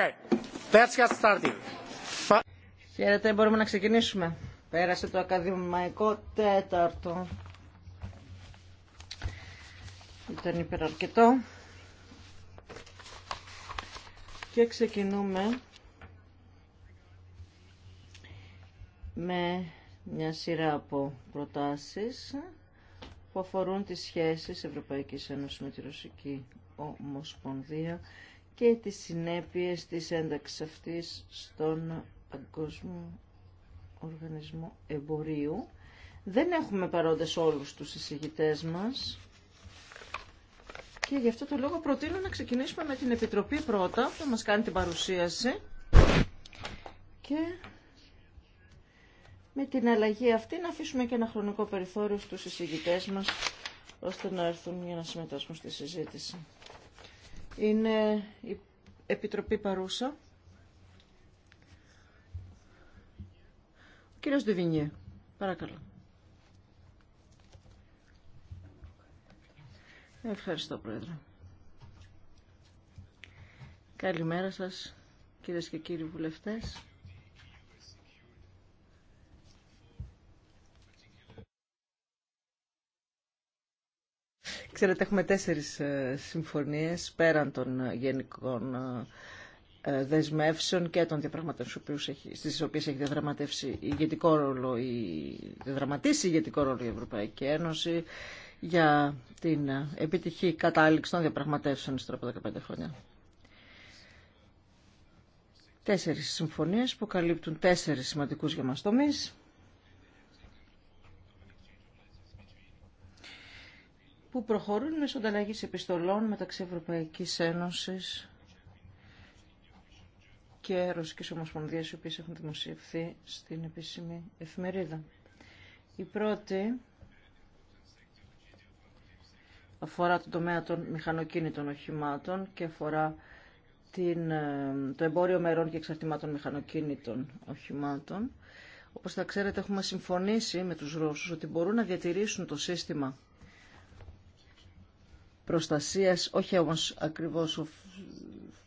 Okay. Χαίρετε, μπορούμε να ξεκινήσουμε. Πέρασε το ακαδημαϊκό τέταρτο. Ήταν υπεραρκετό. Και ξεκινούμε με μια σειρά από προτάσεις που αφορούν τις σχέσεις Ευρωπαϊκής Ένωσης με τη Ρωσική Ομοσπονδία και τις συνέπειες της ένταξης αυτής στον Παγκόσμιο Οργανισμό Εμπορίου. Δεν έχουμε παρόντες όλους τους εισηγητές μας και γι' αυτό το λόγο προτείνω να ξεκινήσουμε με την Επιτροπή πρώτα που μας κάνει την παρουσίαση και με την αλλαγή αυτή να αφήσουμε και ένα χρονικό περιθώριο στους εισηγητές μας ώστε να έρθουν για να συμμετάσχουν στη συζήτηση. Είναι η Επιτροπή παρούσα. κύριος Ντεβινιέ, παρακαλώ. Ευχαριστώ, Πρόεδρε. Καλημέρα σας, κυρίες και κύριοι βουλευτές. Ξέρετε, έχουμε τέσσερις ε, συμφωνίες πέραν των ε, γενικών ε, δεσμεύσεων και των διαπραγματεύσεων στις οποίες έχει διαδραματεύσει ηγετικό ρόλο, η, διαδραματίσει ηγετικό ρόλο η Ευρωπαϊκή Ένωση για την επιτυχή κατάληξη των διαπραγματεύσεων στις από 15 χρόνια. Τέσσερις συμφωνίες που καλύπτουν τέσσερις σημαντικούς για μας τομείς. που προχωρούν μέσω ανταλλαγή επιστολών μεταξύ Ευρωπαϊκής Ένωσης και Ρωσικής Ομοσπονδίας, οι οποίες έχουν δημοσιευθεί στην επίσημη εφημερίδα. Η πρώτη αφορά τον τομέα των μηχανοκίνητων οχημάτων και αφορά την, ε, το εμπόριο μερών και εξαρτημάτων μηχανοκίνητων οχημάτων. Όπως θα ξέρετε έχουμε συμφωνήσει με τους Ρώσους ότι μπορούν να διατηρήσουν το σύστημα προστασίας, όχι όμως ακριβώς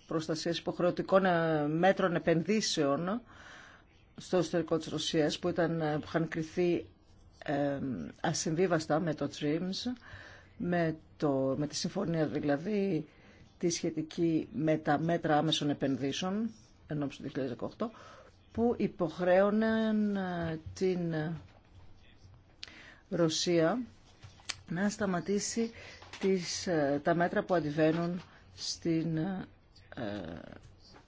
προστασίας υποχρεωτικών ε, μέτρων επενδύσεων στο ιστορικό της Ρωσίας που, ήταν, ε, που είχαν κριθεί ε, ασυμβίβαστα με το TRIMS, με, το, με τη συμφωνία δηλαδή τη σχετική με τα μέτρα άμεσων επενδύσεων ενώ του 2018 που υποχρέωναν την Ρωσία να σταματήσει τις, ε, τα μέτρα που αντιβαίνουν στην ε,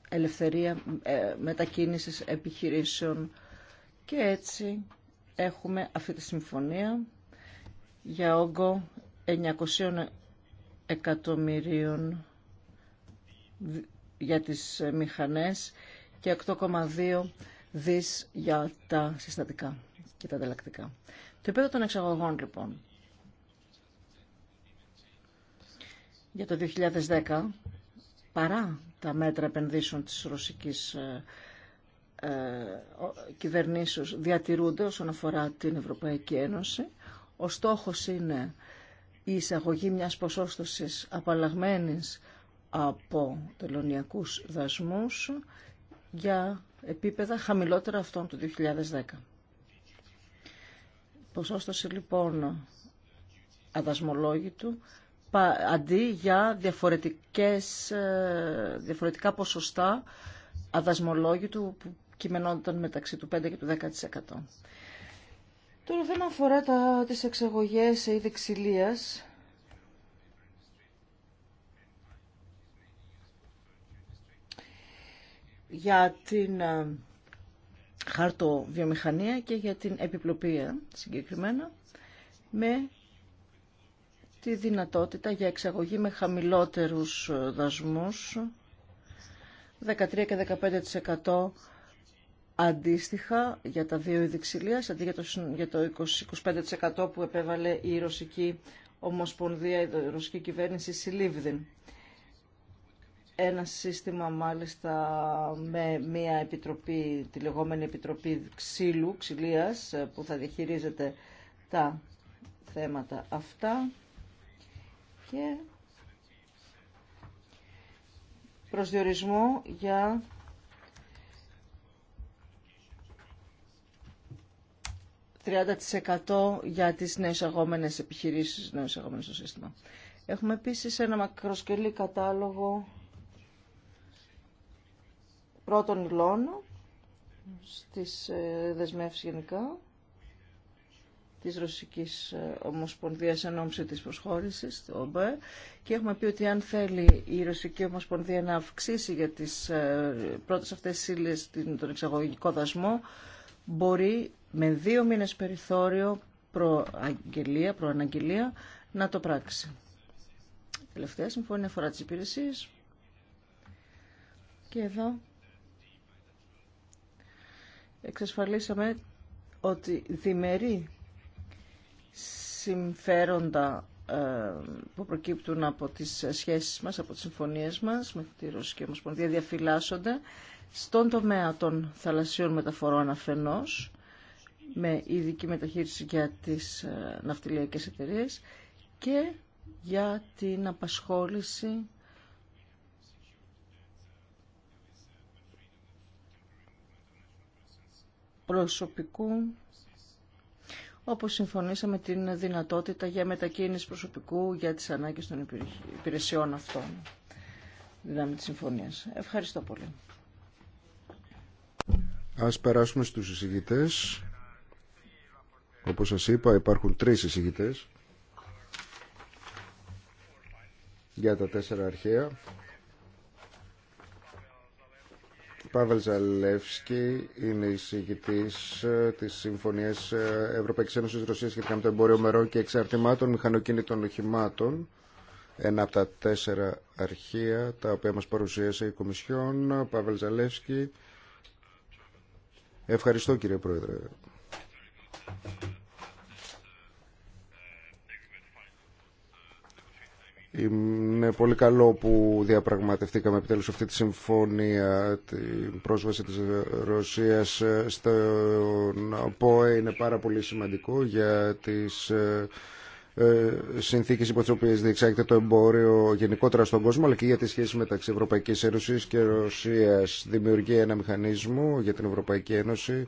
ελευθερία ε, μετακίνησης επιχειρήσεων και έτσι έχουμε αυτή τη συμφωνία για όγκο 900 εκατομμυρίων για τις μηχανές και 8,2 δις για τα συστατικά και τα ανταλλακτικά. Το επίπεδο των εξαγωγών λοιπόν για το 2010 παρά τα μέτρα επενδύσεων της ρωσικής ε, ε, κυβερνήσεως διατηρούνται όσον αφορά την Ευρωπαϊκή Ένωση. Ο στόχος είναι η εισαγωγή μιας ποσόστοσης απαλλαγμένης από τελωνιακούς δασμούς για επίπεδα χαμηλότερα αυτών του 2010. Ποσόστοση λοιπόν αδασμολόγητου αντί για διαφορετικές, ε, διαφορετικά ποσοστά αδασμολόγητου που κειμενόταν μεταξύ του 5% και του 10%. Τώρα δεν αφορά τα, τις εξαγωγές σε είδη ξυλίας. για την ε, χαρτοβιομηχανία και για την επιπλοπία ε, συγκεκριμένα με τη δυνατότητα για εξαγωγή με χαμηλότερους δασμούς, 13 και 15% αντίστοιχα για τα δύο είδη ξυλίας, αντί για το, 25% που επέβαλε η Ρωσική Ομοσπονδία, η Ρωσική Κυβέρνηση Σιλίβδιν. Ένα σύστημα μάλιστα με μια επιτροπή, τη λεγόμενη επιτροπή ξύλου, ξυλίας, που θα διαχειρίζεται τα θέματα αυτά και προσδιορισμό για ...30% για τις νέες αγόμενες επιχειρήσεις, νέες αγόμενες στο σύστημα. Έχουμε επίσης ένα μακροσκελή κατάλογο πρώτων υλών στις ε, δεσμεύσεις γενικά της Ρωσικής ε, Ομοσπονδίας Ενόμψη της Προσχώρησης, το ΟΜΠΕ, και έχουμε πει ότι αν θέλει η Ρωσική Ομοσπονδία να αυξήσει για τις ε, πρώτες αυτές την τον εξαγωγικό δασμό, μπορεί με δύο μήνες περιθώριο προαγγελία, προαναγγελία να το πράξει. τελευταία συμφωνία αφορά τις υπηρεσίες. Και εδώ εξασφαλίσαμε ότι διμερεί συμφέροντα ε, που προκύπτουν από τις σχέσεις μας, από τις συμφωνίες μας με τη Ρωσική Ομοσπονδία διαφυλάσσονται στον τομέα των θαλασσιών μεταφορών αφενός με ειδική μεταχείριση για τις ε, ναυτιλιακές εταιρείε και για την απασχόληση προσωπικού όπως συμφωνήσαμε την δυνατότητα για μετακίνηση προσωπικού για τις ανάγκες των υπηρεσιών αυτών. Δυνάμει της συμφωνίας. Ευχαριστώ πολύ. Ας περάσουμε στους εισηγητές. Όπως σας είπα υπάρχουν τρεις εισηγητές για τα τέσσερα αρχαία. Παύλ Ζαλεύσκη είναι εισηγητή ε, τη Συμφωνία ε, Ευρωπαϊκή Ένωση Ρωσία σχετικά με το εμπόριο μερών και εξαρτημάτων μηχανοκίνητων οχημάτων. Ένα από τα τέσσερα αρχεία τα οποία μα παρουσίασε η Κομισιόν. Παύλ Ζαλεύσκη. Ευχαριστώ κύριε Πρόεδρε. Είναι πολύ καλό που διαπραγματευτήκαμε επιτέλους αυτή τη συμφωνία, την πρόσβαση της Ρωσίας στον ΠΟΕ είναι πάρα πολύ σημαντικό για τις ε, ε, συνθήκες υπό τις οποίες διεξάγεται το εμπόριο γενικότερα στον κόσμο αλλά και για τη σχέση μεταξύ Ευρωπαϊκής Ένωσης και Ρωσίας δημιουργεί ένα μηχανισμό για την Ευρωπαϊκή Ένωση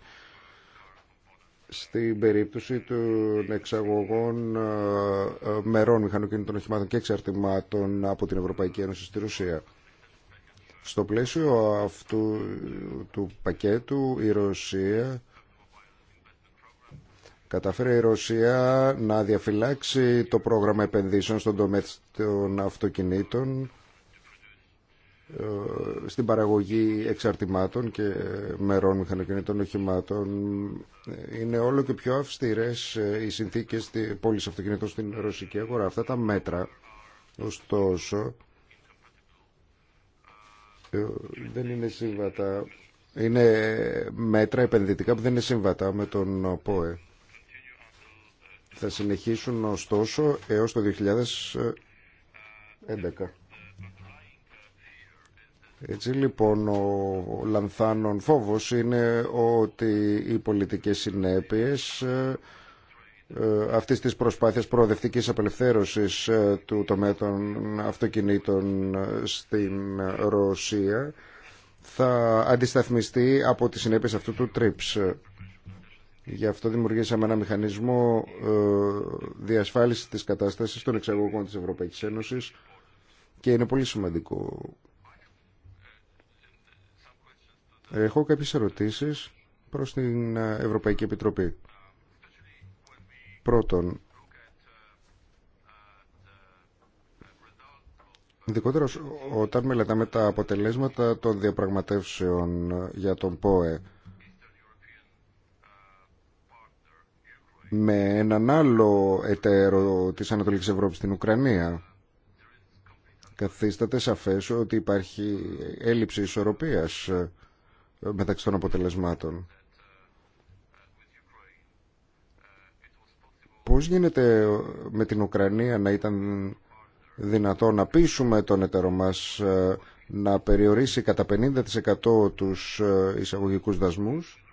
στην περίπτωση των εξαγωγών ε, ε, μερών μηχανοκίνητων οχημάτων και εξαρτημάτων από την Ευρωπαϊκή Ένωση στη Ρωσία. Στο πλαίσιο αυτού του πακέτου η Ρωσία κατάφερε η Ρωσία να διαφυλάξει το πρόγραμμα επενδύσεων στον τομέα των αυτοκινήτων ε, στην παραγωγή εξαρτημάτων και μερών μηχανοκινητών οχημάτων είναι όλο και πιο αυστηρές ε, οι συνθήκες πόλης αυτοκινητών στην ρωσική αγορά. Αυτά τα μέτρα, ωστόσο, ε, δεν είναι σύμβατα. Είναι μέτρα επενδυτικά που δεν είναι σύμβατα με τον ΠΟΕ. Θα συνεχίσουν ωστόσο έως το 2011. Έτσι λοιπόν ο λανθάνων φόβος είναι ότι οι πολιτικές συνέπειες ε, ε, αυτής της προσπάθειας προοδευτικής απελευθέρωσης ε, του τομέα των αυτοκινήτων στην Ρωσία θα αντισταθμιστεί από τις συνέπειες αυτού του TRIPS. Γι' αυτό δημιουργήσαμε ένα μηχανισμό διασφάλισης της κατάστασης των εξαγωγών της Ευρωπαϊκής Ένωσης και είναι πολύ σημαντικό Έχω κάποιες ερωτήσεις προς την ε, Ευρωπαϊκή Επιτροπή. Πρώτον, ειδικότερα όταν μελετάμε τα αποτελέσματα των διαπραγματεύσεων ε, για τον ΠΟΕ, με έναν άλλο εταίρο της Ανατολικής Ευρώπης στην Ουκρανία. Καθίσταται σαφές ότι υπάρχει έλλειψη ισορροπίας ε, ε, μεταξύ των αποτελεσμάτων. Πώς γίνεται ε, με την Ουκρανία να ήταν δυνατό να πείσουμε τον εταίρο μας ε, να περιορίσει κατά 50% τους εισαγωγικούς δασμούς,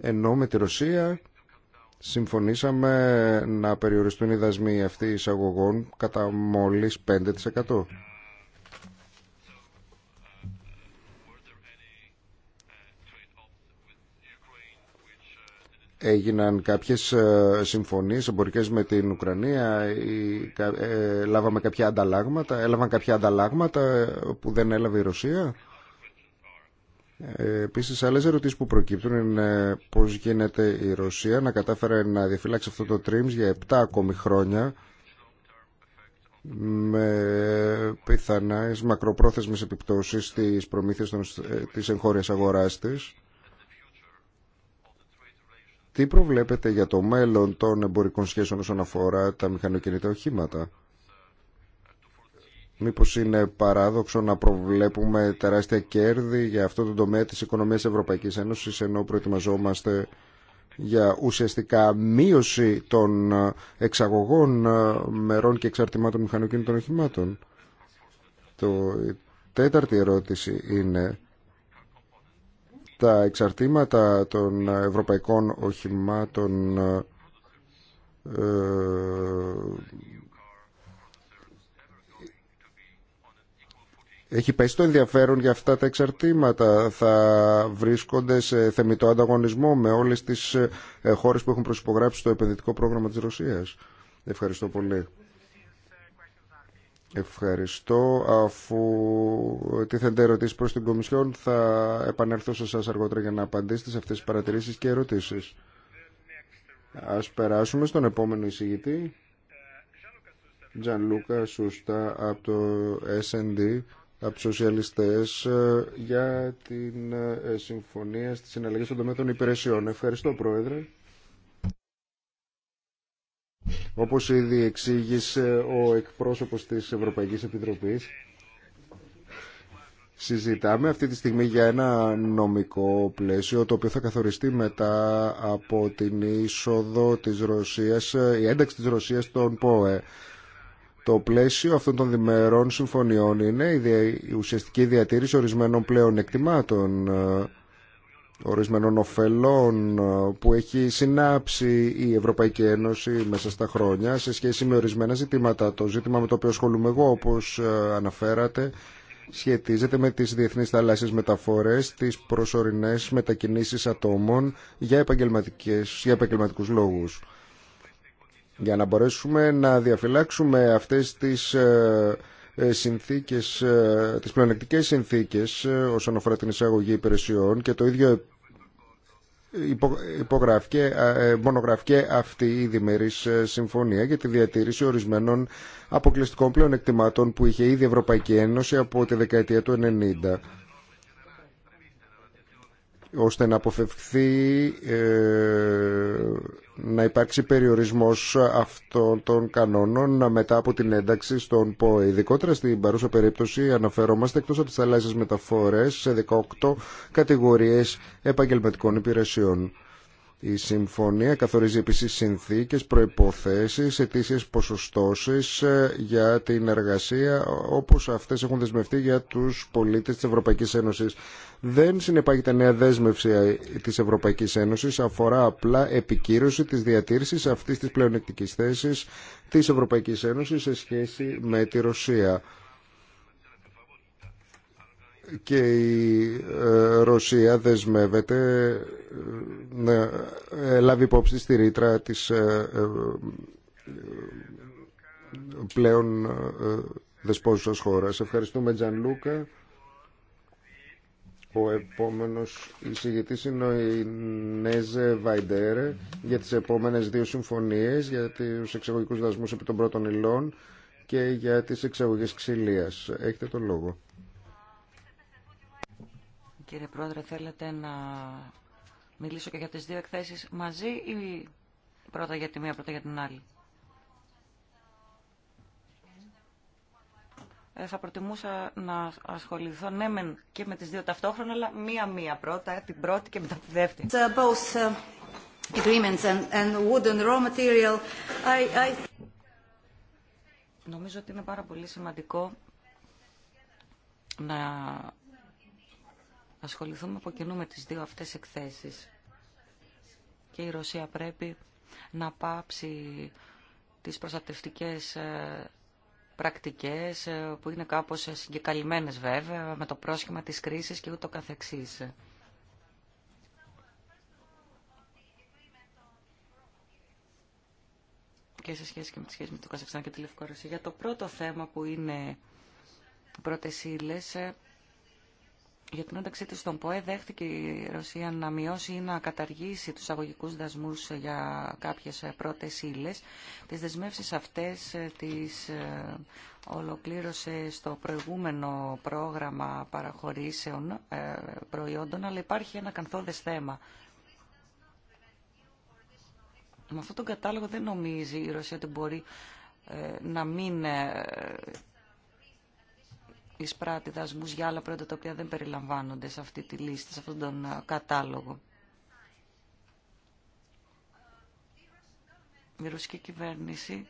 ενώ με τη Ρωσία συμφωνήσαμε να περιοριστούν οι δασμοί αυτοί εισαγωγών κατά μόλις 5%. έγιναν κάποιες ε, συμφωνίες εμπορικές με την Ουκρανία ε, λάβαμε κάποια ανταλλάγματα έλαβαν κάποια ανταλλάγματα ε, που δεν έλαβε η Ρωσία Επίσης, άλλε ερωτήσει που προκύπτουν είναι πώς γίνεται η Ρωσία να κατάφερε να διαφυλάξει αυτό το TRIMS για 7 ακόμη χρόνια με πιθανές μακροπρόθεσμες επιπτώσεις στις προμήθειες της εγχώριας αγοράς της τι προβλέπετε για το μέλλον των εμπορικών σχέσεων όσον αφορά τα μηχανοκινητά οχήματα. Μήπως είναι παράδοξο να προβλέπουμε τεράστια κέρδη για αυτό το τομέα της οικονομίας Ευρωπαϊκής Ένωσης ενώ προετοιμαζόμαστε για ουσιαστικά μείωση των εξαγωγών ε, μερών και εξαρτημάτων μηχανοκίνητων οχημάτων. Το τέταρτη ερώτηση είναι τα εξαρτήματα των ευρωπαϊκών οχημάτων ε, έχει πέσει το ενδιαφέρον για αυτά τα εξαρτήματα. Θα βρίσκονται σε θεμητό ανταγωνισμό με όλες τις ε, χώρες που έχουν προσυπογράψει το επενδυτικό πρόγραμμα της Ρωσίας. Ευχαριστώ πολύ. Ευχαριστώ. Αφού τίθενται ερωτήσει προ την Κομισιόν, θα επανέλθω σε εσά αργότερα για να απαντήσετε σε αυτέ τι παρατηρήσει και ερωτήσει. Α περάσουμε στον επόμενο εισηγητή. Τζαν Λούκα Σούστα από το SND, από του Σοσιαλιστέ, για την ε, συμφωνία στι συναλλαγέ στον τομέα των υπηρεσιών. Ευχαριστώ, Πρόεδρε. Όπως ήδη εξήγησε ο εκπρόσωπος της Ευρωπαϊκής Επιτροπής, συζητάμε αυτή τη στιγμή για ένα νομικό πλαίσιο το οποίο θα καθοριστεί μετά από την είσοδο της Ρωσίας, η ένταξη της Ρωσίας στον ΠΟΕ. Το πλαίσιο αυτών των διμερών συμφωνιών είναι η ουσιαστική διατήρηση ορισμένων πλέον εκτιμάτων ε, ορισμένων ωφελών ε, που έχει συνάψει η Ευρωπαϊκή Ένωση μέσα στα χρόνια σε σχέση με ορισμένα ζητήματα. Το ζήτημα με το οποίο ασχολούμαι εγώ, όπως ε, αναφέρατε, σχετίζεται με τις διεθνείς θαλάσσιες μεταφορές, τις προσωρινές μετακινήσεις ατόμων για, για επαγγελματικούς λόγους. Για να μπορέσουμε να διαφυλάξουμε αυτές τις ε, ε, συνθήκες, ε, τις πλεονεκτικές συνθήκες ε, όσον αφορά την εισαγωγή υπηρεσιών και το ίδιο μονογράφηκε αυτή η διμερής συμφωνία για τη διατήρηση ορισμένων αποκλειστικών πλεονεκτημάτων που είχε ήδη η Ευρωπαϊκή Ένωση από τη δεκαετία του 90 ώστε να αποφευχθεί ε, να υπάρξει περιορισμός αυτών των κανόνων μετά από την ένταξη στον ΠΟΕ. Ειδικότερα στην παρούσα περίπτωση αναφερόμαστε εκτός από τις θαλάσσιες μεταφορές σε 18 κατηγορίες επαγγελματικών υπηρεσιών. Η συμφωνία καθορίζει επίσης συνθήκες, προϋποθέσεις, αιτήσεις ποσοστώσεις ε, για την εργασία όπως αυτές έχουν δεσμευτεί για τους πολίτες της Ευρωπαϊκής Ένωσης. Δεν συνεπάγεται νέα δέσμευση ε, της Ευρωπαϊκής Ένωσης, αφορά απλά επικύρωση της διατήρησης αυτής της πλεονεκτικής θέσης της Ευρωπαϊκής Ένωσης σε σχέση με τη Ρωσία και η ε, Ρωσία δεσμεύεται ε, να ε, λάβει υπόψη στη ρήτρα της πλέον δεσπόζουσας χώρας. Ευχαριστούμε Τζαν Λούκα. Ο επόμενος εισηγητής είναι ο Ινέζε Βαϊντέρε για τις επόμενες δύο συμφωνίες για τους εξαγωγικούς δασμούς επί των πρώτων υλών και για τις εξαγωγές ξυλίας. Έχετε τον λόγο. Κύριε Πρόεδρε, θέλετε να μιλήσω και για τις δύο εκθέσεις μαζί ή πρώτα για τη μία, πρώτα για την άλλη. Ε, θα προτιμούσα να ασχοληθώ ναι και με τις δύο ταυτόχρονα, αλλά μία-μία πρώτα, την πρώτη και μετά τη δεύτερη. Νομίζω ότι είναι πάρα πολύ σημαντικό να ασχοληθούμε από κοινού με τις δύο αυτές εκθέσεις. Και η Ρωσία πρέπει να πάψει τις προστατευτικές ε, πρακτικές ε, που είναι κάπως συγκεκαλυμμένες βέβαια με το πρόσχημα της κρίσης και ούτω καθεξής. Και σε σχέση και με τη σχέση με το Καζακστάν και τη Λευκορωσία. Για το πρώτο θέμα που είναι πρώτες ύλες, ε, για την ένταξή τη, στον ΠΟΕ δέχτηκε η Ρωσία να μειώσει ή να καταργήσει τους αγωγικούς δασμούς για κάποιες πρώτες ύλε. Τις δεσμεύσεις αυτές ε, τις ε, ολοκλήρωσε στο προηγούμενο πρόγραμμα παραχωρήσεων ε, προϊόντων, αλλά υπάρχει ένα κανθόδες θέμα. Με αυτόν τον κατάλογο δεν νομίζει η να καταργησει τους αγωγικου δασμου για καποιες πρωτες υλε τι δεσμευσει αυτες τι ολοκληρωσε στο προηγουμενο προγραμμα παραχωρησεων προιοντων αλλα υπαρχει ενα κανθοδες μπορεί να μην εισπράττει δασμούς για άλλα πρώτα τα οποία δεν περιλαμβάνονται σε αυτή τη λίστα, σε αυτόν τον ε, κατάλογο. Η ρωσική κυβέρνηση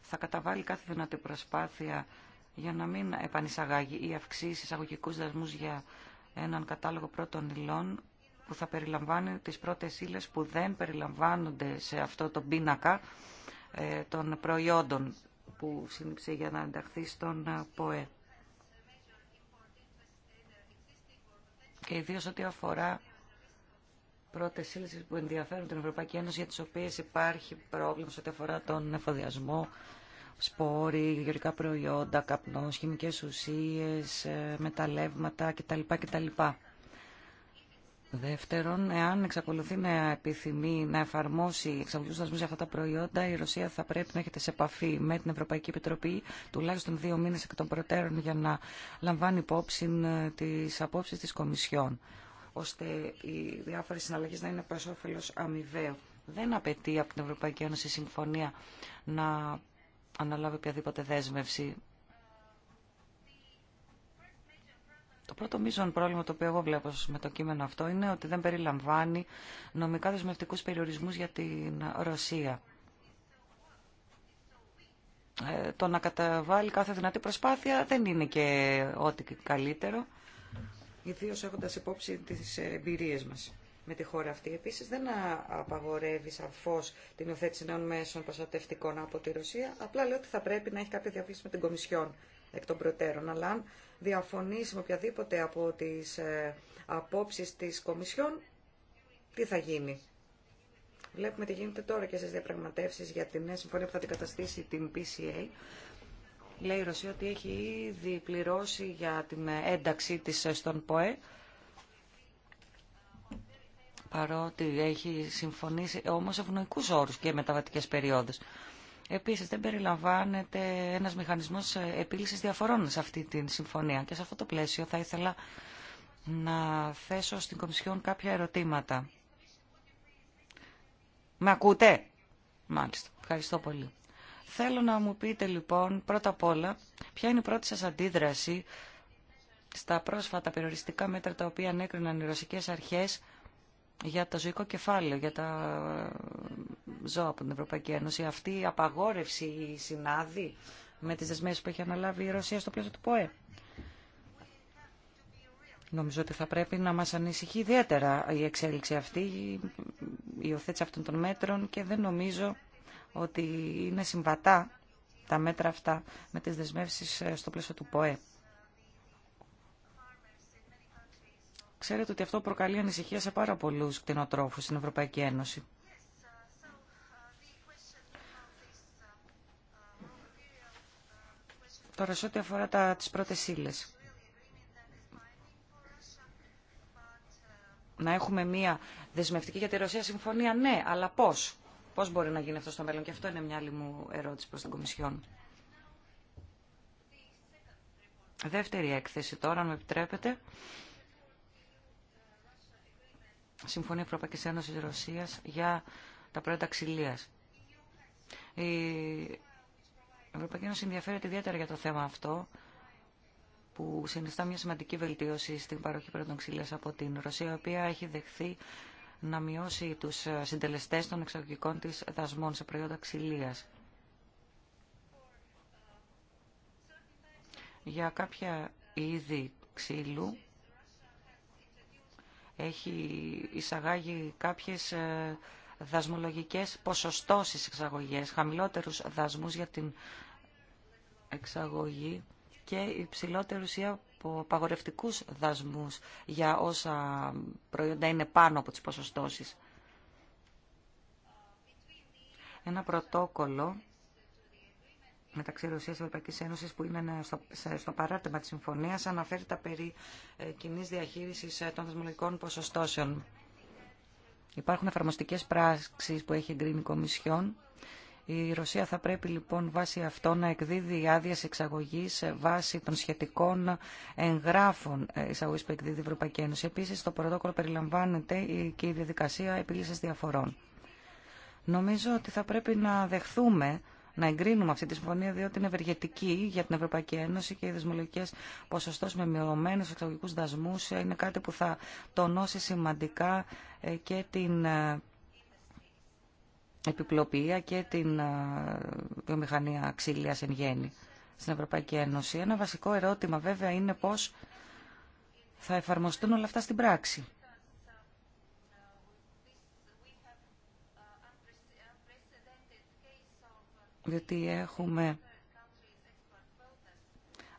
θα καταβάλει κάθε δυνατή προσπάθεια για να μην επανεισαγάγει ή αυξήσει εισαγωγικού δασμούς για έναν κατάλογο πρώτων υλών που θα περιλαμβάνει τις πρώτες ύλε που δεν περιλαμβάνονται σε αυτό το πίνακα ε, των προϊόντων που συνήψε για να ενταχθεί στον ε, ΠΟΕ. και ιδίω ό,τι αφορά πρώτε που ενδιαφέρουν την Ευρωπαϊκή Ένωση για τις οποίες υπάρχει πρόβλημα σε ό,τι αφορά τον εφοδιασμό, σπόροι, γεωργικά προϊόντα, καπνών χημικές ουσίες, ε, μεταλλεύματα κτλ. κτλ. Δεύτερον, εάν εξακολουθεί να επιθυμεί να εφαρμόσει εξαγωγικού δασμού για αυτά τα προϊόντα, η Ρωσία θα πρέπει να έχετε σε επαφή με την Ευρωπαϊκή Επιτροπή τουλάχιστον δύο μήνε εκ των προτέρων για να λαμβάνει υπόψη ε, τι απόψει τη Κομισιόν, ώστε οι διάφορε συναλλαγέ να είναι προ όφελο αμοιβαίο. Δεν απαιτεί από την Ευρωπαϊκή Ένωση συμφωνία να αναλάβει οποιαδήποτε δέσμευση. Το πρώτο μείζον πρόβλημα το οποίο εγώ βλέπω με το κείμενο αυτό είναι ότι δεν περιλαμβάνει νομικά δεσμευτικούς περιορισμούς για την Ρωσία. Ε, το να καταβάλει κάθε δυνατή προσπάθεια δεν είναι και ό,τι καλύτερο, ιδίως έχοντας υπόψη τις εμπειρίες μας με τη χώρα αυτή. Επίση, δεν απαγορεύει σαφώ την υιοθέτηση νέων μέσων προστατευτικών από τη Ρωσία. Απλά λέει ότι θα πρέπει να έχει κάποια διαφύλαξη με την Κομισιόν εκ των προτέρων. Αλλά διαφωνήσει με οποιαδήποτε από τις ε, απόψεις της Κομισιόν, τι θα γίνει. Βλέπουμε τι γίνεται τώρα και στις διαπραγματεύσεις για την νέα συμφωνία που θα αντικαταστήσει την PCA. Λέει η Ρωσία ότι έχει ήδη πληρώσει για την ένταξή της στον ΠΟΕ παρότι έχει συμφωνήσει όμως ευνοϊκούς όρους και μεταβατικές περιόδους. Επίσης δεν περιλαμβάνεται ένας μηχανισμός ε, επίλυσης διαφορών σε αυτή τη συμφωνία και σε αυτό το πλαίσιο θα ήθελα να θέσω στην Κομισιόν κάποια ερωτήματα. Με ακούτε? Μάλιστα. Ευχαριστώ πολύ. Θέλω να μου πείτε λοιπόν πρώτα απ' όλα ποια είναι η πρώτη σας αντίδραση στα πρόσφατα περιοριστικά μέτρα τα οποία ανέκριναν οι ρωσικές αρχές για το ζωικό κεφάλαιο, για τα ζώα από την Ευρωπαϊκή Ένωση. Αυτή η απαγόρευση συνάδει με τις δεσμεύσεις που έχει αναλάβει η Ρωσία στο πλαίσιο του ΠΟΕ. Νομίζω ότι θα πρέπει να μας ανησυχεί ιδιαίτερα η εξέλιξη αυτή, η υιοθέτηση αυτών των μέτρων και δεν νομίζω ότι είναι συμβατά τα μέτρα αυτά με τις δεσμεύσεις στο πλαίσιο του ΠΟΕ. Ξέρετε ότι αυτό προκαλεί ανησυχία σε πάρα πολλού κτηνοτρόφους στην Ευρωπαϊκή Ένωση. Τώρα σε ό,τι αφορά τα, τις πρώτες Να έχουμε μία δεσμευτική για τη Ρωσία συμφωνία, ναι, αλλά πώς. Πώς μπορεί να γίνει αυτό στο μέλλον. Και αυτό είναι μια άλλη μου ερώτηση προς την Κομισιόν. Δεύτερη έκθεση τώρα, αν με επιτρέπετε, Συμφωνία Ευρωπαϊκής Ένωσης Ρωσίας για τα προϊόντα ξυλίας. Η Ευρωπαϊκή Ένωση ενδιαφέρεται ιδιαίτερα για το θέμα αυτό που συνιστά μια σημαντική βελτίωση στην παροχή προϊόντων ξυλίας από την Ρωσία, η οποία έχει δεχθεί να μειώσει τους συντελεστές των εξαγωγικών της δασμών σε προϊόντα ξυλίας. Για κάποια είδη ξύλου έχει εισαγάγει κάποιες ε, δασμολογικές ποσοστώσεις εξαγωγές, χαμηλότερους δασμούς για την εξαγωγή και υψηλότερους ή από απαγορευτικούς δασμούς για όσα προϊόντα είναι πάνω από τις ποσοστώσεις. Ένα πρωτόκολλο μεταξύ Ρωσία και Ευρωπαϊκή Ένωση που είναι στο, στο παράρτημα της συμφωνίας αναφέρεται περί ε, κοινή διαχείρισης ε, των δεσμολογικών ποσοστώσεων. Υπάρχουν εφαρμοστικέ πράξει που έχει εγκρίνει η Κομισιόν. Η Ρωσία θα πρέπει λοιπόν βάσει αυτό να εκδίδει άδειε εξαγωγή ε, βάσει των σχετικών εγγράφων ε, εισαγωγή που εκδίδει η Ευρωπαϊκή Ένωση. Επίση, το πρωτόκολλο περιλαμβάνεται και η διαδικασία επίλυση διαφορών. Νομίζω ότι θα πρέπει να δεχθούμε να εγκρίνουμε αυτή τη συμφωνία, διότι είναι ευεργετική για την Ευρωπαϊκή Ένωση και οι δεσμολογικέ ποσοστό με μειωμένου εξαγωγικού δασμού είναι κάτι που θα τονώσει σημαντικά ε, και την ε, επιπλοποιία και την ε, βιομηχανία ξύλια εν γέννη στην Ευρωπαϊκή Ένωση. Ένα βασικό ερώτημα βέβαια είναι πώς θα εφαρμοστούν όλα αυτά στην πράξη. διότι έχουμε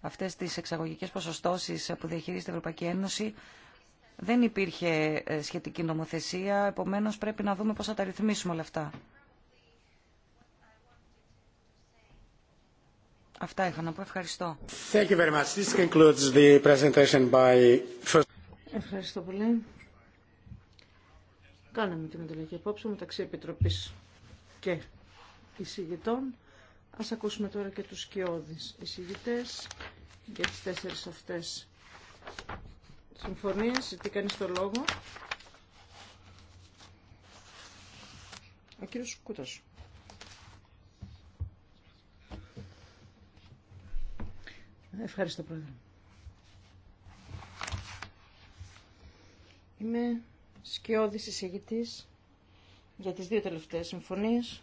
αυτές τις εξαγωγικές ποσοστώσεις που διαχειρίζεται η Ευρωπαϊκή Ένωση, δεν υπήρχε ε, σχετική νομοθεσία, επομένως πρέπει να δούμε πώς θα τα ρυθμίσουμε όλα αυτά. Αυτά είχα να πω. Ευχαριστώ. Ευχαριστώ πολύ. Κάναμε την τελευταία. απόψε μεταξύ Επιτροπής και εισηγητών. Ας ακούσουμε τώρα και τους σκιώδεις εισηγητές για τις τέσσερις αυτές συμφωνίες. Τι κάνει το λόγο. Ο κύριος Κούτας. Ευχαριστώ πρόεδρε. Είμαι σκιώδης εισηγητής για τις δύο τελευταίες συμφωνίες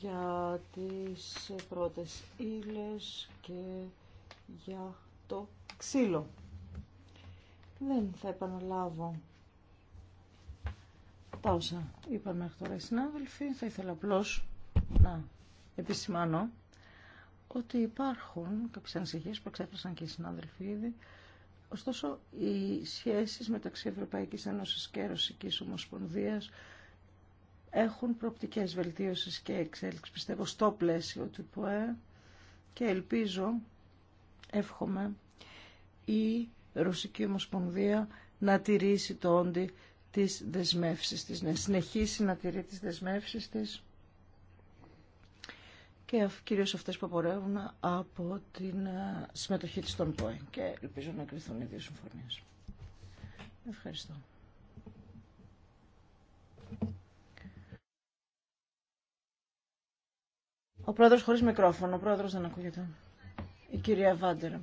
για τις πρώτες ύλες και για το ξύλο. Δεν θα επαναλάβω τα όσα είπαν μέχρι τώρα οι συνάδελφοι. Θα ήθελα απλώ να επισημάνω ότι υπάρχουν κάποιες ανησυχίες που εξέφρασαν και οι συνάδελφοι ήδη. Ωστόσο, οι σχέσεις μεταξύ Ευρωπαϊκής Ένωσης και Ρωσικής Ομοσπονδίας έχουν προοπτικές βελτίωσης και εξέλιξη πιστεύω στο πλαίσιο του ΠΟΕ και ελπίζω, εύχομαι, η Ρωσική Ομοσπονδία να τηρήσει το όντι της δεσμεύσης της, να συνεχίσει να τηρεί τις δεσμεύσεις της και κυρίως αυτές που απορρέουν από την ε, συμμετοχή της στον ΠΟΕ και ελπίζω να κρυθούν οι δύο συμφωνίες. Ευχαριστώ. Ο πρόεδρος χωρίς μικρόφωνο. Ο πρόεδρος δεν ακούγεται. Η κυρία Βάντερα.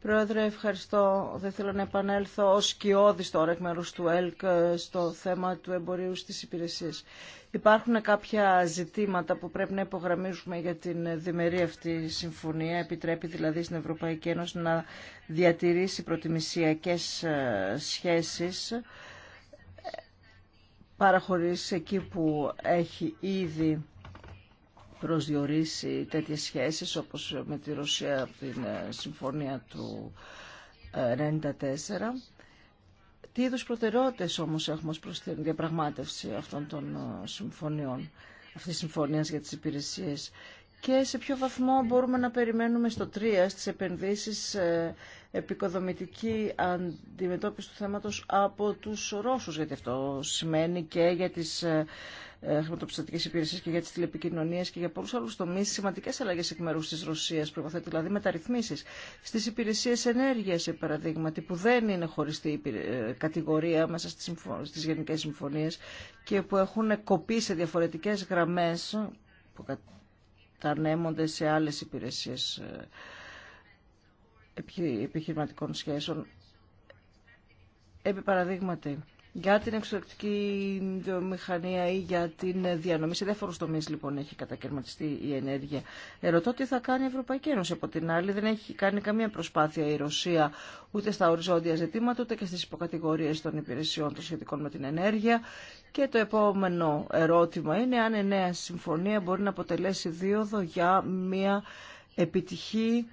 Πρόεδρε, ευχαριστώ. Δεν θέλω να επανέλθω ω σκιώδη τώρα εκ μέρου του ΕΛΚ ε, στο θέμα του εμπορίου στι υπηρεσίε. Υπάρχουν κάποια ζητήματα που πρέπει να υπογραμμίζουμε για την διμερή αυτή συμφωνία. Επιτρέπει δηλαδή στην Ευρωπαϊκή Ένωση να διατηρήσει προτιμησιακέ ε, σχέσει ε, παραχωρήσει εκεί που έχει ήδη προσδιορίσει τέτοιες σχέσεις όπως με τη Ρωσία από την ε, συμφωνία του 1994. Ε, Τι είδους προτεραιότητες όμως έχουμε ως προς την διαπραγμάτευση αυτών των ε, συμφωνιών, αυτής της συμφωνίας για τις υπηρεσίες και σε ποιο βαθμό μπορούμε να περιμένουμε στο 3 στις επενδύσεις επικοδομητική αντιμετώπιση του θέματος από τους Ρώσους, γιατί αυτό σημαίνει και για τις ε, ε, χρηματοπιστωτικές υπηρεσίες και για τις τηλεπικοινωνίες και για πολλούς άλλους τομείς σημαντικές αλλαγές εκ μέρους της Ρωσίας προποθέτει δηλαδή μεταρρυθμίσεις στις υπηρεσίες ενέργειας σε παραδείγματι που δεν είναι χωριστή ε, κατηγορία μέσα στις, στις γενικές συμφωνίες και που έχουν κοπεί σε διαφορετικές γραμμές που κατανέμονται σε άλλες υπηρεσίες επιχειρηματικών σχέσεων. Επί παραδείγματι, για την εξωτερική βιομηχανία ή για την διανομή. Σε διάφορου τομεί λοιπόν έχει κατακαιρματιστεί η ενέργεια. Ερωτώ τι θα κάνει η Ευρωπαϊκή Ένωση. Από την άλλη, δεν έχει κάνει καμία προσπάθεια η Ρωσία ούτε στα οριζόντια ζητήματα ούτε και στι υποκατηγορίε των υπηρεσιών των σχετικών με την ενέργεια. Και το επόμενο ερώτημα είναι αν η νέα συμφωνία μπορεί να αποτελέσει δίωδο για μια επιτυχή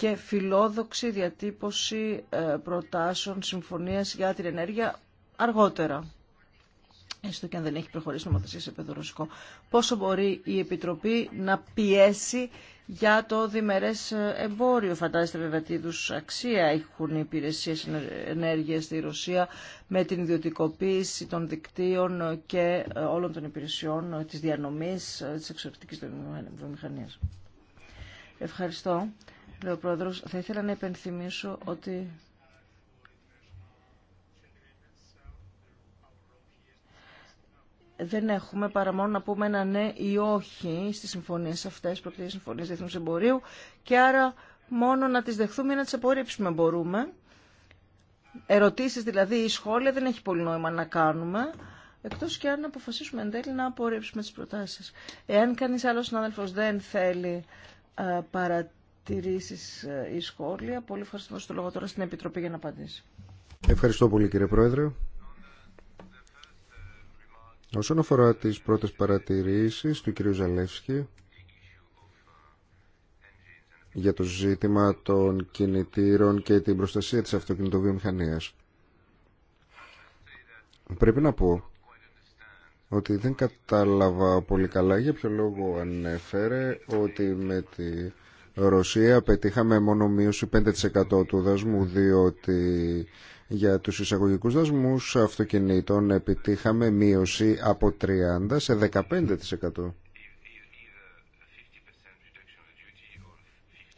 και φιλόδοξη διατύπωση ε, προτάσεων συμφωνίας για την ενέργεια αργότερα. Έστω και αν δεν έχει προχωρήσει νομοθεσία σε παιδορωσικό. Πόσο μπορεί η Επιτροπή να πιέσει για το διμερές ε, εμπόριο. Φαντάζεστε βέβαια τι είδου αξία έχουν οι υπηρεσίε ενέργεια στη Ρωσία με την ιδιωτικοποίηση των δικτύων και ε, όλων των υπηρεσιών της διανομής της εξωτερικής βιομηχανίας. Ευχαριστώ. Λέω, Πρόεδρος, θα ήθελα να υπενθυμίσω ότι δεν έχουμε παρά μόνο να πούμε ένα ναι ή όχι στις συμφωνίες αυτές, πρόκειται συμφωνίε συμφωνίες διεθνούς εμπορίου και άρα μόνο να τις δεχθούμε ή να τις απορρίψουμε μπορούμε. Ερωτήσεις δηλαδή ή σχόλια δεν έχει πολύ νόημα να κάνουμε, εκτός και αν αποφασίσουμε εν τέλει να απορρίψουμε τις προτάσεις. Εάν κανείς άλλος συνάδελφος δεν θέλει ε, παρατήρηση, παρατηρήσεις ε, ή σχόλια. Πολύ ευχαριστώ στο λόγο τώρα στην Επιτροπή για να απαντήσει. Ευχαριστώ πολύ κύριε Πρόεδρε. Όσον αφορά τις πρώτες παρατηρήσεις του κυρίου Ζαλεύσκη για το ζήτημα των κινητήρων και την προστασία της αυτοκινητοβιομηχανίας. Πρέπει να πω ότι δεν κατάλαβα πολύ καλά για ποιο λόγο ανέφερε ότι με τη Ρωσία πετύχαμε μόνο μείωση 5% του δασμού διότι για τους εισαγωγικούς δασμούς αυτοκινήτων επιτύχαμε μείωση από 30% σε 15%.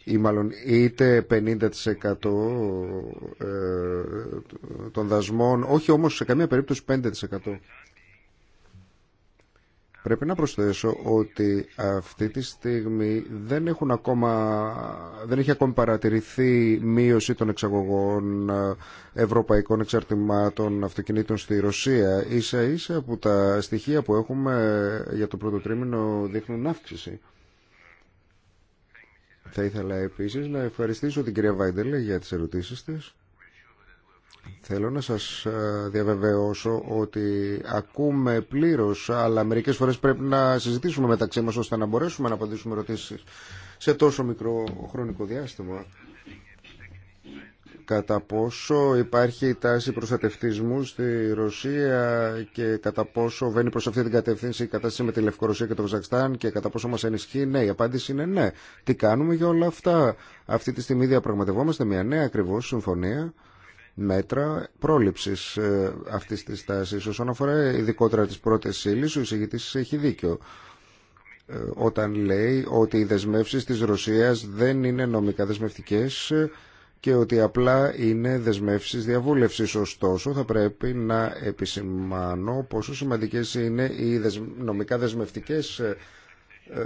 ή μάλλον είτε 50% ε, των δασμών, όχι όμως σε καμία περίπτωση 5%. Πρέπει να προσθέσω ότι αυτή τη στιγμή δεν, έχουν ακόμα, δεν έχει ακόμη παρατηρηθεί μείωση των εξαγωγών ε, ευρωπαϊκών εξαρτημάτων αυτοκινήτων στη Ρωσία. Ίσα ίσα που τα στοιχεία που έχουμε ε, για το πρώτο τρίμηνο δείχνουν αύξηση. Θα ήθελα επίσης να ευχαριστήσω την κυρία Βάιντελε για τις ερωτήσεις της. Θέλω να σας ε, διαβεβαιώσω ότι ακούμε πλήρως, αλλά μερικές φορές πρέπει να συζητήσουμε μεταξύ μας ώστε να μπορέσουμε να απαντήσουμε ερωτήσεις σε τόσο μικρό χρονικό διάστημα. Κατά πόσο υπάρχει η τάση προστατευτισμού στη Ρωσία και κατά πόσο βαίνει προς αυτή την κατεύθυνση η κατάσταση με τη Λευκορωσία και το Βαζακστάν και κατά πόσο μας ενισχύει, ναι, η απάντηση είναι ναι. Τι κάνουμε για όλα αυτά. Αυτή τη στιγμή διαπραγματευόμαστε μια νέα ακριβώς συμφωνία μέτρα πρόληψης ε, αυτή τη τάσης. Όσον αφορά ειδικότερα τι πρώτε ύλε, ο εισηγητή έχει δίκιο ε, όταν λέει ότι οι δεσμεύσεις της Ρωσίας δεν είναι νομικά δεσμευτικές και ότι απλά είναι δεσμεύσεις διαβούλευσης. Ωστόσο, θα πρέπει να επισημάνω πόσο σημαντικές είναι οι νομικά δεσμευτικές ε,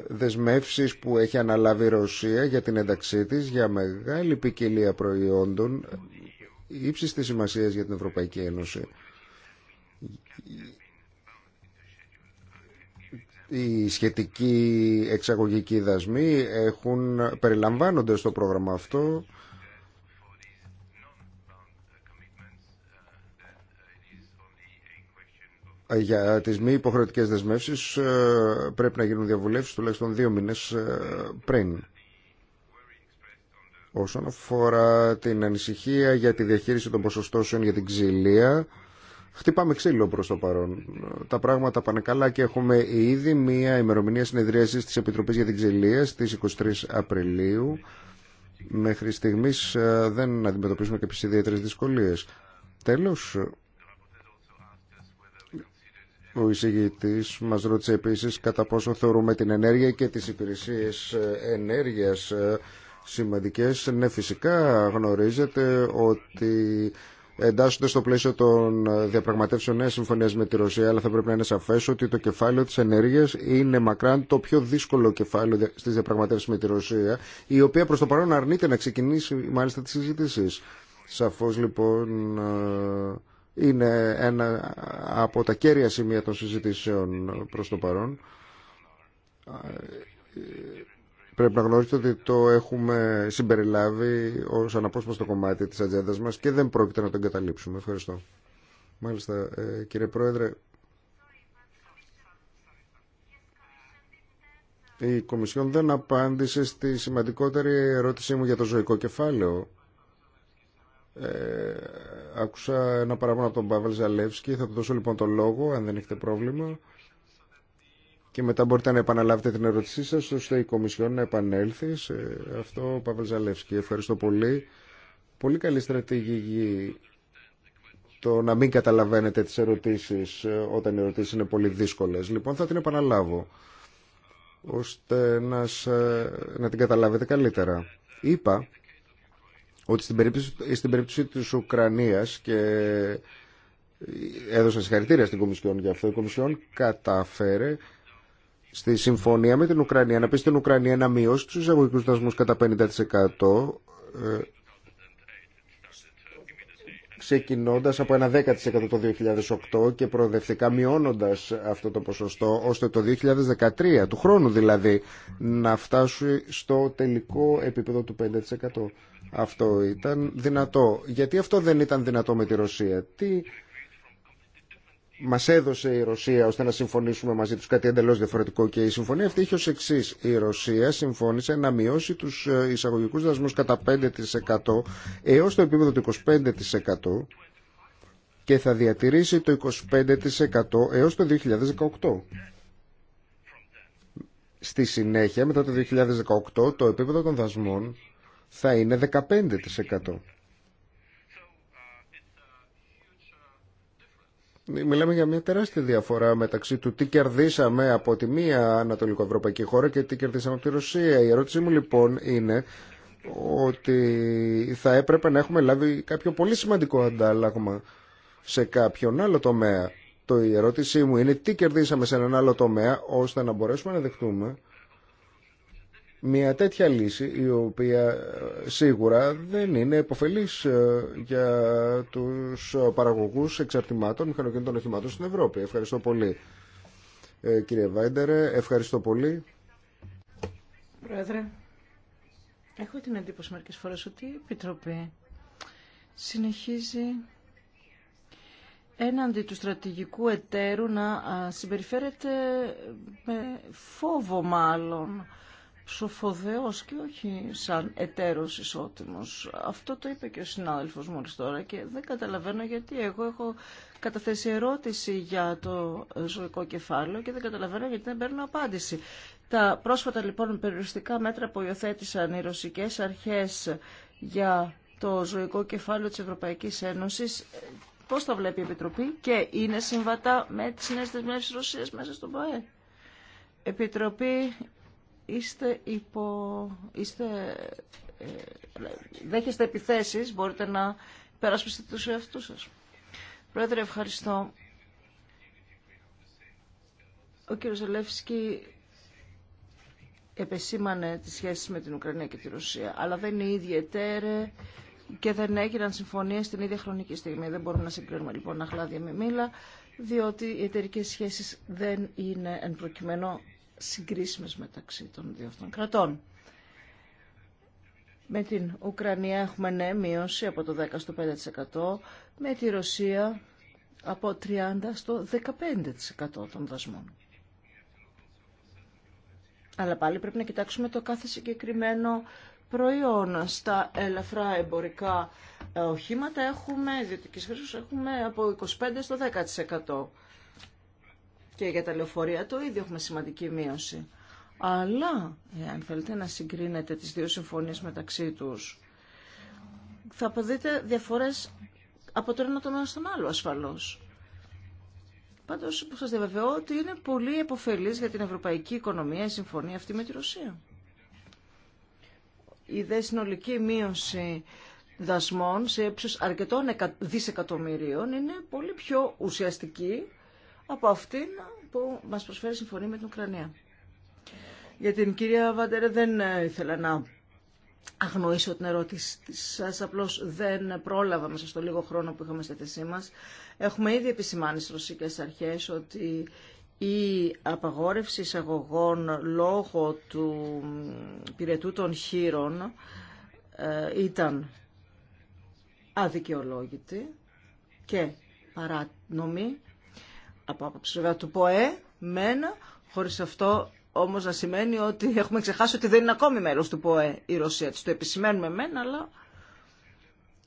δεσμεύσεις που έχει αναλάβει η Ρωσία για την ένταξή της για μεγάλη ποικιλία προϊόντων ύψης της για την Ευρωπαϊκή Ένωση. Οι σχετικοί εξαγωγικοί δασμοί έχουν, περιλαμβάνονται στο πρόγραμμα αυτό για τις μη υποχρεωτικές δεσμεύσεις ε, πρέπει να γίνουν διαβουλεύσεις τουλάχιστον δύο μήνες ε, πριν. Όσον αφορά την ανησυχία για τη διαχείριση των ποσοστώσεων για την ξυλία, χτυπάμε ξύλο προς το παρόν. Τα πράγματα πάνε καλά και έχουμε ήδη μία ημερομηνία συνεδρίασης της Επιτροπής για την Ξυλία στις 23 Απριλίου. Μέχρι στιγμής ε, δεν αντιμετωπίζουμε κάποιες ιδιαίτερες δυσκολίες. Τέλος, ο εισηγητής μας ρώτησε επίσης κατά πόσο θεωρούμε την ενέργεια και τις υπηρεσίες ε, ενέργειας ε, σημαντικές. Ναι, φυσικά γνωρίζετε ότι εντάσσονται στο πλαίσιο των διαπραγματεύσεων νέα συμφωνία με τη Ρωσία, αλλά θα πρέπει να είναι σαφές ότι το κεφάλαιο της ενέργειας είναι μακράν το πιο δύσκολο κεφάλαιο στις διαπραγματεύσεις με τη Ρωσία, η οποία προς το παρόν αρνείται να ξεκινήσει μάλιστα τις συζητήσεις. Σαφώς, λοιπόν ε, είναι ένα από τα κέρια σημεία των συζητήσεων προς το παρόν ε, Πρέπει να γνωρίζετε ότι το έχουμε συμπεριλάβει ω αναπόσπαστο κομμάτι τη ατζέντα μα και δεν πρόκειται να τον καταλήψουμε. Ευχαριστώ. Μάλιστα, ε, κύριε Πρόεδρε. Η Κομισιόν δεν απάντησε στη σημαντικότερη ερώτησή μου για το ζωικό κεφάλαιο. Ε, άκουσα ένα παράπονο από τον Παύλ Ζαλεύσκη. Θα του δώσω λοιπόν το λόγο, αν δεν έχετε πρόβλημα. Και μετά μπορείτε να επαναλάβετε την ερώτησή σας, ώστε η Κομισιόν να επανέλθει σε αυτό, Παύλ Ζαλεύσκη. Ευχαριστώ πολύ. Πολύ καλή στρατηγική το να μην καταλαβαίνετε τις ερωτήσεις ε, όταν οι ερωτήσει είναι πολύ δύσκολε. Λοιπόν, θα την επαναλάβω, ώστε να, ε, να την καταλάβετε καλύτερα. Είπα ότι στην περίπτωση, στην περίπτωση της Ουκρανίας και ε, έδωσα συγχαρητήρια στην Κομισιόν για αυτό, η Κομισιόν κατάφερε στη συμφωνία με την Ουκρανία, να πει στην Ουκρανία να μειώσει του εισαγωγικού δασμού κατά 50%. Ε, Ξεκινώντα από ένα 10% το 2008 και προοδευτικά μειώνοντα αυτό το ποσοστό, ώστε το 2013, του χρόνου δηλαδή, να φτάσει στο τελικό επίπεδο του 5%. Αυτό ήταν δυνατό. Γιατί αυτό δεν ήταν δυνατό με τη Ρωσία. Τι μα έδωσε η Ρωσία ώστε να συμφωνήσουμε μαζί του κάτι εντελώ διαφορετικό. Και η συμφωνία αυτή είχε ω εξή. Η Ρωσία συμφώνησε να μειώσει του ε, εισαγωγικού δασμού κατά 5% έω το επίπεδο του 25% και θα διατηρήσει το 25% έως το 2018. Στη συνέχεια, μετά το 2018, το επίπεδο των δασμών θα είναι 15%. Μιλάμε για μια τεράστια διαφορά μεταξύ του τι κερδίσαμε από τη μία ανατολικοευρωπαϊκή χώρα και τι κερδίσαμε από τη Ρωσία. Η ερώτησή μου λοιπόν είναι ότι θα έπρεπε να έχουμε λάβει κάποιο πολύ σημαντικό αντάλλαγμα σε κάποιον άλλο τομέα. Το η ερώτησή μου είναι τι κερδίσαμε σε έναν άλλο τομέα ώστε να μπορέσουμε να δεχτούμε μια τέτοια λύση η οποία ε, σίγουρα δεν είναι επωφελής ε, για τους παραγωγούς εξαρτημάτων μηχανοκινητών οχημάτων στην Ευρώπη. Ευχαριστώ πολύ ε, κύριε Βάιντερε, ευχαριστώ πολύ. Πρόεδρε, έχω την εντύπωση μερικές φορές ότι η Επιτροπή συνεχίζει έναντι του στρατηγικού εταίρου να συμπεριφέρεται με φόβο μάλλον σοφοδέος και όχι σαν εταίρος ισότιμος. Αυτό το είπε και ο συνάδελφος μόλις τώρα και δεν καταλαβαίνω γιατί εγώ έχω καταθέσει ερώτηση για το ζωικό κεφάλαιο και δεν καταλαβαίνω γιατί δεν παίρνω απάντηση. Τα πρόσφατα λοιπόν περιοριστικά μέτρα που υιοθέτησαν οι ρωσικές αρχές για το ζωικό κεφάλαιο της Ευρωπαϊκής Ένωσης πώς τα βλέπει η Επιτροπή και είναι συμβατά με τις νέες δεσμεύσεις Ρωσίας μέσα στον ΠΑΕ. Επιτροπή είστε υπο... Είστε... Ε, δέχεστε επιθέσεις, μπορείτε να υπερασπιστείτε τους εαυτούς σας. Πρόεδρε, ευχαριστώ. Ο κύριος Ελεύσκη επεσήμανε τις σχέσεις με την Ουκρανία και τη Ρωσία, αλλά δεν είναι ίδια εταίρε και δεν έγιναν συμφωνίες την ίδια χρονική στιγμή. Δεν μπορούμε να συγκρίνουμε λοιπόν αχλάδια με μήλα, διότι οι εταιρικέ σχέσεις δεν είναι εν προκειμένου συγκρίσιμες μεταξύ των δύο αυτών κρατών. Με την Ουκρανία έχουμε ναι μείωση από το 10% στο 5%, με τη Ρωσία από 30% στο 15% των δασμών. Αλλά πάλι πρέπει να κοιτάξουμε το κάθε συγκεκριμένο προϊόν. Στα ελαφρά εμπορικά ε, οχήματα έχουμε, ιδιωτικής χρήσης, έχουμε από 25% στο 10% και για τα λεωφορεία το ίδιο έχουμε σημαντική μείωση. Αλλά, εάν θέλετε να συγκρίνετε τις δύο συμφωνίες μεταξύ τους, θα αποδείτε διαφορές από το ένα τομέα στον άλλο ασφαλώς. Πάντως, που σας διαβεβαιώ ότι είναι πολύ επωφελής για την ευρωπαϊκή οικονομία η συμφωνία αυτή με τη Ρωσία. Η δε συνολική μείωση δασμών σε ύψος αρκετών δισεκατομμυρίων είναι πολύ πιο ουσιαστική από αυτήν που μας προσφέρει συμφωνία με την Ουκρανία. Για την κυρία Βαντέρε δεν ε, ήθελα να αγνοήσω την ερώτηση σας, απλώς δεν πρόλαβα μέσα στο λίγο χρόνο που είχαμε στη θέσή μας. Έχουμε ήδη επισημάνει στις ρωσικές αρχές ότι η απαγόρευση εισαγωγών λόγω του πυρετού των χείρων ε, ήταν αδικαιολόγητη και παράνομη από άποψη του ΠΟΕ, μένα, χωρίς αυτό όμως να σημαίνει ότι έχουμε ξεχάσει ότι δεν είναι ακόμη μέλος του ΠΟΕ η Ρωσία Το επισημαίνουμε μένα, αλλά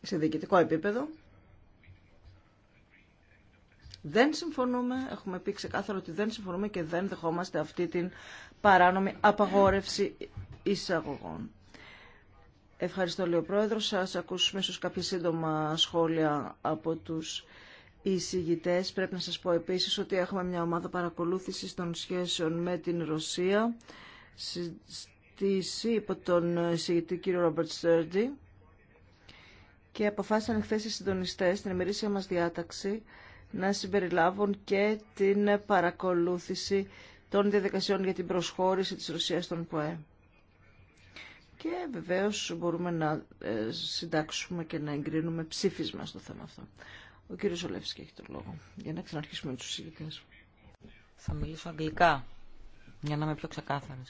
σε διοικητικό επίπεδο. Δεν συμφωνούμε, έχουμε πει ξεκάθαρα ότι δεν συμφωνούμε και δεν δεχόμαστε αυτή την παράνομη απαγόρευση εισαγωγών. Ευχαριστώ, λίγο πρόεδρο. Σας ακούσουμε ίσως κάποια σύντομα σχόλια από τους οι εισηγητέ. Πρέπει να σας πω επίσης ότι έχουμε μια ομάδα παρακολούθησης των σχέσεων με την Ρωσία στη υπό τον εισηγητή κύριο Ρόμπερτ Στέρντι και αποφάσισαν χθε οι συντονιστέ στην ημερήσια μας διάταξη να συμπεριλάβουν και την παρακολούθηση των διαδικασιών για την προσχώρηση της Ρωσίας στον ΠΟΕ. Και βεβαίως μπορούμε να ε, συντάξουμε και να εγκρίνουμε ψήφισμα στο θέμα αυτό. Ο κύριο Ζολεύσκη έχει το λόγο για να ξαναρχίσουμε με τους Θα μιλήσω αγγλικά για να είμαι πιο ξεκάθαρη.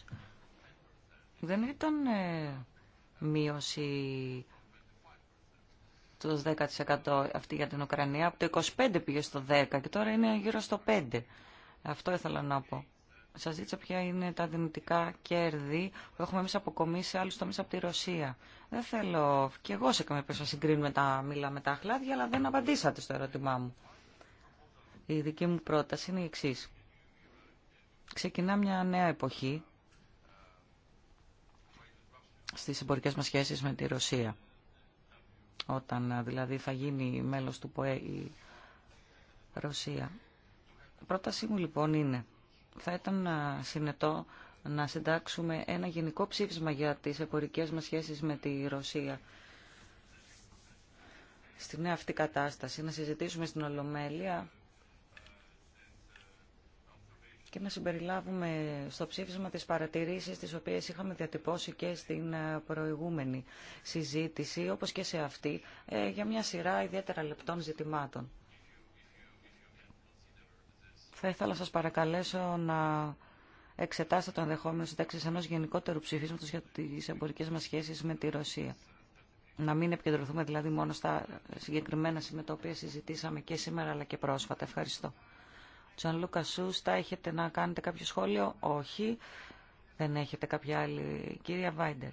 Δεν ήταν ε, μείωση το 10% αυτή για την Ουκρανία. Από το 25% πήγε στο 10% και τώρα είναι γύρω στο 5%. Αυτό ήθελα να πω. Σας ζήτησα ποια είναι τα δυνητικά κέρδη που έχουμε εμείς αποκομίσει άλλους μέσα από τη Ρωσία. Δεν θέλω Κι εγώ σε καμία περίπτωση να συγκρίνουμε τα μήλα με τα χλάδια, αλλά δεν απαντήσατε στο ερώτημά μου. Η δική μου πρόταση είναι η εξή. Ξεκινά μια νέα εποχή στις εμπορικές μας σχέσεις με τη Ρωσία. Όταν δηλαδή θα γίνει μέλος του ΠΟΕ η Ρωσία. Η πρότασή μου λοιπόν είναι θα ήταν συνετό να συντάξουμε ένα γενικό ψήφισμα για τις εμπορικές μας σχέσεις με τη Ρωσία στην νέα αυτή κατάσταση, να συζητήσουμε στην Ολομέλεια και να συμπεριλάβουμε στο ψήφισμα τις παρατηρήσεις τις οποίες είχαμε διατυπώσει και στην προηγούμενη συζήτηση, όπως και σε αυτή, ε, για μια σειρά ιδιαίτερα λεπτών ζητημάτων. Θα ήθελα να σας παρακαλέσω να εξετάσετε το ενδεχόμενο συντάξης ενός γενικότερου ψηφίσματος για τις εμπορικές μα σχέσεις με τη Ρωσία. Να μην επικεντρωθούμε δηλαδή μόνο στα συγκεκριμένα σημεία τα οποία συζητήσαμε και σήμερα αλλά και πρόσφατα. Ευχαριστώ. Τζον Λούκα Σούστα, έχετε να κάνετε κάποιο σχόλιο. Όχι. Δεν έχετε κάποια άλλη. Κύρια Βάιντερ.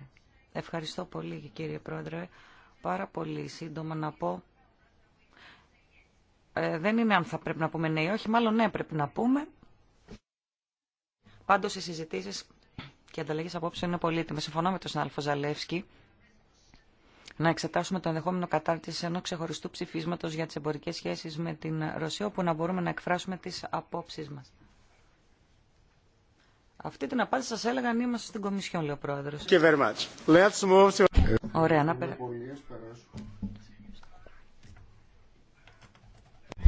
Ευχαριστώ πολύ κύριε Πρόεδρε. Πάρα πολύ σύντομα να πω ε, δεν είναι αν θα πρέπει να πούμε ναι ή όχι, μάλλον ναι πρέπει να πούμε. Πάντως οι συζητήσεις και οι ανταλλαγές απόψε είναι πολύτιμες. Συμφωνώ με τον συνάδελφο Ζαλεύσκη να εξετάσουμε το ενδεχόμενο κατάρτιση ενό ξεχωριστού ψηφίσματος για τις εμπορικές σχέσεις με την Ρωσία, όπου να μπορούμε να εκφράσουμε τις απόψει μας. Αυτή την απάντηση σα αν είμαστε στην Κομισιόν, λέει ο Πρόεδρο. Ωραία, να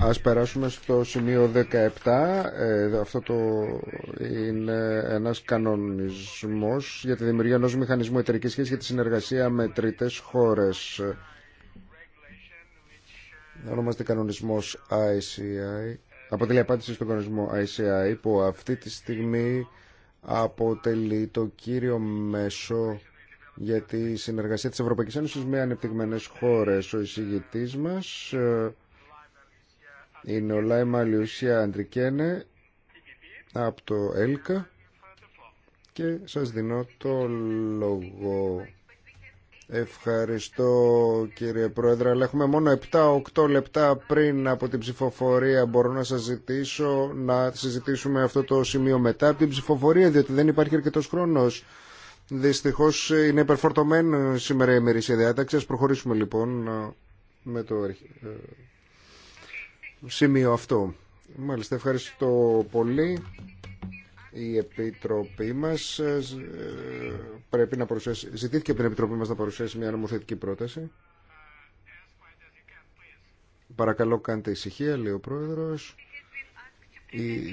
Ας περάσουμε στο σημείο 17. Ε, αυτό το είναι ένας κανονισμός για τη δημιουργία ενός μηχανισμού εταιρικής σχέσης για τη συνεργασία με τρίτες χώρες. Ονομάζεται κανονισμός ICI. Αποτελεί απάντηση στον κανονισμό ICI που αυτή τη στιγμή αποτελεί το κύριο μέσο για τη συνεργασία της Ευρωπαϊκής Ένωσης με ανεπτυγμένες χώρες. Ο εισηγητής μας... Ε, είναι ο Λάιμα Λιουσία Αντρικένε από το ΕΛΚΑ και σας δίνω το λόγο. Ευχαριστώ κύριε Πρόεδρε, αλλά έχουμε μόνο 7-8 λεπτά πριν από την ψηφοφορία. Μπορώ να σας ζητήσω να συζητήσουμε αυτό το σημείο μετά από την ψηφοφορία, διότι δεν υπάρχει αρκετός χρόνος. Δυστυχώς είναι υπερφορτωμένο σήμερα η ημερήσια διάταξη. Ας προχωρήσουμε λοιπόν με το ε, σημείο αυτό. Μάλιστα, ευχαριστώ πολύ. Η Επιτροπή μας ε, πρέπει να παρουσιάσει, ζητήθηκε από την Επιτροπή μας να παρουσιάσει μια νομοθετική πρόταση. Παρακαλώ κάντε ησυχία, λέει ο Πρόεδρος.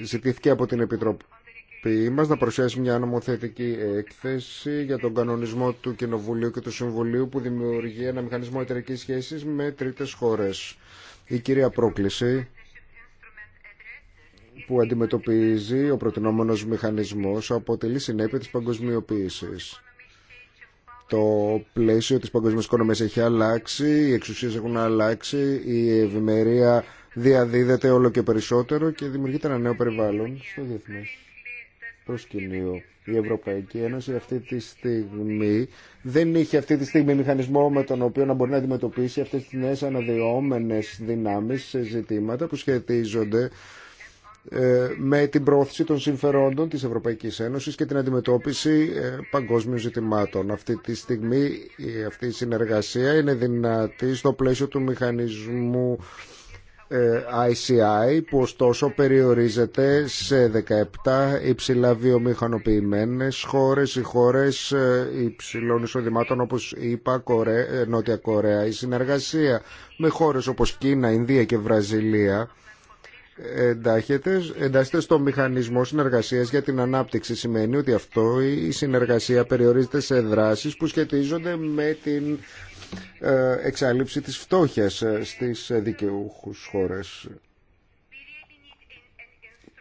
ζητήθηκε από την Επιτροπή μας να παρουσιάσει μια νομοθετική έκθεση για τον κανονισμό του Κοινοβουλίου και του Συμβουλίου που δημιουργεί ένα μηχανισμό εταιρικής σχέσης με τρίτες χώρες. Η κυρία πρόκληση που αντιμετωπίζει ο προτινόμενος μηχανισμός αποτελεί συνέπεια της παγκοσμιοποίησης. Το πλαίσιο της παγκοσμίας οικονομίας έχει αλλάξει, οι εξουσίες έχουν αλλάξει, η ευημερία διαδίδεται όλο και περισσότερο και δημιουργείται ένα νέο περιβάλλον στο διεθνές προσκυνείο. Η Ευρωπαϊκή Ένωση αυτή τη στιγμή δεν είχε αυτή τη στιγμή μηχανισμό με τον οποίο να μπορεί να αντιμετωπίσει αυτές τις νέες αναδυόμενες δυνάμεις σε ζητήματα που σχετίζονται ε, με την πρόθεση των συμφερόντων της Ευρωπαϊκής Ένωσης και την αντιμετώπιση ε, παγκόσμιων ζητημάτων. Αυτή τη στιγμή αυτή η συνεργασία είναι δυνατή στο πλαίσιο του μηχανισμού ICI ε, που ωστόσο περιορίζεται σε 17 υψηλά βιομηχανοποιημένες χώρες ή χώρες ε, υψηλών εισοδημάτων όπως είπα Κορέ, ε, Νότια Κορέα η συνεργασία με χώρες όπως Κίνα, Ινδία και Βραζιλία εντάσσεται στο μηχανισμό συνεργασίας για την ανάπτυξη σημαίνει ότι αυτό η συνεργασία περιορίζεται σε δράσεις που σχετίζονται με την ε, εξάλληψη της φτώχειας ε, στις ε, δικαιούχους χώρες.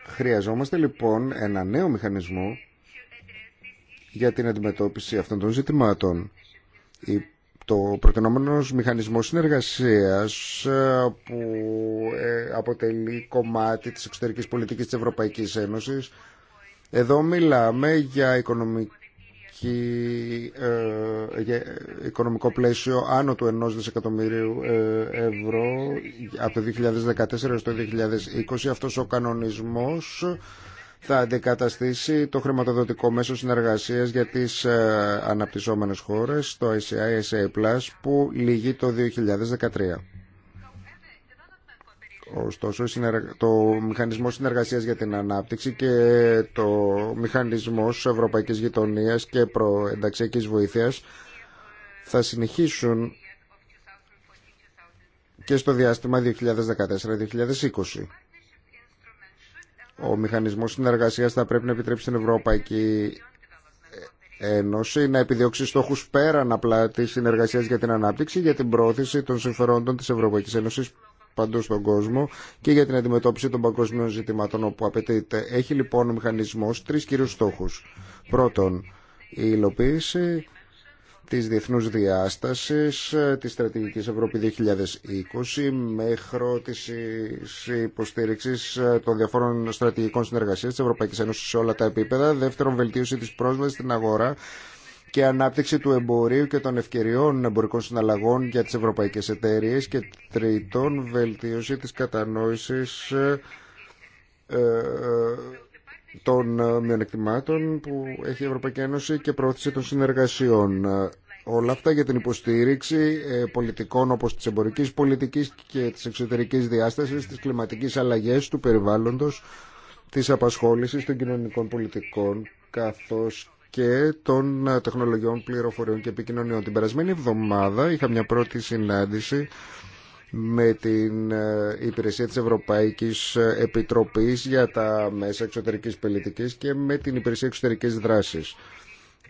Χρειαζόμαστε λοιπόν ένα νέο μηχανισμό για την αντιμετώπιση αυτών των ζητημάτων. Το πρωτενόμενος μηχανισμός συνεργασίας που αποτελεί κομμάτι της εξωτερικής πολιτικής της Ευρωπαϊκής Ένωσης εδώ μιλάμε για οικονομική υπάρχει ε, οικονομικό πλαίσιο άνω του 1 δισεκατομμυρίου ε, ευρώ από το 2014 στο το 2020. Αυτός ο κανονισμός θα αντικαταστήσει το χρηματοδοτικό μέσο συνεργασίας για τις ε, αναπτυσσόμενες χώρες, το ICI-SA+, που λυγεί το 2013. Ωστόσο, το Μηχανισμό Συνεργασία για την Ανάπτυξη και το Μηχανισμό Ευρωπαϊκή Γειτονία και Προενταξιακή Βοήθεια θα συνεχίσουν και στο διάστημα 2014-2020. Ο μηχανισμός συνεργασίας θα πρέπει να επιτρέψει στην Ευρωπαϊκή Ένωση να επιδιώξει στόχους πέραν απλά της συνεργασίας για την ανάπτυξη για την πρόθεση των συμφερόντων της Ευρωπαϊκής Ένωσης παντού στον κόσμο και για την αντιμετώπιση των παγκόσμιων ζητημάτων όπου απαιτείται. Έχει λοιπόν ο μηχανισμός τρει κύριου στόχους. Πρώτον, η υλοποίηση της διεθνούς διάσταση της στρατηγικής Ευρώπη 2020 μέχρι της υποστήριξη των διαφόρων στρατηγικών συνεργασία τη Ευρωπαϊκή Ένωση, σε όλα τα επίπεδα. Δεύτερον, βελτίωση τη πρόσβαση στην αγορά και ανάπτυξη του εμπορίου και των ευκαιριών εμπορικών συναλλαγών για τις ευρωπαϊκές εταιρείες και τρίτον βελτίωση της κατανόησης ε, ε, των μειονεκτημάτων που έχει η Ευρωπαϊκή Ένωση και πρόθεση των συνεργασιών. Όλα αυτά για την υποστήριξη ε, πολιτικών όπως της εμπορικής πολιτικής και της εξωτερικής διάστασης, της κλιματικής αλλαγής, του περιβάλλοντος, της απασχόλησης των κοινωνικών πολιτικών καθώς και των ε, τεχνολογιών πληροφοριών και επικοινωνιών. Την περασμένη εβδομάδα είχα μια πρώτη συνάντηση με την ε, υπηρεσία της Ευρωπαϊκής ε, Επιτροπής για τα μέσα εξωτερικής πολιτικής και με την υπηρεσία εξωτερικής δράσης.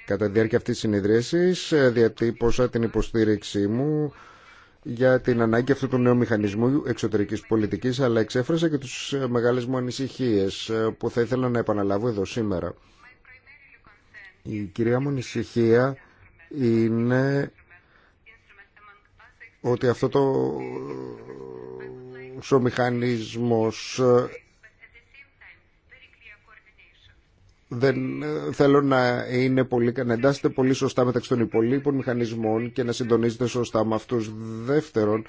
Κατά τη διάρκεια αυτής της συνεδρίασης διατύπωσα την υποστήριξή μου για την ανάγκη αυτού του νέου μηχανισμού εξωτερικής πολιτικής αλλά εξέφρασα και τους μεγάλες μου ανησυχίες που θα ήθελα να επαναλάβω εδώ σήμερα. Η κυρία μου ανησυχία είναι ότι αυτό το ο μηχανισμός δεν θέλω να είναι πολύ, να εντάσσεται πολύ σωστά μεταξύ των υπολείπων μηχανισμών και να συντονίζετε σωστά με αυτούς. Δεύτερον,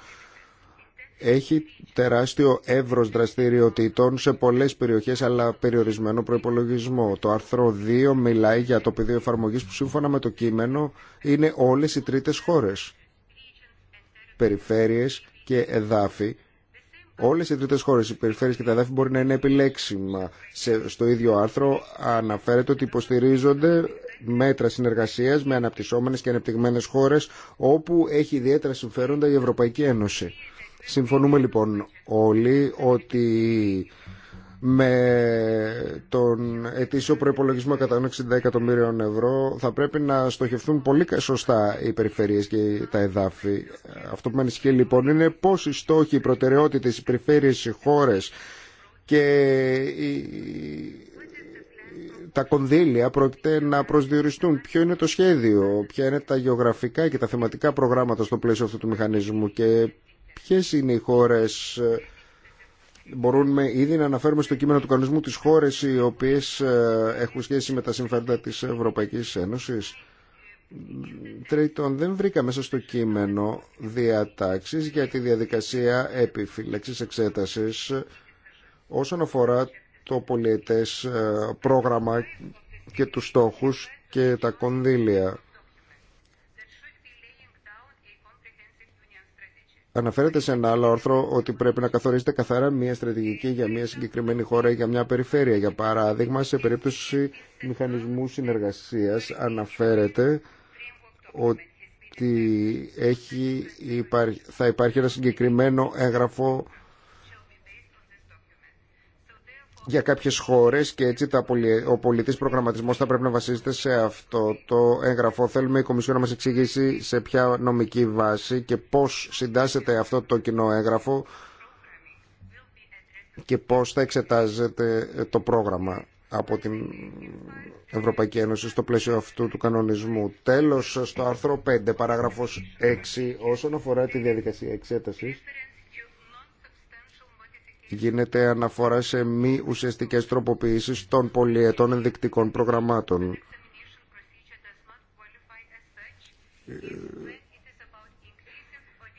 έχει τεράστιο εύρος δραστηριοτήτων σε πολλές περιοχές αλλά περιορισμένο προϋπολογισμό. Το άρθρο 2 μιλάει για το πεδίο εφαρμογής που σύμφωνα με το κείμενο είναι όλες οι τρίτες χώρες, περιφέρειες και εδάφη. Όλες οι τρίτες χώρες, οι περιφέρειες και τα εδάφη μπορεί να είναι επιλέξιμα. στο ίδιο άρθρο αναφέρεται ότι υποστηρίζονται μέτρα συνεργασίας με αναπτυσσόμενες και ανεπτυγμένες χώρες όπου έχει ιδιαίτερα συμφέροντα η Ευρωπαϊκή Ένωση. Συμφωνούμε λοιπόν όλοι ότι με τον ετήσιο προπολογισμό 160 εκατομμύριων ευρώ θα πρέπει να στοχευτούν πολύ σωστά οι περιφέρειες και τα εδάφη. Αυτό που με ανησυχεί λοιπόν είναι πώς οι στόχοι, οι προτεραιότητες, οι περιφέρειες, οι χώρες και τα κονδύλια πρόκειται να προσδιοριστούν. Ποιο είναι το σχέδιο, ποια είναι τα γεωγραφικά και τα θεματικά προγράμματα στο πλαίσιο αυτού του μηχανισμού και ποιες είναι οι χώρες ε, μπορούμε ήδη να αναφέρουμε στο κείμενο του κανονισμού τις χώρες οι οποίες ε, έχουν σχέση με τα συμφέροντα της Ευρωπαϊκής Ένωσης. Τρίτον, δεν βρήκα μέσα στο κείμενο διατάξεις για τη διαδικασία επιφύλαξης εξέτασης όσον αφορά το πολιετές ε, πρόγραμμα και τους στόχους και τα κονδύλια. Αναφέρεται σε ένα άλλο όρθρο ότι πρέπει να καθορίζεται καθαρά μια στρατηγική για μια συγκεκριμένη χώρα ή για μια περιφέρεια. Για παράδειγμα, σε περίπτωση μηχανισμού συνεργασίας αναφέρεται ότι έχει, θα υπάρχει ένα συγκεκριμένο έγγραφο για κάποιες χώρες και έτσι τα ο πολιτή προγραμματισμό θα πρέπει να βασίζεται σε αυτό το έγγραφο. Θέλουμε η Κομισιό να μας εξηγήσει σε ποια νομική βάση και πώς συντάσσεται αυτό το κοινό έγγραφο και πώς θα εξετάζεται το πρόγραμμα από την Ευρωπαϊκή Ένωση στο πλαίσιο αυτού του κανονισμού. Τέλος, στο άρθρο 5, παράγραφος 6, όσον αφορά τη διαδικασία εξέτασης, γίνεται αναφορά σε μη ουσιαστικές τροποποιήσεις των πολυετών ενδεικτικών προγραμμάτων. Ε,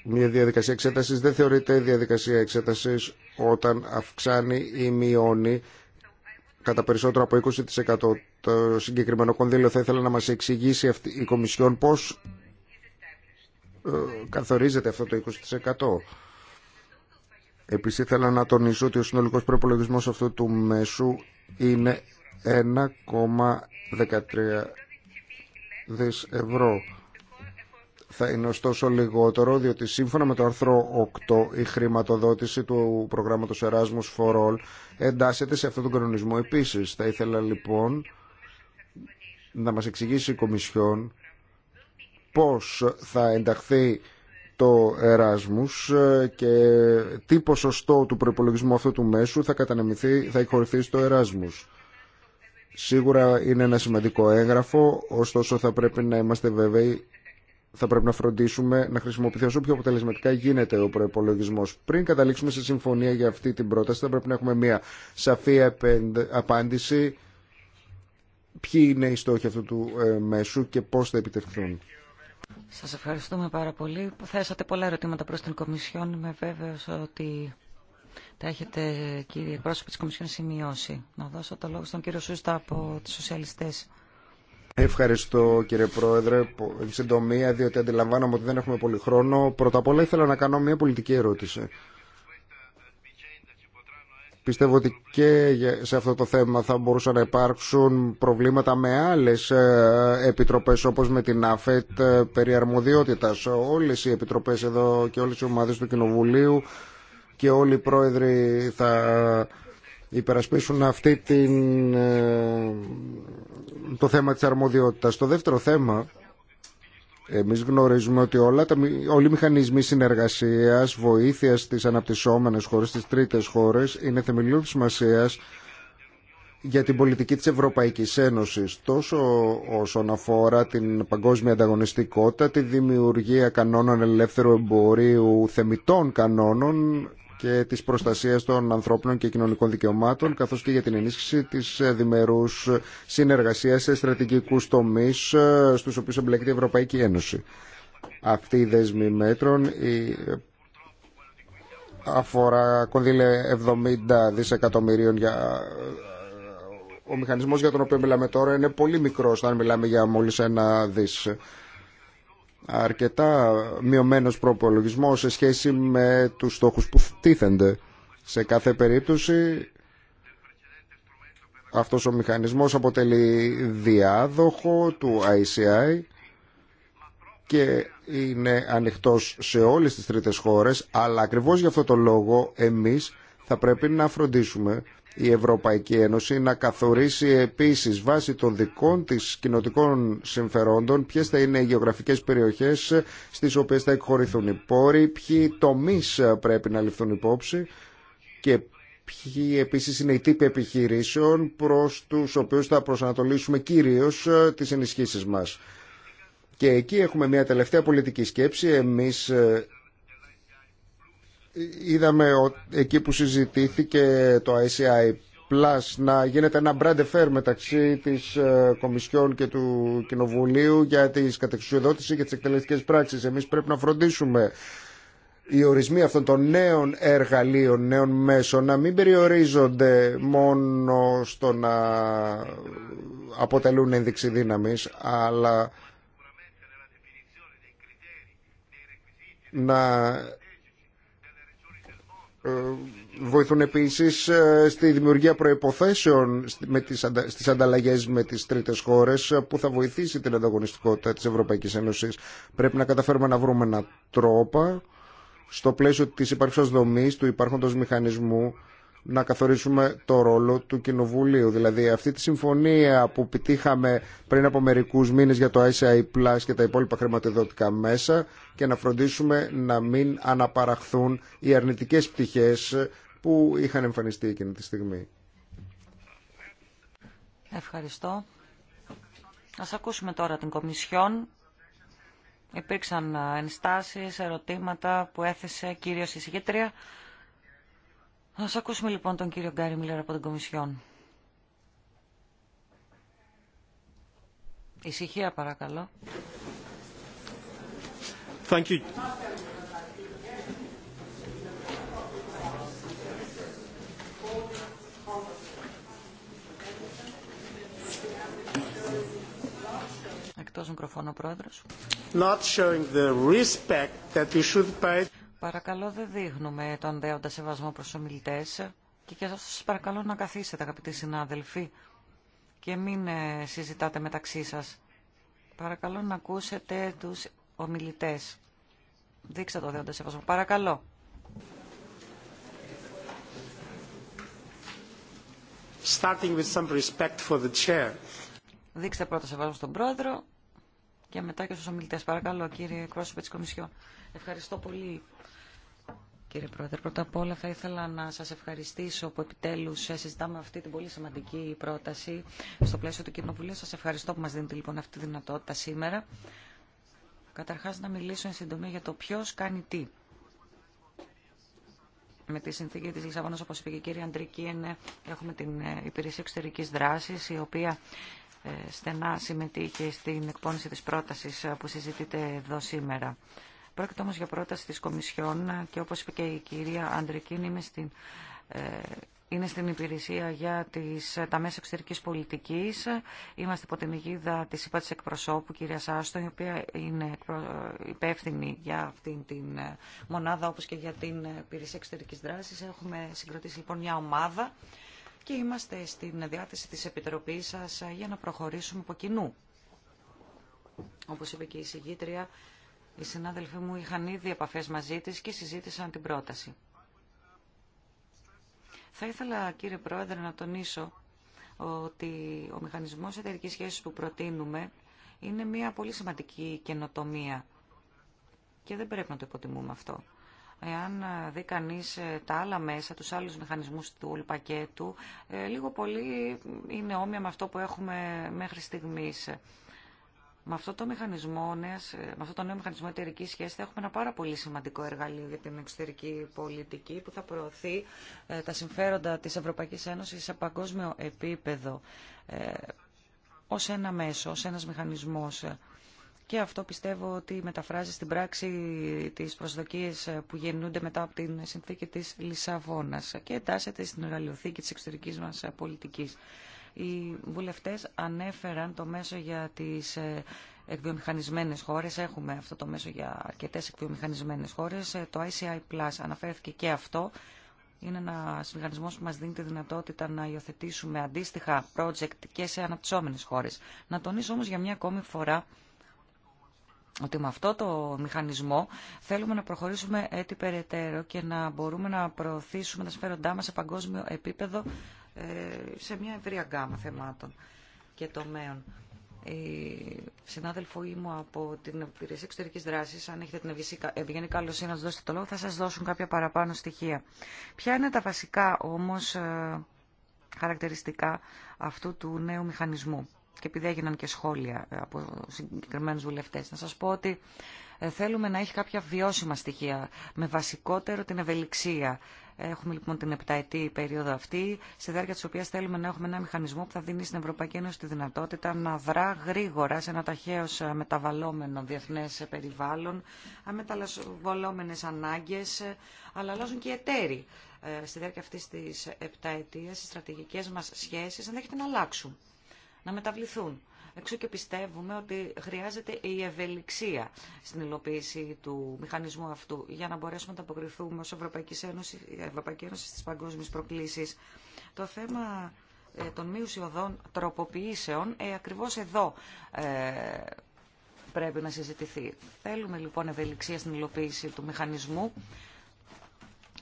μια διαδικασία εξέτασης δεν θεωρείται διαδικασία εξέτασης όταν αυξάνει ή μειώνει κατά περισσότερο από 20% το συγκεκριμένο κονδύλιο. Θα ήθελα να μας εξηγήσει αυτή, η Κομισιόν πώς ε, καθορίζεται αυτό το 20%. Επίσης ήθελα να τονίσω ότι ο συνολικός προπολογισμό αυτού του μέσου είναι 1,13 δις ευρώ. Θα είναι ωστόσο λιγότερο, διότι σύμφωνα με το άρθρο 8 η χρηματοδότηση του προγράμματος Erasmus for All εντάσσεται σε αυτόν τον κανονισμό. Επίσης θα ήθελα λοιπόν να μας εξηγήσει η Κομισιόν πώς θα ενταχθεί το Εράσμους ε, και τι ποσοστό του προπολογισμού αυτού του μέσου θα κατανεμηθεί, θα εκχωρηθεί στο Εράσμους. Σίγουρα είναι ένα σημαντικό έγγραφο, ωστόσο θα πρέπει να είμαστε βέβαιοι θα πρέπει να φροντίσουμε να χρησιμοποιηθεί όσο πιο αποτελεσματικά γίνεται ο προπολογισμό. Πριν καταλήξουμε σε συμφωνία για αυτή την πρόταση, θα πρέπει να έχουμε μια σαφή απάντηση ποιοι είναι οι στόχοι αυτού του ε, μέσου και πώ θα επιτευχθούν. Σας ευχαριστούμε πάρα πολύ. Θέσατε πολλά ερωτήματα προς την Κομισιόν. Είμαι βέβαιος ότι τα έχετε, κύριε πρόσωπο της Κομισιόν, σημειώσει. Να δώσω το λόγο στον κύριο Σούστα από τους Σοσιαλιστές. Ευχαριστώ κύριε Πρόεδρε. Συντομία, διότι αντιλαμβάνομαι ότι δεν έχουμε πολύ χρόνο. Πρώτα απ' όλα ήθελα να κάνω μια πολιτική ερώτηση. Πιστεύω ότι και σε αυτό το θέμα θα μπορούσαν να υπάρξουν προβλήματα με άλλες ε, επιτροπές όπως με την ΑΦΕΤ ε, περί αρμοδιότητας. Όλες οι επιτροπές εδώ και όλες οι ομάδες του Κοινοβουλίου και όλοι οι πρόεδροι θα υπερασπίσουν αυτή την, ε, το θέμα της αρμοδιότητας. Το δεύτερο θέμα εμείς γνωρίζουμε ότι όλα τα, όλοι οι μηχανισμοί συνεργασίας, βοήθειας στις αναπτυσσόμενες χώρες, στις τρίτες χώρες, είναι θεμελιώδης σημασία για την πολιτική της Ευρωπαϊκής Ένωσης, τόσο όσον αφορά την παγκόσμια ανταγωνιστικότητα, τη δημιουργία κανόνων ελεύθερου εμπορίου, θεμητών κανόνων και τη προστασία των ανθρώπινων και κοινωνικών δικαιωμάτων καθώς και για την ενίσχυση τη διμερούς συνεργασία σε στρατηγικού τομεί ε, στους οποίου εμπλέκεται η Ευρωπαϊκή Ένωση. Αυτή η δέσμη μέτρων αφορά κονδύλε 70 δισεκατομμυρίων για... Ε, ο μηχανισμός για τον οποίο μιλάμε τώρα είναι πολύ μικρός αν μιλάμε για μόλις ένα δις αρκετά μειωμένος προπολογισμό σε σχέση με τους στόχους που τίθενται. Σε κάθε περίπτωση αυτός ο μηχανισμός αποτελεί διάδοχο του ICI και είναι ανοιχτός σε όλες τις τρίτες χώρες, αλλά ακριβώς για αυτό το λόγο εμείς θα πρέπει να φροντίσουμε η Ευρωπαϊκή Ένωση να καθορίσει επίσης βάσει των δικών της κοινοτικών συμφερόντων ποιες θα είναι οι γεωγραφικές περιοχές στις οποίες θα εκχωρηθούν οι πόροι, ποιοι τομείς πρέπει να ληφθούν υπόψη και ποιοι επίσης είναι οι τύποι επιχειρήσεων προς τους οποίους θα προσανατολίσουμε κυρίως ε, τις ενισχύσεις μας. Και εκεί έχουμε μια τελευταία πολιτική σκέψη. Εμείς ε, είδαμε εκεί που συζητήθηκε το ICI να γίνεται ένα brand fair μεταξύ της ε, Κομισιόν και του Κοινοβουλίου για τις κατεξουσιοδότηση και τις εκτελεστικές πράξεις. Εμείς πρέπει να φροντίσουμε οι ορισμοί αυτών των νέων εργαλείων, νέων μέσων να μην περιορίζονται μόνο στο να αποτελούν ένδειξη δύναμης, αλλά να ε, βοηθούν επίσης ε, στη δημιουργία προϋποθέσεων με τις στις ανταλλαγές με τις τρίτες χώρες ε, που θα βοηθήσει την ανταγωνιστικότητα της Ευρωπαϊκής Ένωσης. Πρέπει να καταφέρουμε να βρούμε έναν τρόπο στο πλαίσιο της υπάρχουσας δομής του υπάρχοντος μηχανισμού να καθορίσουμε το ρόλο του Κοινοβουλίου. Δηλαδή αυτή τη συμφωνία που πετύχαμε πριν από μερικούς μήνες για το ICI Plus και τα υπόλοιπα χρηματοδοτικά μέσα και να φροντίσουμε να μην αναπαραχθούν οι αρνητικές πτυχές που είχαν εμφανιστεί εκείνη τη στιγμή. Ευχαριστώ. Ας ακούσουμε τώρα την Κομισιόν. Υπήρξαν ε, ενστάσεις, ερωτήματα που έθεσε κύριος η Ας ακούσουμε λοιπόν τον κύριο Γκάρι Μίλλερ από την Κομισιόν. Ησυχία παρακαλώ. Thank you. Εκτός μικροφώνου ο πρόεδρος. Not showing the respect that we should pay. Παρακαλώ δεν δείχνουμε τον δέοντα σεβασμό προς ομιλητές και και σας παρακαλώ να καθίσετε αγαπητοί συνάδελφοι και μην ε, συζητάτε μεταξύ σας. Παρακαλώ να ακούσετε τους ομιλητές. Δείξτε το δέοντα σεβασμό. Παρακαλώ. Starting with some respect for the chair. Δείξτε πρώτα σεβασμό στον πρόεδρο και μετά και στους ομιλητές. Παρακαλώ, κύριε εκπρόσωπε της Κομισιόν. Ευχαριστώ πολύ. Κύριε Πρόεδρε, πρώτα απ' όλα θα ήθελα να σας ευχαριστήσω που επιτέλους συζητάμε αυτή την πολύ σημαντική πρόταση στο πλαίσιο του Κοινοβουλίου. Σας ευχαριστώ που μας δίνετε λοιπόν αυτή τη δυνατότητα σήμερα. Καταρχάς να μιλήσω εν συντομία για το ποιο κάνει τι. Με τη συνθήκη της Λισαβόνας, όπως είπε και η κυρία Αντρική, έχουμε την ε, υπηρεσία εξωτερικής δράσης, η οποία ε, στενά συμμετείχε στην εκπόνηση της πρότασης ε, που συζητείται εδώ σήμερα. Πρόκειται όμως για πρόταση της Κομισιόν και όπως είπε και η κυρία Αντρικίν είμαι ε, είναι στην υπηρεσία για τις, ε, τα μέσα εξωτερικής πολιτικής. Είμαστε υπό την αιγίδα της ΥΠΑ εκπροσώπου, κυρία Σάστον, η οποία είναι υπεύθυνη για αυτήν την μονάδα όπως και για την υπηρεσία εξωτερικής δράσης. Έχουμε συγκροτήσει λοιπόν μια ομάδα και είμαστε στην διάθεση της Επιτροπής σας ε, για να προχωρήσουμε από κοινού. Όπως είπε και η συγγήτρια, οι συνάδελφοί μου είχαν ήδη επαφές μαζί της και συζήτησαν την πρόταση. Θα ήθελα, κύριε Πρόεδρε, να τονίσω ότι ο μηχανισμός εταιρικής σχέσης που προτείνουμε είναι μια πολύ σημαντική καινοτομία και δεν πρέπει να το υποτιμούμε αυτό. Εάν ε, δει κανεί ε, τα άλλα μέσα, τους άλλους μηχανισμούς του όλου πακέτου, ε, λίγο πολύ είναι όμοια με αυτό που έχουμε μέχρι στιγμής. Με αυτό, το μηχανισμό, με αυτό το νέο μηχανισμό εταιρική σχέση θα έχουμε ένα πάρα πολύ σημαντικό εργαλείο για την εξωτερική πολιτική που θα προωθεί τα συμφέροντα της Ευρωπαϊκής Ένωσης σε παγκόσμιο επίπεδο ως ένα μέσο, ως ένας μηχανισμός και αυτό πιστεύω ότι μεταφράζει στην πράξη τις προσδοκίες που γεννούνται μετά από την συνθήκη της Λισαβόνας και εντάσσεται στην εργαλειοθήκη της εξωτερικής μας πολιτικής. Οι βουλευτές ανέφεραν το μέσο για τις ε, εκβιομηχανισμένες χώρες. Έχουμε αυτό το μέσο για αρκετές εκβιομηχανισμένες χώρες. Ε, το ICI Plus αναφέρθηκε και αυτό. Είναι ένα μηχανισμό που μα δίνει τη δυνατότητα να υιοθετήσουμε αντίστοιχα project και σε αναπτυσσόμενε χώρε. Να τονίσω όμω για μια ακόμη φορά ότι με αυτό το μηχανισμό θέλουμε να προχωρήσουμε έτσι περαιτέρω και να μπορούμε να προωθήσουμε τα σφαίροντά μας σε παγκόσμιο επίπεδο ε, σε μια ευρία γκάμα θεμάτων και τομέων. Η συνάδελφο μου από την Υπηρεσία Εξωτερική Δράση, αν έχετε την ευγενή καλοσύνη να σα δώσετε το λόγο, θα σα δώσουν κάποια παραπάνω στοιχεία. Ποια είναι τα βασικά όμω ε, χαρακτηριστικά αυτού του νέου μηχανισμού και επειδή έγιναν και σχόλια ε, από συγκεκριμένους βουλευτές, να σας πω ότι ε, θέλουμε να έχει κάποια βιώσιμα στοιχεία, με βασικότερο την ευελιξία. Έχουμε λοιπόν την επταετή περίοδο αυτή, στη διάρκεια τη οποία θέλουμε να έχουμε ένα μηχανισμό που θα δίνει στην Ευρωπαϊκή Ένωση τη δυνατότητα να δρά γρήγορα σε ένα ταχαίω ε, μεταβαλλόμενο διεθνέ περιβάλλον, αμεταλλασβολόμενε ανάγκε, αλλά αλλάζουν και οι εταίροι. Στη διάρκεια αυτή τη επταετία, οι στρατηγικέ μα σχέσει ενδέχεται να αλλάξουν να μεταβληθούν. Εξού και πιστεύουμε ότι χρειάζεται η ευελιξία στην υλοποίηση του μηχανισμού αυτού για να μπορέσουμε να αποκριθούμε ως Ευρωπαϊκή Ένωση, Ευρωπαϊκή Ένωση στις παγκόσμιες προκλήσεις. Το θέμα ε, των μη ουσιοδών τροποποιήσεων ε, ακριβώς εδώ ε, πρέπει να συζητηθεί. Θέλουμε λοιπόν ευελιξία στην υλοποίηση του μηχανισμού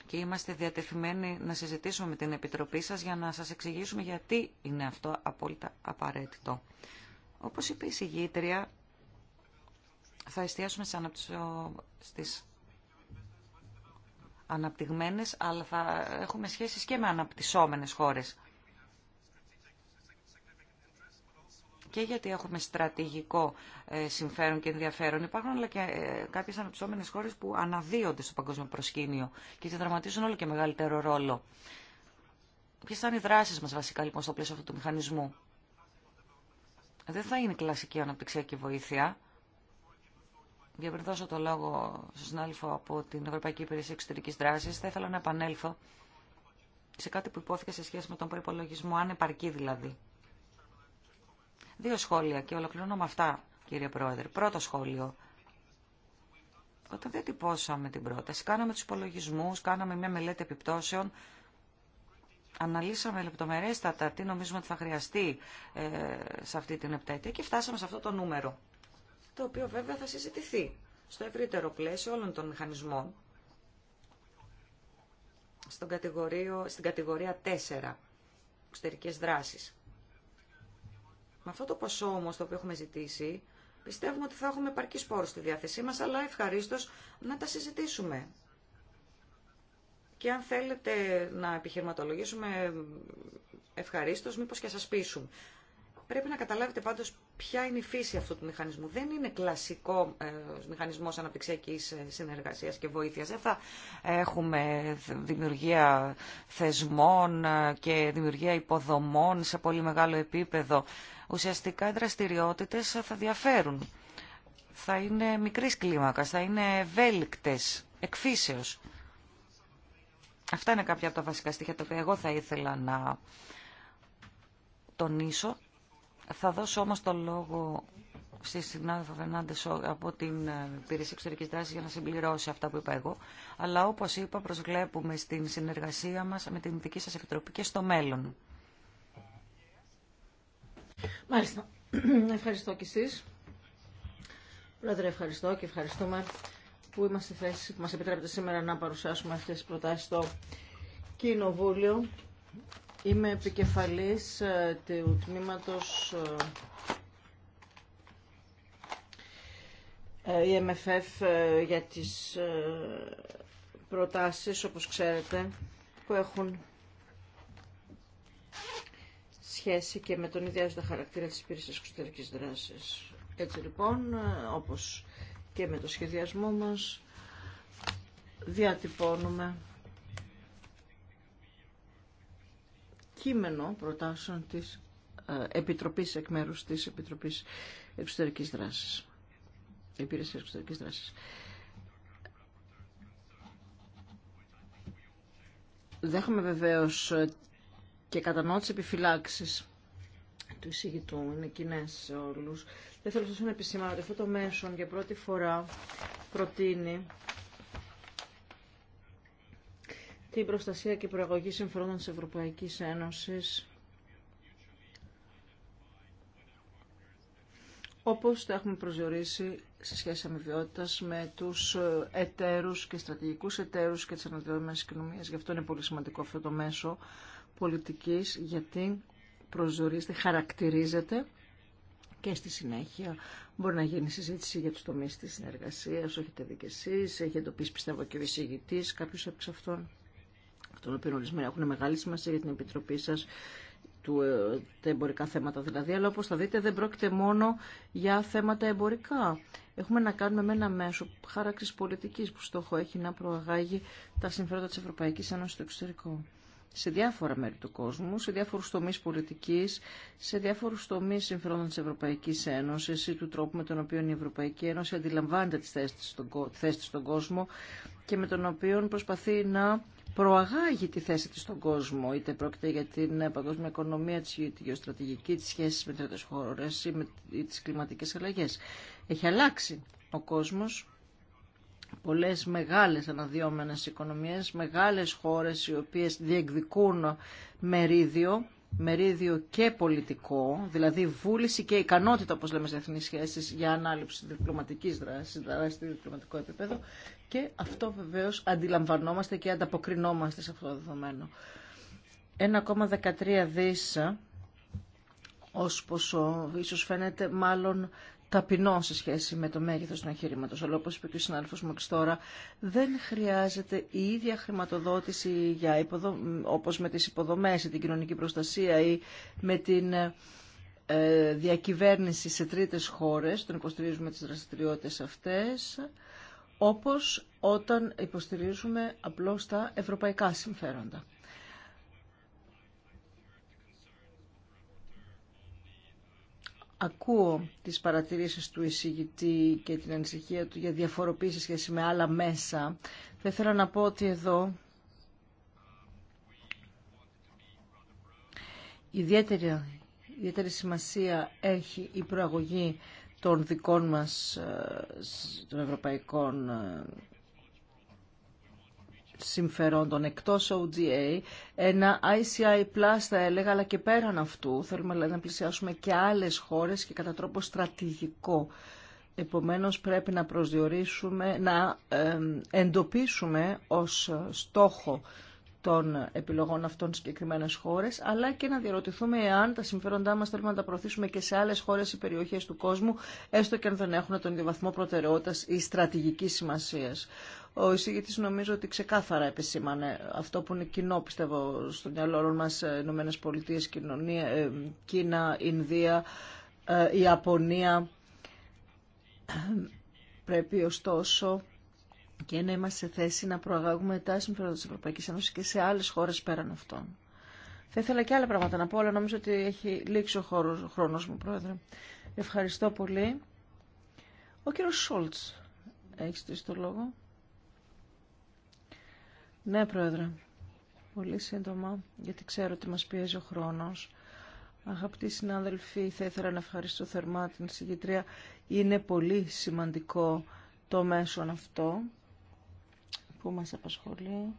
και είμαστε διατεθειμένοι να συζητήσουμε με την Επιτροπή σας για να σας εξηγήσουμε γιατί είναι αυτό απόλυτα απαραίτητο. Όπως είπε η συγγήτρια, θα εστιάσουμε στις αναπτυγμένες, αλλά θα έχουμε σχέσεις και με αναπτυσσόμενες χώρες. και γιατί έχουμε στρατηγικό ε, συμφέρον και ενδιαφέρον. Υπάρχουν αλλά και ε, κάποιε αναπτυσσόμενε χώρε που αναδύονται στο παγκόσμιο προσκήνιο και διαδραματίζουν όλο και μεγαλύτερο ρόλο. Ποιε θα είναι οι δράσει μα βασικά λοιπόν στο πλαίσιο αυτού του μηχανισμού. Δεν θα είναι κλασική αναπτυξιακή βοήθεια. δώσω το λόγο στον συνάδελφο από την Ευρωπαϊκή Υπηρεσία Εξωτερική Δράση. Θα ήθελα να επανέλθω σε κάτι που υπόθηκε σε σχέση με τον προπολογισμό, αν επαρκεί δηλαδή. Δύο σχόλια και ολοκληρώνω με αυτά, κύριε Πρόεδρε. Πρώτο σχόλιο. Όταν δεν τυπώσαμε την πρόταση, κάναμε τους υπολογισμού, κάναμε μια μελέτη επιπτώσεων, αναλύσαμε λεπτομερέστατα τι νομίζουμε ότι θα χρειαστεί ε, σε αυτή την επταετία και φτάσαμε σε αυτό το νούμερο, το οποίο βέβαια θα συζητηθεί στο ευρύτερο πλαίσιο όλων των μηχανισμών, κατηγορίο, στην κατηγορία 4, εξωτερικές δράσεις. Με αυτό το ποσό όμω το οποίο έχουμε ζητήσει, πιστεύουμε ότι θα έχουμε επαρκή πόρου στη διάθεσή μα, αλλά ευχαρίστω να τα συζητήσουμε. Και αν θέλετε να επιχειρηματολογήσουμε ευχαρίστω, μήπω και σα πείσουν. Πρέπει να καταλάβετε πάντως ποια είναι η φύση αυτού του μηχανισμού. Δεν είναι κλασικό ε, μηχανισμός αναπτυξιακής ε, συνεργασίας και βοήθειας. Δεν θα έχουμε δημιουργία θεσμών ε, και δημιουργία υποδομών σε πολύ μεγάλο επίπεδο. Ουσιαστικά οι δραστηριότητες θα διαφέρουν. Θα είναι μικρή κλίμακα, θα είναι ευέλικτε, εκφύσεως. Αυτά είναι κάποια από τα βασικά στοιχεία τα οποία εγώ θα ήθελα να τονίσω θα δώσω όμως το λόγο στη συνάδελφα Φερνάντε από την ε, Υπηρεσία Εξωτερική Δράση για να συμπληρώσει αυτά που είπα εγώ. Αλλά όπως είπα, προσβλέπουμε στην συνεργασία μας με την δική σας επιτροπή και στο μέλλον. Μάλιστα. Ευχαριστώ κι εσείς. Πρόεδρε, ευχαριστώ και ευχαριστούμε που είμαστε στη θέση που μας επιτρέπετε σήμερα να παρουσιάσουμε αυτές τις προτάσεις στο Κοινοβούλιο. Είμαι επικεφαλής ε, του τμήματος ε, ε, η για τις προτάσεις, όπως ξέρετε, που έχουν σχέση και με τον ιδιάζοντα χαρακτήρα της υπηρεσίας εξωτερικής δράσης. Έτσι λοιπόν, όπως και με το σχεδιασμό μας, διατυπώνουμε κείμενο προτάσεων της ε, Επιτροπής εκ μέρους της Επιτροπής Εξωτερικής Δράσης. Υπηρεσία Εξωτερικής Δράσης. Δέχομαι βεβαίως ε, και κατανοώ τις του εισηγητού, είναι κοινέ σε όλους. Δεν θέλω να επισημάνω ότι αυτό το μέσον για πρώτη φορά προτείνει την προστασία και προαγωγή συμφερόντων της Ευρωπαϊκής Ένωσης όπως τα έχουμε προσδιορίσει σε σχέση αμοιβιότητας με τους εταίρους και στρατηγικούς εταίρους και τις αναδυόμενες κοινωνίες. Γι' αυτό είναι πολύ σημαντικό αυτό το μέσο πολιτικής, γιατί προσδιορίζεται, χαρακτηρίζεται και στη συνέχεια μπορεί να γίνει συζήτηση για τους τομείς της συνεργασίας, έχετε δει και εσείς, έχει εντοπίσει πιστεύω και ο εισηγητής, κάποιος από αυτών των οποίων ορισμένα έχουν μεγάλη σημασία για την Επιτροπή σας, του, ε, τα εμπορικά θέματα δηλαδή, αλλά όπως θα δείτε δεν πρόκειται μόνο για θέματα εμπορικά. Έχουμε να κάνουμε με ένα μέσο χάραξης πολιτικής που στόχο έχει να προαγάγει τα συμφέροντα της Ευρωπαϊκής Ένωσης στο εξωτερικό. Σε διάφορα μέρη του κόσμου, σε διάφορους τομείς πολιτικής, σε διάφορους τομείς συμφερόντων της Ευρωπαϊκής Ένωσης ή του τρόπου με τον οποίο η Ευρωπαϊκή Ένωση αντιλαμβάνεται τις θέσεις στον κόσμο και με τον οποίο προσπαθεί να προαγάγει τη θέση της στον κόσμο, είτε πρόκειται για την παγκόσμια οικονομία, τη γεωστρατηγική, τις σχέσεις με τρίτες χώρες ή με τις κλιματικές αλλαγές. Έχει αλλάξει ο κόσμος, πολλές μεγάλες αναδυόμενες οικονομίες, μεγάλες χώρες οι οποίες διεκδικούν μερίδιο μερίδιο και πολιτικό, δηλαδή βούληση και ικανότητα, όπως λέμε σε εθνείς σχέσεις, για ανάληψη διπλωματικής δράσης, δράση στο διπλωματικό επίπεδο και αυτό βεβαίως αντιλαμβανόμαστε και ανταποκρινόμαστε σε αυτό το δεδομένο. 1,13 δίσσα, ε, ως ποσό, ίσως φαίνεται μάλλον ταπεινό σε σχέση με το μέγεθος του εγχειρήματος. Αλλά όπως είπε και ο συνάδελφος μου τώρα, δεν χρειάζεται η ίδια χρηματοδότηση για υποδο... όπως με τις υποδομές ή την κοινωνική προστασία ή με την ε, διακυβέρνηση σε τρίτες χώρες, τον υποστηρίζουμε τις δραστηριότητες αυτές, όπως όταν υποστηρίζουμε απλώς τα ευρωπαϊκά συμφέροντα. Ακούω τις παρατηρήσεις του εισηγητή και την ανησυχία του για διαφοροποίηση σχέση με άλλα μέσα. Θα ήθελα να πω ότι εδώ ιδιαίτερη, ιδιαίτερη σημασία έχει η προαγωγή των δικών μας ε, των ευρωπαϊκών ε, συμφερόντων εκτός OGA, ένα ICI Plus θα έλεγα, αλλά και πέραν αυτού θέλουμε να πλησιάσουμε και άλλες χώρες και κατά τρόπο στρατηγικό. Επομένως πρέπει να προσδιορίσουμε, να εντοπίσουμε ως στόχο των επιλογών αυτών συγκεκριμένες χώρες, αλλά και να διαρωτηθούμε εάν τα συμφέροντά μας θέλουμε να τα προωθήσουμε και σε άλλες χώρες ή περιοχές του κόσμου, έστω και αν δεν έχουν τον ίδιο βαθμό προτεραιότητας ή στρατηγικής σημασίας. Ο εισηγητή νομίζω ότι ξεκάθαρα επισήμανε αυτό που είναι κοινό, πιστεύω, στο μυαλό όλων μα, ε, Ηνωμένε Πολιτείε, ε, Κίνα, Ινδία, ε, Ιαπωνία. Πρέπει ωστόσο και να είμαστε σε θέση να προαγάγουμε τα συμφέροντα τη Ευρωπαϊκή Ένωση και σε άλλε χώρες πέραν αυτών. Θα ήθελα και άλλα πράγματα να πω, αλλά νομίζω ότι έχει λήξει ο, χρόνος μου, Πρόεδρε. Ευχαριστώ πολύ. Ο κύριος Σόλτς έχει στήσει το λόγο. Ναι, Πρόεδρε. Πολύ σύντομα, γιατί ξέρω ότι μας πιέζει ο χρόνος. Αγαπητοί συνάδελφοι, θα ήθελα να ευχαριστώ θερμά την συγκεντρία. Είναι πολύ σημαντικό το μέσον αυτό που μας απασχολεί.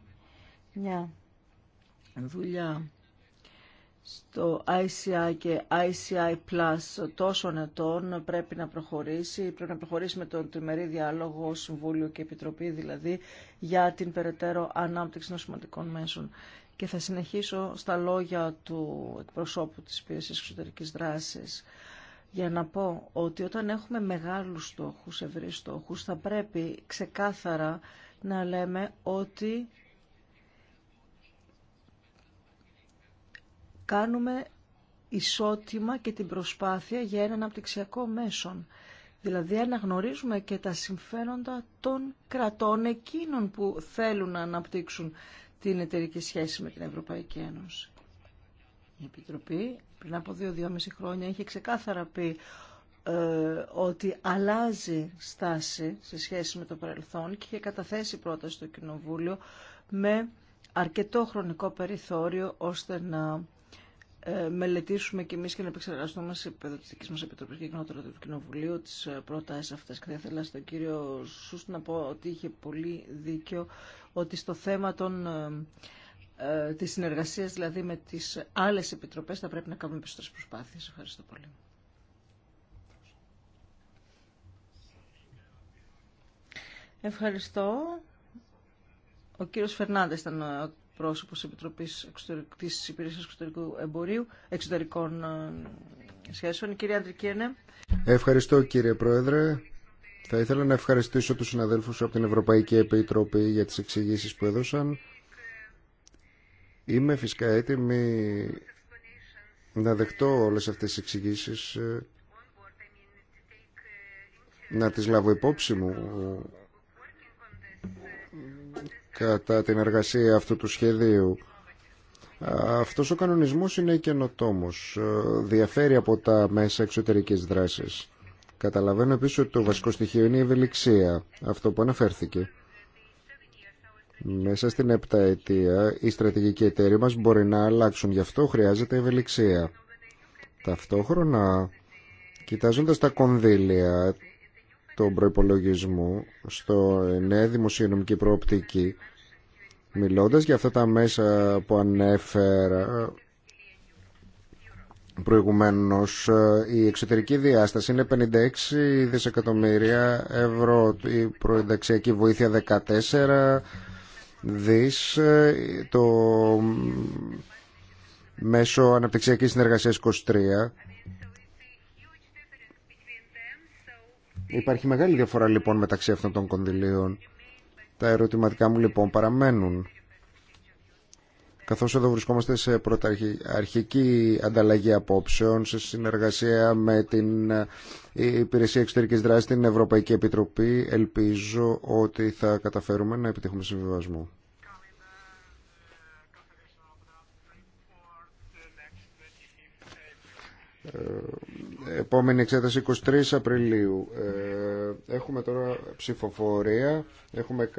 Μια δουλειά στο ICI και ICI Plus τόσων ετών πρέπει να προχωρήσει. Πρέπει να προχωρήσει με τον τριμερή διάλογο, Συμβούλιο και Επιτροπή δηλαδή για την περαιτέρω ανάπτυξη των σημαντικών μέσων. Και θα συνεχίσω στα λόγια του εκπροσώπου της πίεση Εξωτερικής Δράσης για να πω ότι όταν έχουμε μεγάλους στόχους, ευρύς στόχους, θα πρέπει ξεκάθαρα να λέμε ότι κάνουμε ισότιμα και την προσπάθεια για ένα αναπτυξιακό μέσον. Δηλαδή αναγνωρίζουμε και τα συμφέροντα των κρατών εκείνων που θέλουν να αναπτύξουν την εταιρική σχέση με την Ευρωπαϊκή Ένωση. Η Επιτροπή πριν από δύο-δυόμιση χρόνια είχε ξεκάθαρα πει ε, ότι αλλάζει στάση σε σχέση με το παρελθόν και είχε καταθέσει πρόταση στο Κοινοβούλιο με αρκετό χρονικό περιθώριο ώστε να ε, μελετήσουμε κι εμείς και να επεξεργαστούμε σε επίπεδο της δικής μας επιτροπή και γνώτερα του Κοινοβουλίου τις ε, προτάσει αυτές. Και θα ήθελα στον κύριο Σούστ να πω ότι είχε πολύ δίκιο ότι στο θέμα των της συνεργασίας δηλαδή με τις άλλες επιτροπές θα πρέπει να κάνουμε περισσότερες προσπάθειες. Ευχαριστώ πολύ. Ευχαριστώ. Ο κύριος Φερνάντες ήταν ο πρόσωπος της Επιτροπής της Υπηρεσίας Εξωτερικού Εμπορίου, Εξωτερικών ε, Σχέσεων. κύριε Αντρικένε. Ευχαριστώ κύριε Πρόεδρε. Θα ήθελα να ευχαριστήσω τους συναδέλφους από την Ευρωπαϊκή Επιτροπή για τις εξηγήσεις που έδωσαν. Είμαι φυσικά έτοιμη να δεχτώ όλες αυτές τις εξηγήσεις, ε, να τις λάβω υπόψη μου κατά την εργασία αυτού του σχεδίου. Αυτός ο κανονισμός είναι καινοτόμος. Ε, διαφέρει από τα μέσα εξωτερικής δράσης. Καταλαβαίνω επίσης ότι το βασικό στοιχείο είναι η ευελιξία, αυτό που αναφέρθηκε. Μέσα στην αιτία, οι στρατηγικοί εταίροι μας μπορεί να αλλάξουν, γι' αυτό χρειάζεται ευελιξία. Ταυτόχρονα, κοιτάζοντας τα κονδύλια, το προϋπολογισμού στο ε, νέο δημοσιονομική προοπτική μιλώντας για αυτά τα μέσα που ανέφερα προηγουμένως ε, η εξωτερική διάσταση είναι 56 δισεκατομμύρια ευρώ η προενταξιακή βοήθεια 14 δις ε, το μέσο αναπτυξιακής συνεργασίας 23 Υπάρχει μεγάλη διαφορά λοιπόν μεταξύ αυτών των κονδυλίων. Τα ερωτηματικά μου λοιπόν παραμένουν. Καθώς εδώ βρισκόμαστε σε πρωταρχική ανταλλαγή απόψεων, σε συνεργασία με την ε, Υπηρεσία Εξωτερικής Δράσης, την Ευρωπαϊκή Επιτροπή, ελπίζω ότι θα καταφέρουμε να επιτύχουμε συμβιβασμό. Ε, επόμενη εξέταση 23 Απριλίου. Ε, έχουμε τώρα ψηφοφορία. Έχουμε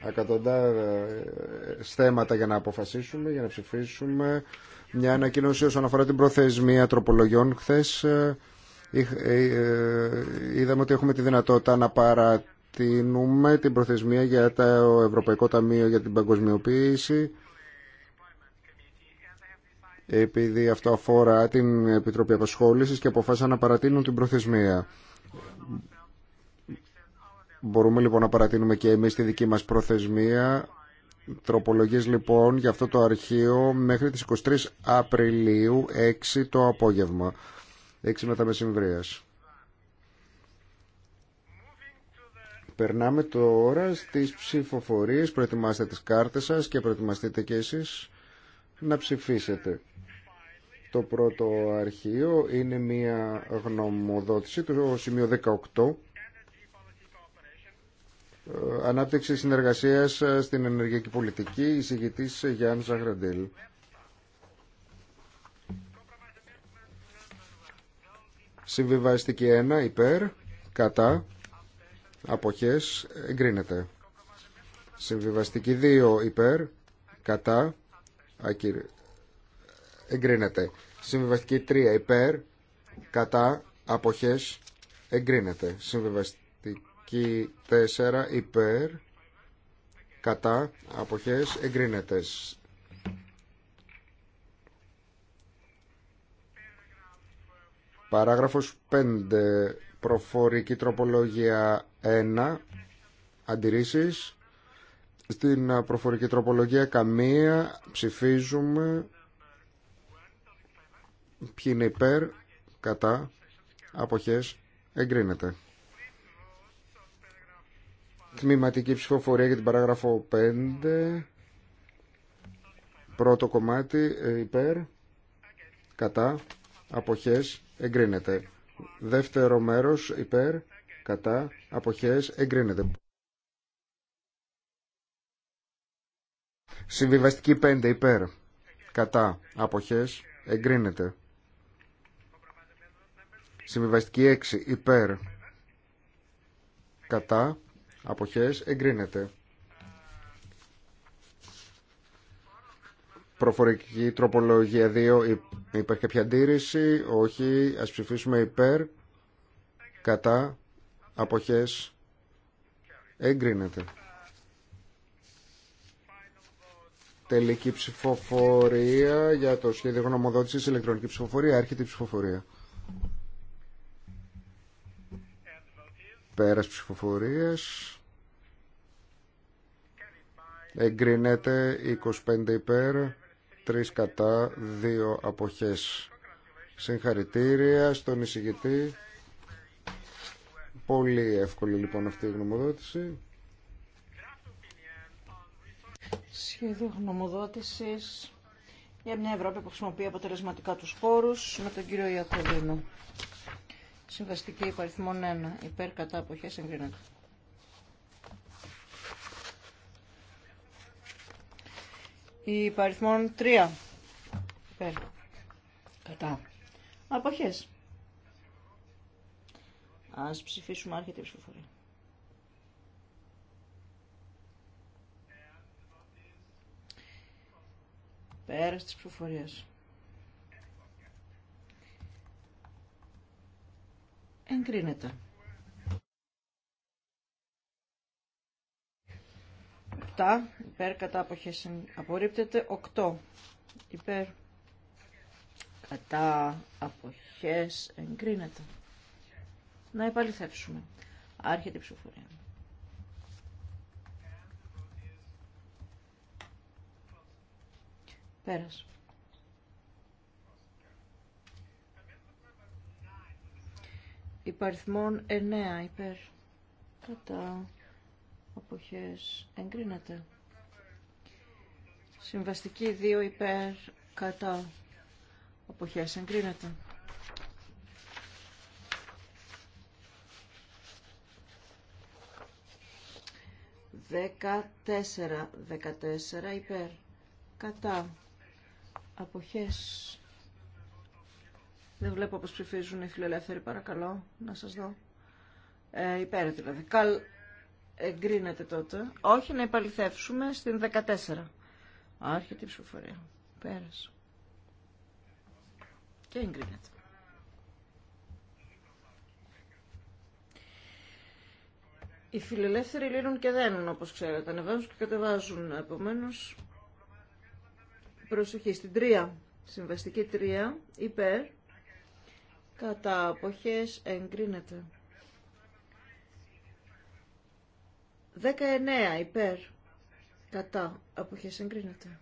εκατοντάδες ε, θέματα για να αποφασίσουμε, για να ψηφίσουμε. Μια ανακοίνωση όσον αφορά την προθεσμία τροπολογιών. Χθε είδαμε ότι έχουμε τη δυνατότητα να παρατείνουμε την προθεσμία για το Ευρωπαϊκό Ταμείο για την Παγκοσμιοποίηση επειδή αυτό αφορά την Επιτροπή Απασχόλησης και αποφάσισαν να παρατείνουν την προθεσμία. Μπορούμε λοιπόν να παρατείνουμε και εμείς τη δική μας προθεσμία. Τροπολογίες λοιπόν για αυτό το αρχείο μέχρι τις 23 Απριλίου 6 το απόγευμα. 6 μετά μεσημβρίας. Περνάμε τώρα στις ψηφοφορίες. Προετοιμάστε τις κάρτες σας και προετοιμαστείτε και εσείς να ψηφίσετε. Το πρώτο αρχείο είναι μια γνωμοδότηση, το σημείο 18, ε, Ανάπτυξη συνεργασίας στην ενεργειακή πολιτική, εισηγητής Γιάννη Ζαγραντέλ. Συμβιβαστική 1, υπέρ, κατά, αποχές, εγκρίνεται. Συμβιβαστική 2, υπέρ, κατά, εγκρίνεται. Συμβιβαστική 3 υπέρ, κατά, αποχές, εγκρίνεται. Συμβιβαστική 4 υπέρ, κατά, αποχές, εγκρίνεται. Παράγραφος 5. Προφορική τροπολογία 1. Αντιρρήσεις. Στην προφορική τροπολογία καμία ψηφίζουμε Ποιοι είναι υπέρ, κατά, αποχές, εγκρίνεται. Τμήματική ψηφοφορία για την παράγραφο 5. Πρώτο κομμάτι, ε, υπέρ, κατά, αποχές, εγκρίνεται. Δεύτερο μέρος, υπέρ, κατά, αποχές, εγκρίνεται. Συμβιβαστική 5 υπέρ. Κατά. Αποχές. Εγκρίνεται. Συμβιβαστική 6 υπέρ κατά αποχές εγκρίνεται. Προφορική τροπολογία 2 υπάρχει κάποια αντίρρηση. Όχι, ας ψηφίσουμε υπέρ κατά αποχές εγκρίνεται. Τελική ψηφοφορία για το σχέδιο γνωμοδότησης ηλεκτρονική ψηφοφορία. Άρχεται η ψηφοφορία. Πέρας ψηφοφορίας. Εγκρίνεται 25 υπέρ, 3 κατά, 2 αποχές. Συγχαρητήρια στον εισηγητή. Πολύ εύκολη λοιπόν αυτή η γνωμοδότηση. Σχέδιο γνωμοδότησης για μια Ευρώπη που χρησιμοποιεί αποτελεσματικά τους πόρους με τον κύριο Ιακολίνο. Συμβαστική υπαριθμών 1. Υπέρ κατά αποχές εγκρίνεται. Υπαριθμών 3. Υπέρ κατά αποχές. Ας ψηφίσουμε άρχεται η ψηφοφορία. Πέρα τη ψηφοφορίας. Εγκρίνεται. Τα υπέρ κατά αποχές απορρίπτεται. 8 υπέρ κατά αποχές εγκρίνεται. Να επαληθεύσουμε. Άρχεται η ψηφοφορία. Πέρασε. υπαριθμών 9 υπέρ κατά αποχές εγκρίνεται συμβαστική 2 υπέρ κατά αποχές εγκρίνεται Δεκατέσσερα, δεκατέσσερα υπέρ, κατά, αποχές δεν βλέπω πως ψηφίζουν οι φιλελεύθεροι, παρακαλώ να σας δω. Ε, υπέρ δηλαδή. Καλ... Εγκρίνεται τότε. Όχι να επαληθεύσουμε στην 14. Άρχεται η ψηφοφορία. Πέρασε. Και εγκρίνεται. Οι φιλελεύθεροι λύνουν και δένουν, όπως ξέρετε. Ανεβάζουν και κατεβάζουν. Επομένως, προσοχή στην 3. Συμβαστική 3. Υπέρ κατά αποχές εγκρίνεται. 19 υπέρ κατά αποχές εγκρίνεται.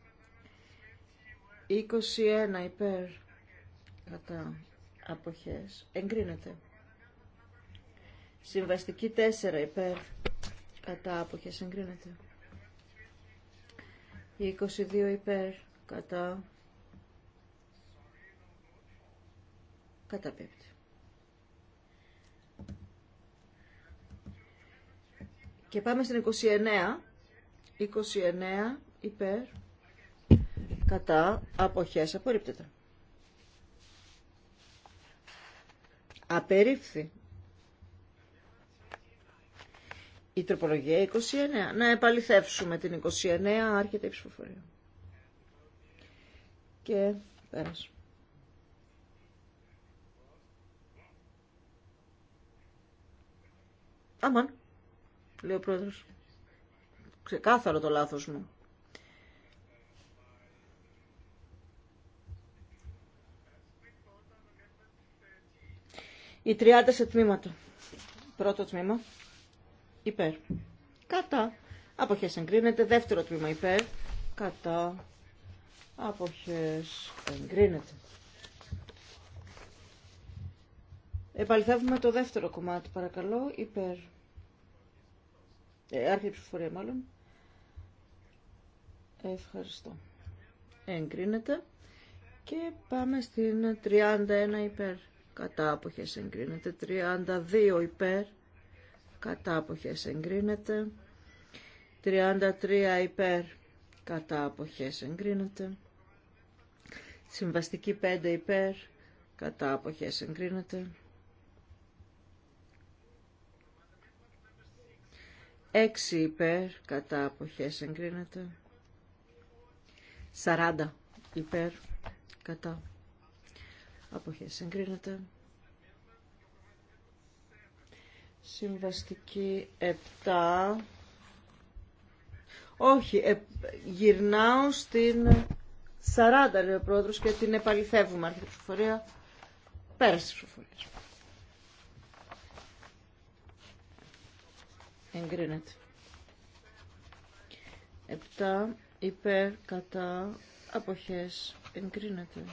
21 υπέρ κατά αποχές εγκρίνεται. Συμβαστική 4 υπέρ κατά αποχές εγκρίνεται. 22 υπέρ κατά καταπέπτει. Και πάμε στην 29. 29 υπέρ κατά αποχές απορρίπτεται. Απερίφθη. Η τροπολογία 29. Να επαληθεύσουμε την 29, άρχεται η ψηφοφορία. Και πέρασε. Αμάν, λέει ο πρόεδρο. Ξεκάθαρο το λάθος μου. Οι 30 σε τμήματα. Πρώτο τμήμα. Υπέρ. Κατά. Αποχέ εγκρίνεται. Δεύτερο τμήμα υπέρ. Κατά. Αποχέ εγκρίνεται. Επαληθεύουμε το δεύτερο κομμάτι παρακαλώ. Υπέρ. Ε, ψηφοφορία μάλλον. Ευχαριστώ. Εγκρίνεται. Και πάμε στην 31 υπέρ. Κατά αποχές εγκρίνεται. 32 υπέρ. Κατά αποχές εγκρίνεται. 33 υπέρ. Κατά αποχές εγκρίνεται. Συμβαστική 5 υπέρ. Κατά αποχές εγκρίνεται. 6 υπέρ, κατά αποχέ εγκρίνεται. 40 υπέρ, κατά αποχές εγκρίνεται. Συμβαστική 7. Όχι, ε, γυρνάω στην 40 λέει ο πρόεδρος και την επαληθεύουμε. Αρχή ψηφοφορία, πέρασε ψηφοφορία. εγκρίνεται. 7 υπέρ κατά αποχές εγκρίνεται.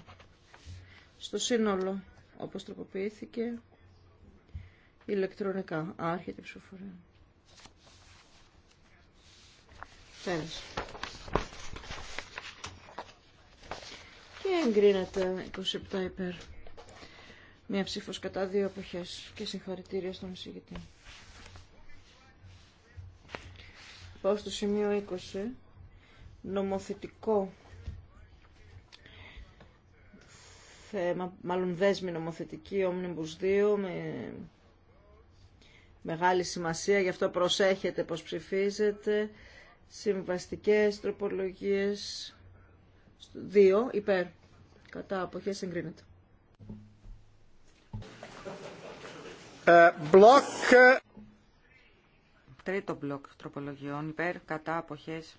Στο σύνολο όπως τροποποιήθηκε ηλεκτρονικά. Άρχεται η ψηφοφορία. Πέρασε. Και εγκρίνεται 27 υπέρ. Μία ψήφος κατά δύο αποχές και συγχαρητήρια στον εισηγητή. Πάω στο σημείο 20. Νομοθετικό θέμα, μάλλον δέσμη νομοθετική, Omnibus 2, με μεγάλη σημασία, γι' αυτό προσέχετε πώς ψηφίζετε. Συμβαστικές τροπολογίες 2, υπέρ. Κατά αποχές εγκρίνεται. Ε, Τρίτο μπλοκ τροπολογιών υπέρ κατά αποχές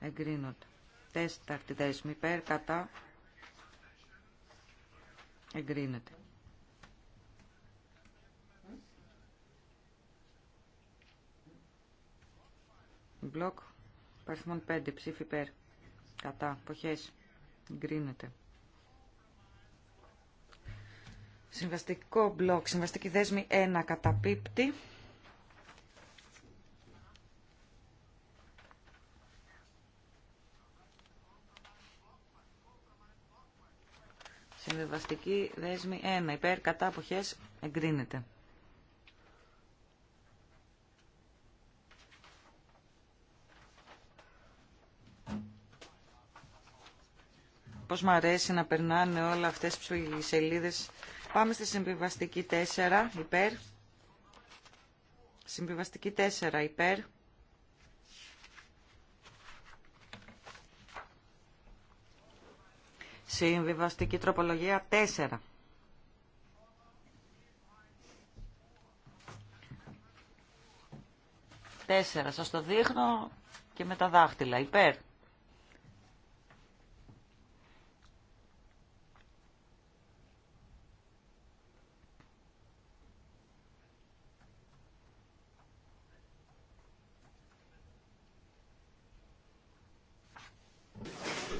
εγκρίνονται. Τέσταρτη δέσμη υπέρ κατά εγκρίνεται. Μπλοκ παριθμών 5 ψήφι υπέρ κατά αποχές εγκρίνεται. Συμβαστικό μπλοκ, συμβαστική δέσμη 1 καταπίπτει. Συμβιβαστική δέσμη 1. Υπέρ κατά αποχές εγκρίνεται. Πώς μου αρέσει να περνάνε όλα αυτές τι σελίδες. Πάμε στη συμβιβαστική 4. Υπέρ. Συμβιβαστική 4. Υπέρ. Συμβιβαστική τροπολογία 4. Τέσσερα. Σας το δείχνω και με τα δάχτυλα. Υπέρ.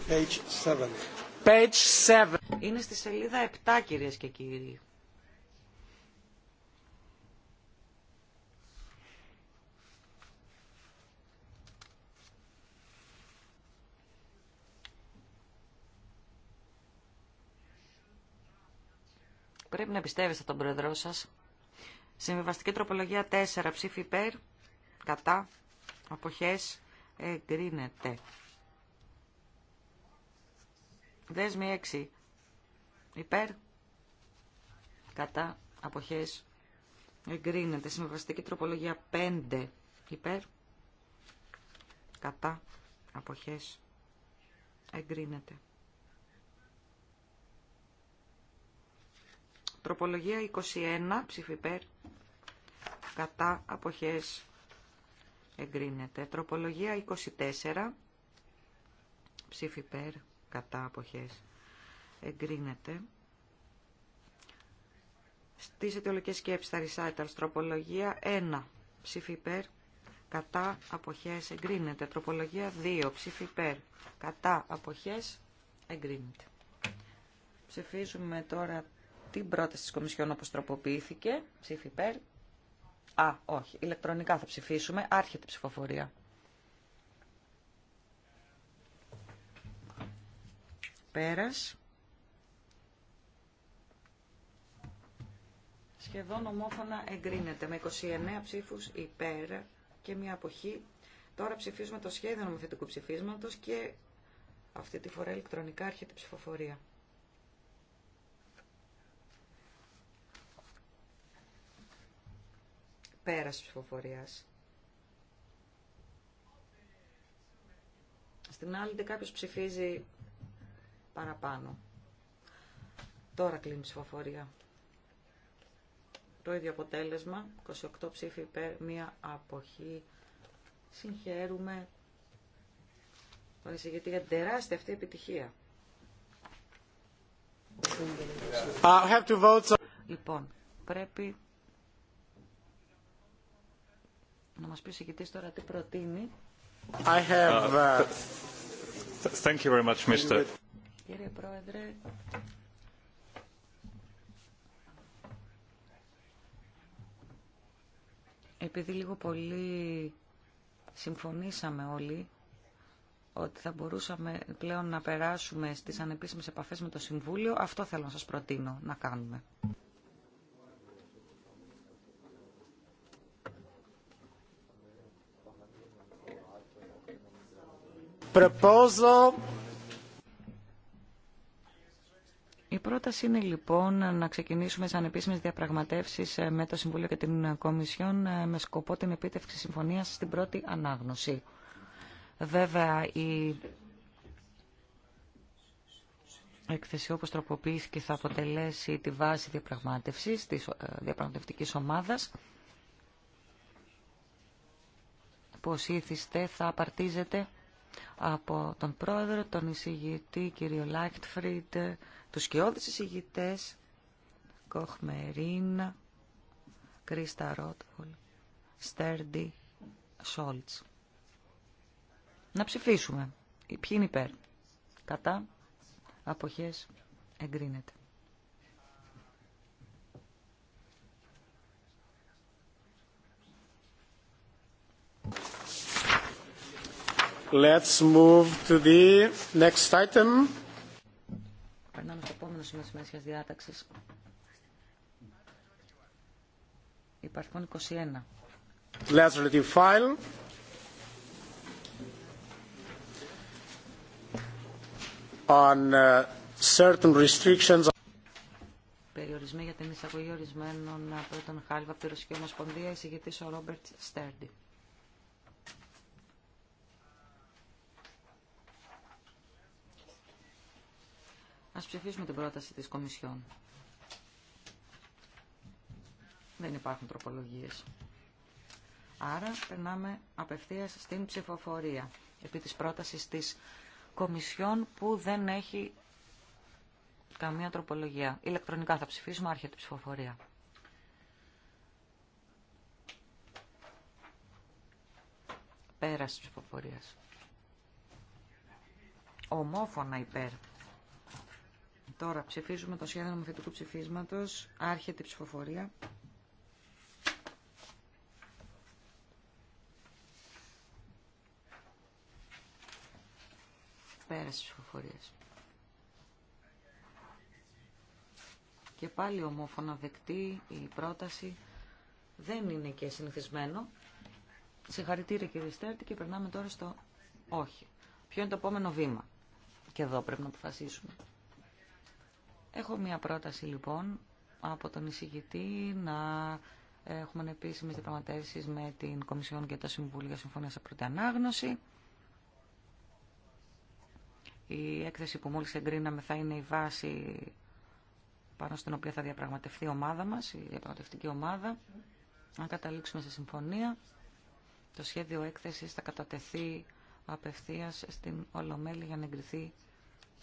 Page 7. Είναι στη σελίδα 7 κυρίες και κύριοι. Πρέπει να πιστεύεστε τον πρόεδρό σας. Συμβιβαστική τροπολογία 4. Ψήφι υπέρ. Κατά. Αποχές. Εγκρίνεται. Δέσμη 6. Υπέρ. Κατά. Αποχές. Εγκρίνεται. Συμβαστική τροπολογία 5. Υπέρ. Κατά. Αποχές. Εγκρίνεται. Τροπολογία 21. Ψήφι υπέρ. Κατά. Αποχές. Εγκρίνεται. Τροπολογία 24. Ψήφι υπέρ κατά αποχές εγκρίνεται. Στις αιτιολογικές σκέψεις στα recitals τροπολογία 1 ψήφι υπέρ κατά αποχές εγκρίνεται. Τροπολογία 2 ψήφι υπέρ κατά αποχές εγκρίνεται. Ψηφίζουμε τώρα την πρόταση της Κομισιόν όπως τροποποιήθηκε. Ψήφι υπέρ. Α, όχι. Ηλεκτρονικά θα ψηφίσουμε. Άρχεται η ψηφοφορία. Πέρας. Σχεδόν ομόφωνα εγκρίνεται με 29 ψήφους υπέρ και μια αποχή. Τώρα ψηφίζουμε το σχέδιο νομοθετικού ψηφίσματος και αυτή τη φορά ηλεκτρονικά έρχεται η ψηφοφορία. Πέρας ψηφοφορίας. Στην άλλη κάποιος ψηφίζει παραπάνω. Τώρα κλείνει η ψηφοφορία. Το ίδιο αποτέλεσμα, 28 ψήφοι υπέρ, μία αποχή. Συγχαίρουμε τον εισηγητή για τεράστια αυτή επιτυχία. have to vote. Λοιπόν, πρέπει να μας πει ο εισηγητής τώρα τι προτείνει. I have... Uh, uh, thank you very much, Mr. Κύριε Πρόεδρε, επειδή λίγο πολύ συμφωνήσαμε όλοι ότι θα μπορούσαμε πλέον να περάσουμε στις ανεπίσημες επαφές με το Συμβούλιο, αυτό θέλω να σας προτείνω να κάνουμε. Proposal πρόταση είναι λοιπόν να ξεκινήσουμε σαν επίσημες διαπραγματεύσεις ε, με το Συμβούλιο και την ε, Κομισιόν ε, με σκοπό την επίτευξη συμφωνίας στην πρώτη ανάγνωση. Βέβαια, η έκθεση όπως τροποποιήθηκε θα αποτελέσει τη βάση διαπραγμάτευσης της διαπραγματευτικής ομάδας. Που ήθιστε θα απαρτίζεται από τον πρόεδρο, τον εισηγητή κύριο Λάχτφριντ τους σκιώδεις εισηγητές Κοχμερίνα, Κρίστα Ρότβολ, Στέρντι, Σόλτς. Να ψηφίσουμε. Ποιοι είναι υπέρ. Κατά. Αποχές. Εγκρίνεται. Let's move to the next Περνάμε στο επόμενο σημείο της μέσης διάταξης. Υπαρχόν 21. Legislative file. On uh, certain restrictions περιορισμοί για την εισαγωγή ορισμένων ε, πρώτων χάλιβα από τη Ρωσική Ομοσπονδία, εισηγητή ο Ρόμπερτ Στέρντι. Ας ψηφίσουμε την πρόταση της Κομισιόν. Δεν υπάρχουν τροπολογίες. Άρα περνάμε απευθείας στην ψηφοφορία επί της πρότασης της Κομισιόν που δεν έχει καμία τροπολογία. Ηλεκτρονικά θα ψηφίσουμε, άρχεται η ψηφοφορία. Πέρας ψηφοφορίας. Ομόφωνα υπέρ. Τώρα ψηφίζουμε το σχέδιο νομοθετικού ψηφίσματος. Άρχεται η ψηφοφορία. Πέρασε ψηφοφορία. Και πάλι ομόφωνα δεκτή η πρόταση δεν είναι και συνηθισμένο. Συγχαρητήρια κύριε Στέρτη και περνάμε τώρα στο όχι. Ποιο είναι το επόμενο βήμα. Και εδώ πρέπει να αποφασίσουμε. Έχω μία πρόταση λοιπόν από τον εισηγητή να έχουμε επίσημες διαπραγματεύσεις με την Κομισιόν και το Συμβούλιο για Συμφωνία σε Πρώτη Ανάγνωση. Η έκθεση που μόλις εγκρίναμε θα είναι η βάση πάνω στην οποία θα διαπραγματευτεί η ομάδα μας, η διαπραγματευτική ομάδα. Αν καταλήξουμε σε συμφωνία, το σχέδιο έκθεσης θα κατατεθεί απευθείας στην Ολομέλη για να εγκριθεί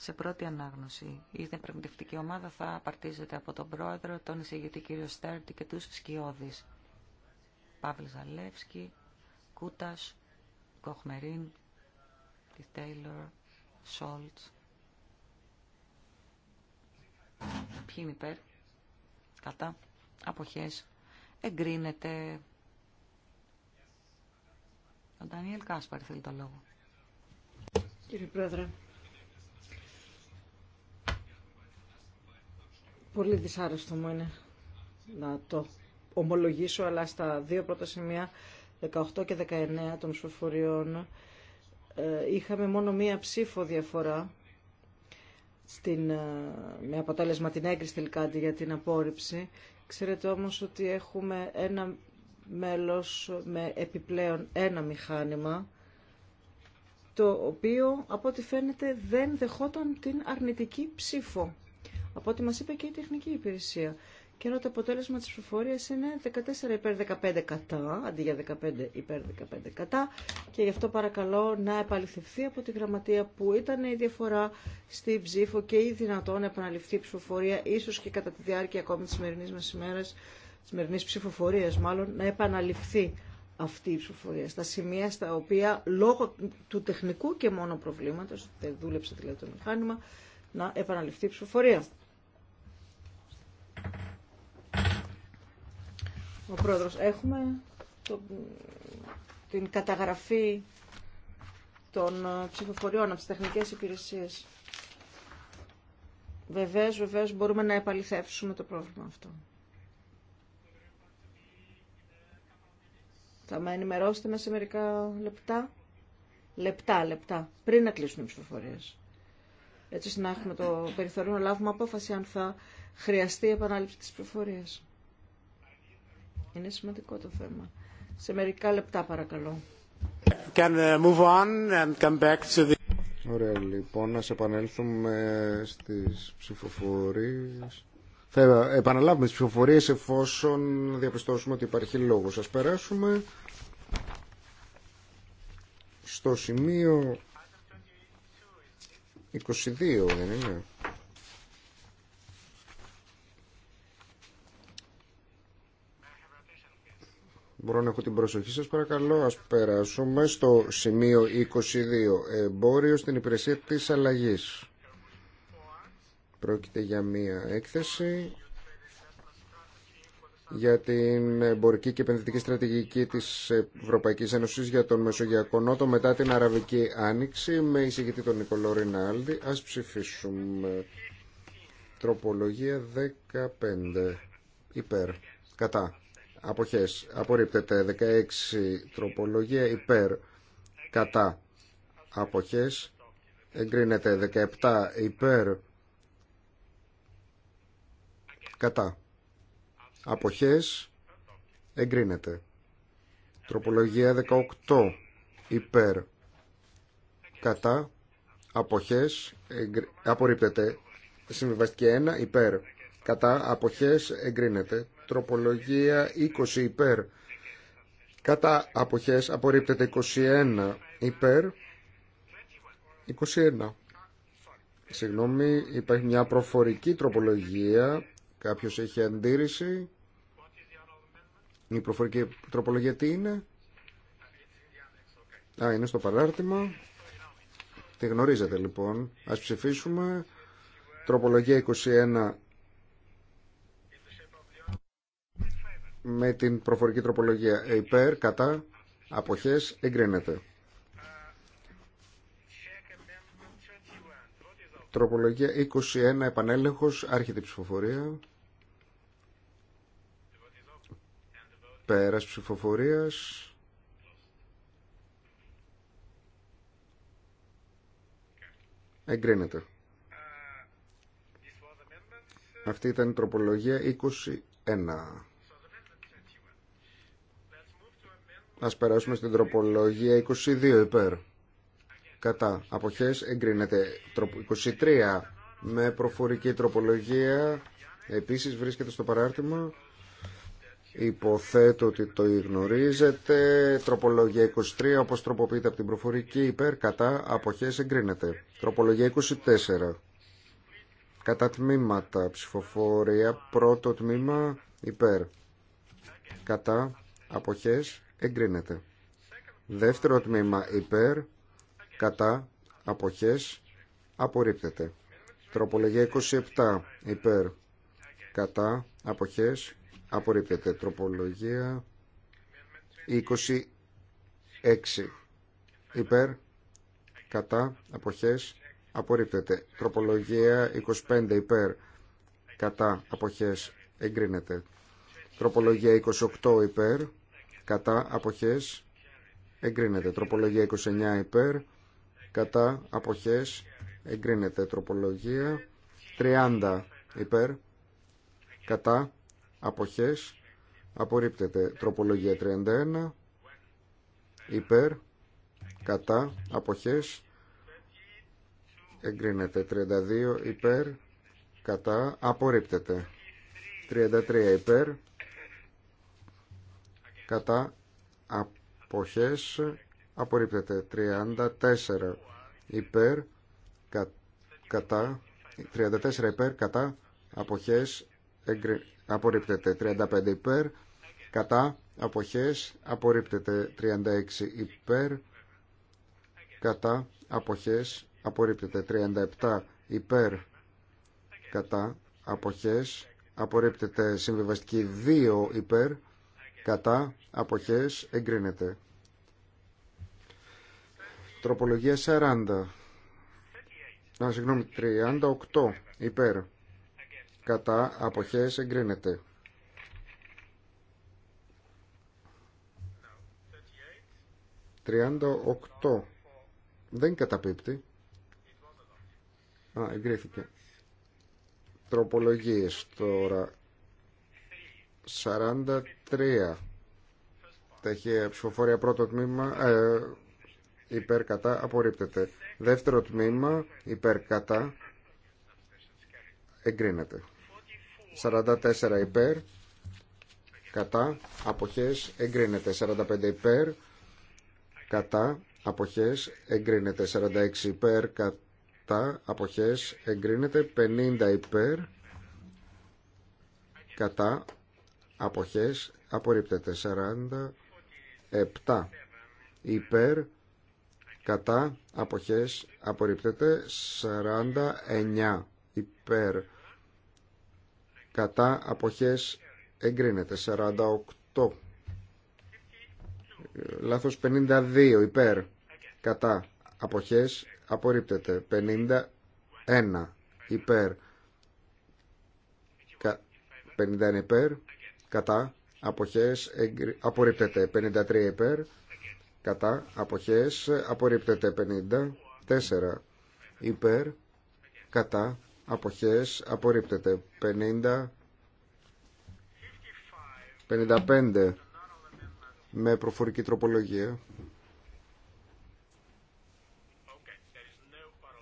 σε πρώτη ανάγνωση. Η διαπραγματευτική ομάδα θα απαρτίζεται από τον πρόεδρο, τον εισηγητή κύριο Στέρντι και τους Σκιώδης. Παύλ Ζαλεύσκη, Κούτας, Κοχμερίν, τη Τέιλορ, Σόλτς. Ποιοι είναι υπέρ, κατά, αποχές, εγκρίνεται. Ο Ντανιέλ Κάσπαρ θέλει το λόγο. Κύριε Πρόεδρε, Πολύ δυσάρεστο μου είναι να το ομολογήσω, αλλά στα δύο πρώτα σημεία, 18 και 19 των ψηφοφοριών, ε, είχαμε μόνο μία ψήφο διαφορά, στην, ε, με αποτέλεσμα την έγκριση τελικά για την απόρριψη. Ξέρετε όμως ότι έχουμε ένα μέλος με επιπλέον ένα μηχάνημα, το οποίο από ό,τι φαίνεται δεν δεχόταν την αρνητική ψήφο από ό,τι μας είπε και η τεχνική υπηρεσία. Και ενώ το αποτέλεσμα της ψηφοφορίας είναι 14 υπέρ 15 κατά, αντί για 15 υπέρ 15 κατά, και γι' αυτό παρακαλώ να επαληθευθεί από τη γραμματεία που ήταν η διαφορά στη ψήφο και ή δυνατόν να επαναληφθεί η ψηφοφορία, ίσως και κατά τη διάρκεια ακόμη της σημερινής μας ημέρας, της σημερινής ψηφοφορίας μάλλον, να επαναληφθεί αυτή η ψηφοφορία, στα σημεία στα οποία λόγω του τεχνικού και μόνο προβλήματος, δεν δούλεψε δηλαδή το μηχάνημα, να επαναληφθεί η ψηφοφορία. Ο πρόεδρος, έχουμε την καταγραφή των ε, ψηφοφοριών από τις τεχνικές υπηρεσίες. Βεβαίως, βεβαίως μπορούμε να επαληθεύσουμε το πρόβλημα αυτό. Θα με ενημερώσετε μέσα σε μερικά λεπτά. Λεπτά, λεπτά. Πριν να κλείσουν οι ψηφοφορίες. Έτσι να έχουμε το περιθώριο να λάβουμε απόφαση αν θα χρειαστεί η επανάληψη της ψηφοφορίας. Είναι σημαντικό το θέμα. Σε μερικά λεπτά παρακαλώ. Can uh, Ωραία, λοιπόν, να σε επανέλθουμε στις ψηφοφορίες. Θα επαναλάβουμε τις ψηφοφορίες εφόσον διαπιστώσουμε ότι υπάρχει λόγος. Ας περάσουμε στο σημείο 22, δεν είναι. Μπορώ να έχω την προσοχή σας παρακαλώ. Ας περάσουμε στο σημείο 22. Εμπόριο στην υπηρεσία της αλλαγής. Πρόκειται για μία έκθεση για την εμπορική και επενδυτική στρατηγική της Ευρωπαϊκής Ένωσης για τον Μεσογειακό Νότο μετά την Αραβική Άνοιξη με εισηγητή τον Νικολό Ρινάλδη. Ας ψηφίσουμε. Τροπολογία 15. Υπέρ. Κατά. Αποχές. Απορρίπτεται 16 τροπολογία υπέρ κατά αποχές. Εγκρίνεται 17 υπέρ κατά αποχές. Εγκρίνεται. Τροπολογία 18 υπέρ κατά αποχές. Εγκρι... Απορρίπτεται. Συμβιβαστική 1 υπέρ κατά αποχές εγκρίνεται τροπολογία 20 υπέρ κατά αποχές απορρίπτεται 21 υπέρ 21 Συγγνώμη, υπάρχει μια προφορική τροπολογία. Κάποιος έχει αντίρρηση. Η προφορική τροπολογία τι είναι. Α, είναι στο παράρτημα. Τη γνωρίζετε λοιπόν. Ας ψηφίσουμε. Τροπολογία 21 με την προφορική τροπολογία ε, υπέρ, κατά, αποχές, εγκρίνεται. Τροπολογία 21, επανέλεγχος, άρχεται η ψηφοφορία. Πέρας ψηφοφορίας. Εγκρίνεται. Αυτή ήταν η τροπολογία 21. Ας περάσουμε στην τροπολογία 22 υπέρ. Κατά. Αποχές εγκρίνεται. 23 με προφορική τροπολογία. Επίσης βρίσκεται στο παράρτημα. Υποθέτω ότι το γνωρίζετε. Τροπολογία 23 όπως τροποποιείται από την προφορική υπέρ. Κατά. Αποχές εγκρίνεται. Τροπολογία 24. Κατά τμήματα ψηφοφορία. Πρώτο τμήμα υπέρ. Κατά. Αποχές εγκρίνεται. Δεύτερο τμήμα υπέρ, κατά, αποχές, απορρίπτεται. Τροπολογία 27 υπέρ, κατά, αποχές, απορρίπτεται. Τροπολογία 26 υπέρ, κατά, αποχές, απορρίπτεται. Τροπολογία 25 υπέρ, κατά, αποχές, εγκρίνεται. Τροπολογία 28 υπέρ, κατά αποχές εγκρίνεται. Τροπολογία 29 υπέρ, κατά αποχές εγκρίνεται. Τροπολογία 30 υπέρ, κατά αποχές απορρίπτεται. Τροπολογία 31 υπέρ, κατά αποχές εγκρίνεται. 32 υπέρ, κατά απορρίπτεται. 33 υπέρ, κατά αποχές απορρίπτεται 34 υπέρ κατά 34 υπέρ κατά αποχές εγκρι, απορρίπτεται 35 υπέρ κατά αποχές απορρίπτεται 36 υπέρ κατά αποχές απορρίπτεται 37 υπέρ κατά αποχές απορρίπτεται συμβιβαστική 2 υπέρ κατά αποχές εγκρίνεται τροπολογία 40 να συγγνώμη 38 υπέρ κατά αποχές εγκρίνεται 38 δεν καταπίπτει Α, εγκρίθηκε τροπολογίες τώρα 43 3. Τα έχει ψηφοφορία πρώτο τμήμα ε, υπέρ κατά απορρίπτεται. Δεύτερο τμήμα υπέρ κατά εγκρίνεται. 44 υπέρ κατά αποχές εγκρίνεται. 45 υπέρ κατά αποχές εγκρίνεται. 46 υπέρ κατά αποχές εγκρίνεται. 50 υπέρ κατά αποχές απορρίπτεται 47 υπέρ κατά αποχές απορρίπτεται 49 υπέρ κατά αποχές εγκρίνεται 48 λάθος 52 υπέρ κατά αποχές απορρίπτεται 51 υπέρ 51 υπέρ κατά αποχές απορρίπτεται 53 υπέρ κατά αποχές απορρίπτεται 54 υπέρ κατά αποχές απορρίπτεται 50 55 με προφορική τροπολογία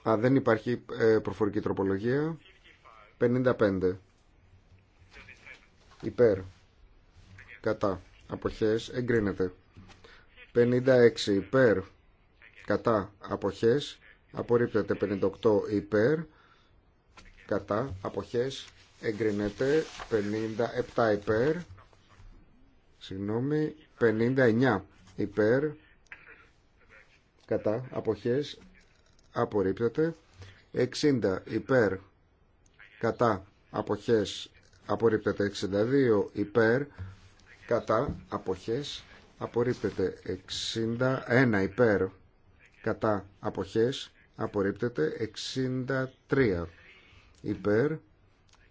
Α, δεν υπάρχει ε, προφορική τροπολογία 55 υπέρ κατά αποχές εγκρίνεται 56 υπέρ κατά αποχές απορρίπτεται 58 υπέρ κατά αποχές εγκρίνεται 57 υπέρ συγγνώμη 59 υπέρ κατά αποχές απορρίπτεται 60 υπέρ κατά αποχές απορρίπτεται 62 υπέρ κατά αποχές απορρίπτεται 61 υπέρ κατά αποχές απορρίπτεται 63 υπέρ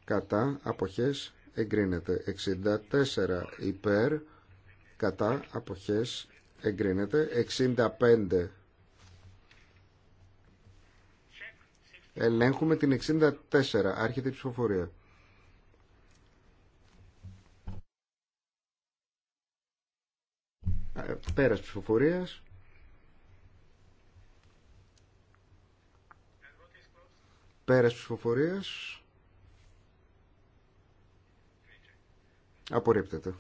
κατά αποχές εγκρίνεται 64 υπέρ κατά αποχές εγκρίνεται 65 Ελέγχουμε την 64. Άρχεται η ψηφοφορία. Πέρας ψηφοφορίας. Πέρας ψηφοφορίας. Απορρίπτεται.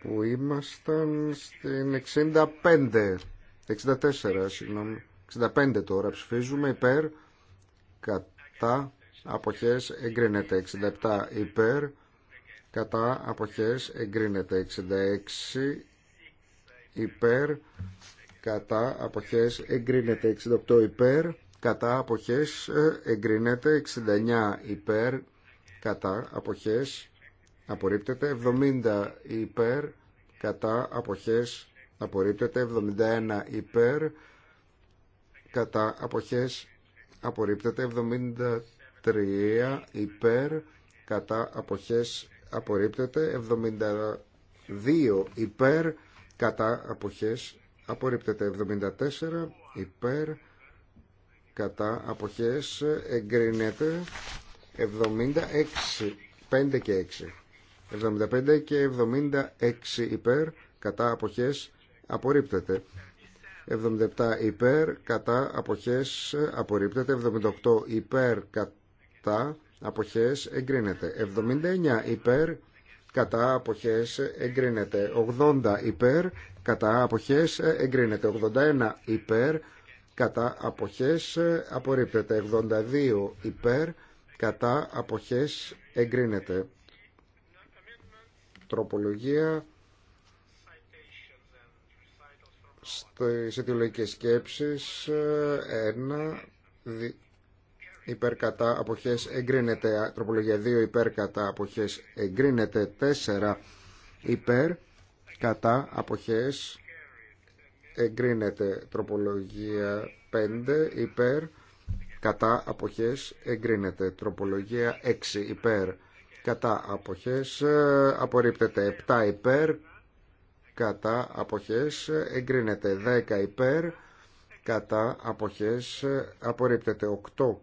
Που ήμασταν στην 65, 64 συγγνώμη, 65 τώρα ψηφίζουμε υπέρ, κατά, αποχές εγκρίνεται 67 υπέρ, κατά αποχές εγκρίνεται 66 υπέρ κατά αποχές εγκρίνεται 68 υπέρ κατά αποχές ε, εγκρίνεται 69 υπέρ κατά αποχές απορρίπτεται 70 υπέρ κατά αποχές απορρίπτεται 71 υπέρ κατά αποχές απορρίπτεται 73 υπέρ κατά αποχές απορρίπτεται 72 υπέρ κατά αποχές απορρίπτεται 74 υπέρ κατά αποχές εγκρίνεται 76 5 και 6 75 και 76 υπέρ κατά αποχές απορρίπτεται 77 υπέρ κατά αποχές απορρίπτεται 78 υπέρ κατά αποχές εγκρίνεται 79 υπέρ κατά αποχές εγκρίνεται 80 υπέρ κατά αποχές εγκρίνεται 81 υπέρ κατά αποχές απορρίπτεται 82 υπέρ κατά αποχές εγκρίνεται τροπολογία στις αιτιολογικές σκέψεις 1 υπέρ αποχές εγκρίνεται. Τροπολογία 2 υπέρ κατά αποχές εγκρίνεται. 4 υπέρ κατά αποχές εγκρίνεται. Τροπολογία 5 υπέρ κατά αποχές εγκρίνεται. Τροπολογία 6 υπέρ κατά αποχές απορρίπτεται. 7 υπέρ κατά αποχές εγκρίνεται. 10 υπέρ κατά αποχές ε, απορρίπτεται 8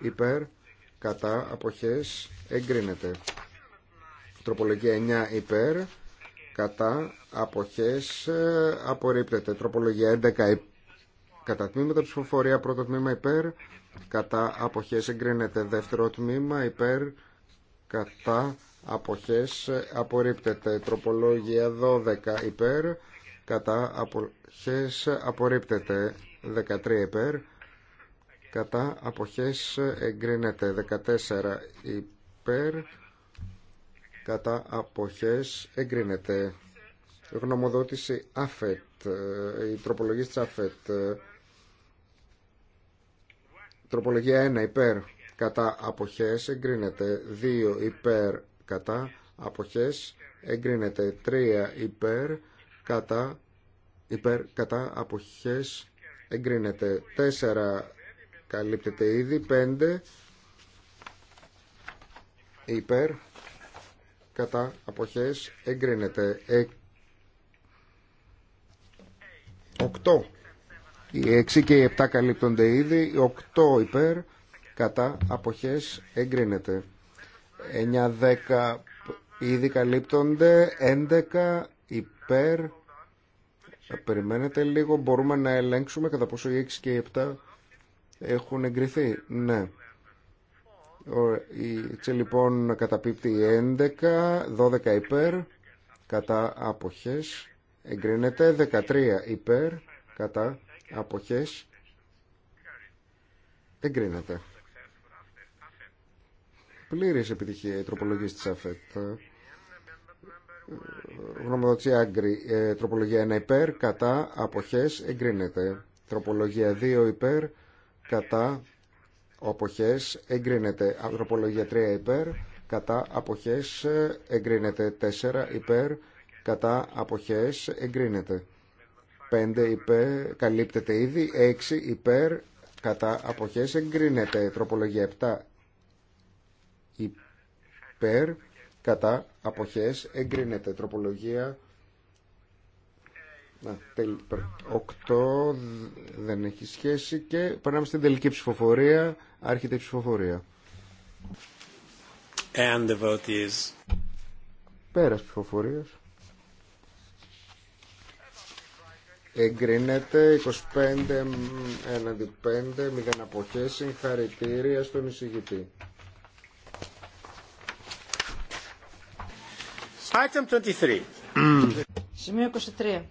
υπέρ κατά αποχές εγκρίνεται τροπολογία 9 υπέρ κατά αποχές ε, απορρίπτεται τροπολογία 11 κατά τμήματα ψηφοφορία πρώτο τμήμα υπέρ κατά αποχές εγκρίνεται δεύτερο τμήμα υπέρ κατά αποχές απορρίπτεται τροπολόγια 12 υπέρ κατά αποχές απορρίπτεται 13 υπέρ κατά αποχές εγκρίνεται 14 υπέρ κατά αποχές εγκρίνεται γνωμοδότηση ΑΦΕΤ ε, η τροπολογία της ΑΦΕΤ ε, τροπολογία 1 υπέρ κατά αποχές εγκρίνεται 2 υπέρ κατά αποχές εγκρίνεται 3 υπέρ κατά υπέρ κατά αποχές εγκρίνεται 4 καλύπτεται ήδη 5 υπέρ κατά αποχές εγκρίνεται 8 ε, οι 6 και οι 7 καλύπτονται ήδη 8 υπέρ κατά αποχές εγκρίνεται 9, 10 ήδη καλύπτονται 11 υπέρ περιμένετε λίγο μπορούμε να ελέγξουμε κατά πόσο οι 6 και οι 7 έχουν εγκριθεί. Ναι. Έτσι λοιπόν καταπίπτει 11, 12 υπέρ, κατά αποχές, εγκρίνεται 13 υπέρ, κατά αποχές, εγκρίνεται. Πλήρης επιτυχία η τροπολογία της ΑΦΕΤ. Γνωμοδοτή άγκρη, ε, τροπολογία 1 υπέρ, κατά αποχές, εγκρίνεται. Τροπολογία 2 υπέρ, κατά αποχές εγκρίνεται ανθρωπολογία 3 υπέρ κατά αποχές εγκρίνεται 4 υπέρ κατά αποχές εγκρίνεται 5 υπέρ καλύπτεται ήδη 6 υπέρ κατά αποχές εγκρίνεται τροπολογία 7 υπέρ κατά αποχές εγκρίνεται τροπολογία οκτώ δεν έχει σχέση και περνάμε στην τελική ψηφοφορία. Άρχεται η ψηφοφορία. And the vote is... Πέρας ψηφοφορίας. Εγκρίνεται 25 έναντι 5, 0 αποχές, συγχαρητήρια στον εισηγητή. Item 23. Σημείο 23.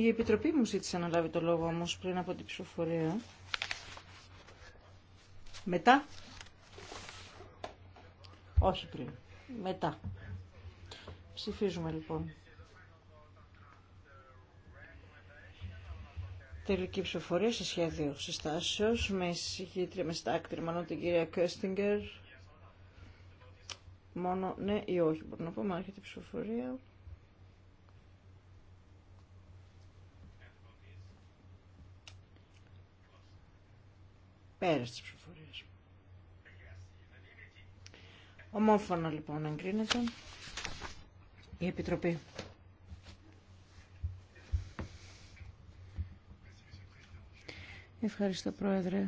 Η Επιτροπή μου ζήτησε να λάβει το λόγο όμως πριν από την ψηφοφορία. Μετά. Όχι πριν. Μετά. Ψηφίζουμε λοιπόν. Τελική ψηφοφορία σε σχέδιο συστάσεως με συγχύτρια με στάκτρια μάλλον την κυρία Κέστιγκερ. Μόνο ναι ή όχι μπορούμε να πούμε, έρχεται η ψηφοφορία. πέρα της ψηφοφορίας. Ομόφωνα λοιπόν εγκρίνεται η Επιτροπή. Ευχαριστώ Πρόεδρε.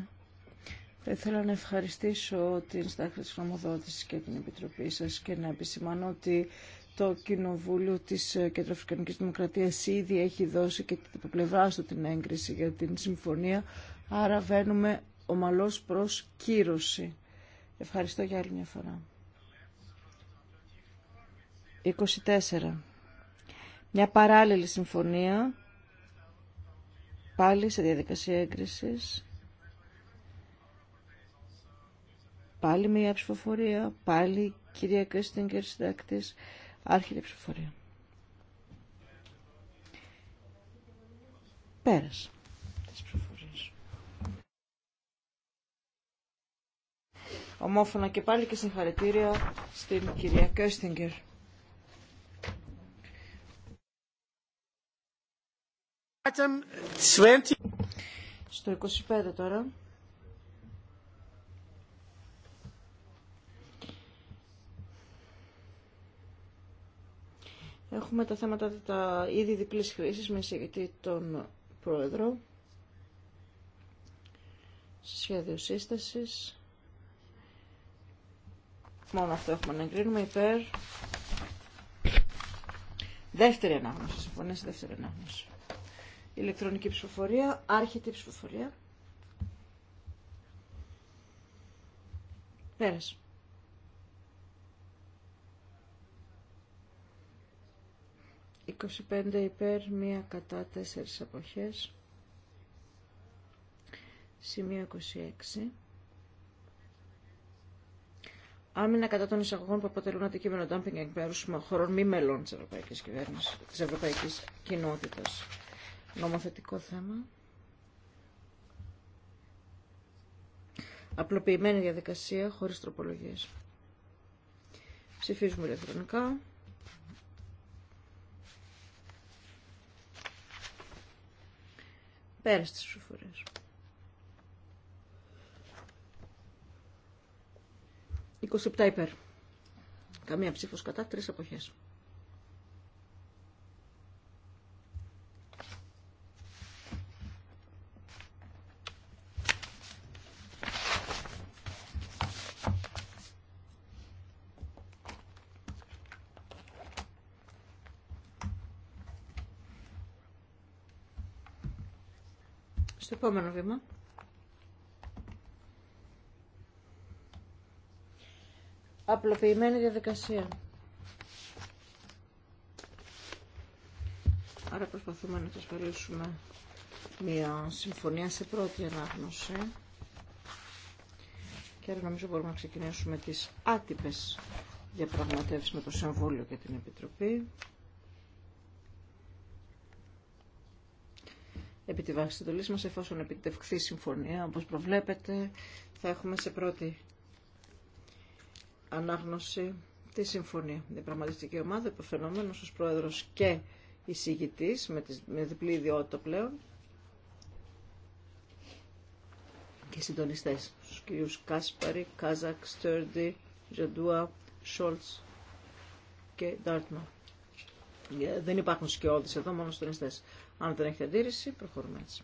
Θα ήθελα να ευχαριστήσω την Στάχρη της Χαμοδότησης και την Επιτροπή σας και να επισημάνω ότι το Κοινοβούλιο της Κεντροαφρικανικής Δημοκρατίας ήδη έχει δώσει και την πλευρά του την έγκριση για την συμφωνία. Άρα βαίνουμε ομαλός προς κύρωση. Ευχαριστώ για άλλη μια φορά. 24. Μια παράλληλη συμφωνία, πάλι σε διαδικασία έγκρισης, πάλι μια ψηφοφορία, πάλι κυρία Κρίστιγκερ συντάκτης, άρχιτε ψηφοφορία. Πέρασε. ομόφωνα και πάλι και συγχαρητήρια στην κυρία Κέστιγκερ. Στο 25 τώρα. Έχουμε τα θέματα τα ήδη διπλής χρήσης με συγκεκριτή τον Πρόεδρο. Σχέδιο σύστασης. Μόνο αυτό έχουμε να εγκρίνουμε υπέρ. Δεύτερη ανάγνωση. Συμφωνία σε δεύτερη ανάγνωση. Ηλεκτρονική ψηφοφορία. Άρχεται η ψηφοφορία. Πέρασε. 25 υπέρ, μία κατά τέσσερις αποχές. Σημείο 26 άμυνα κατά των εισαγωγών που αποτελούν αντικείμενο dumping εκ μέρου χωρών μη μελών της Ευρωπαϊκής Κυβέρνησης, Ευρωπαϊκής Κοινότητας. Νομοθετικό θέμα. Απλοποιημένη διαδικασία χωρί τροπολογίες. Ψηφίζουμε ηλεκτρονικά. Πέρα στις 27 υπέρ. Καμία ψήφος κατά, τρεις εποχέ. Στο επόμενο βήμα. απλοποιημένη διαδικασία. Άρα προσπαθούμε να εξασφαλίσουμε μια συμφωνία σε πρώτη ανάγνωση και άρα νομίζω μπορούμε να ξεκινήσουμε τις άτυπες διαπραγματεύσεις με το Συμβούλιο και την Επιτροπή. Επί τη βάση της μας, εφόσον επιτευχθεί συμφωνία, όπως προβλέπετε, θα έχουμε σε πρώτη ανάγνωση τη συμφωνία. Η πραγματιστική ομάδα, υποφαινόμενος ως πρόεδρος και εισηγητής, με, τις, με διπλή ιδιότητα πλέον, και συντονιστές, στους κυρίους Κάσπαρη, Κάζακ, Στέρντι, Ζαντούα, Σόλτς και Ντάρτμα. Ε, δεν υπάρχουν σκιώδεις εδώ, μόνο συντονιστές. Αν δεν έχετε αντίρρηση, προχωρούμε έτσι.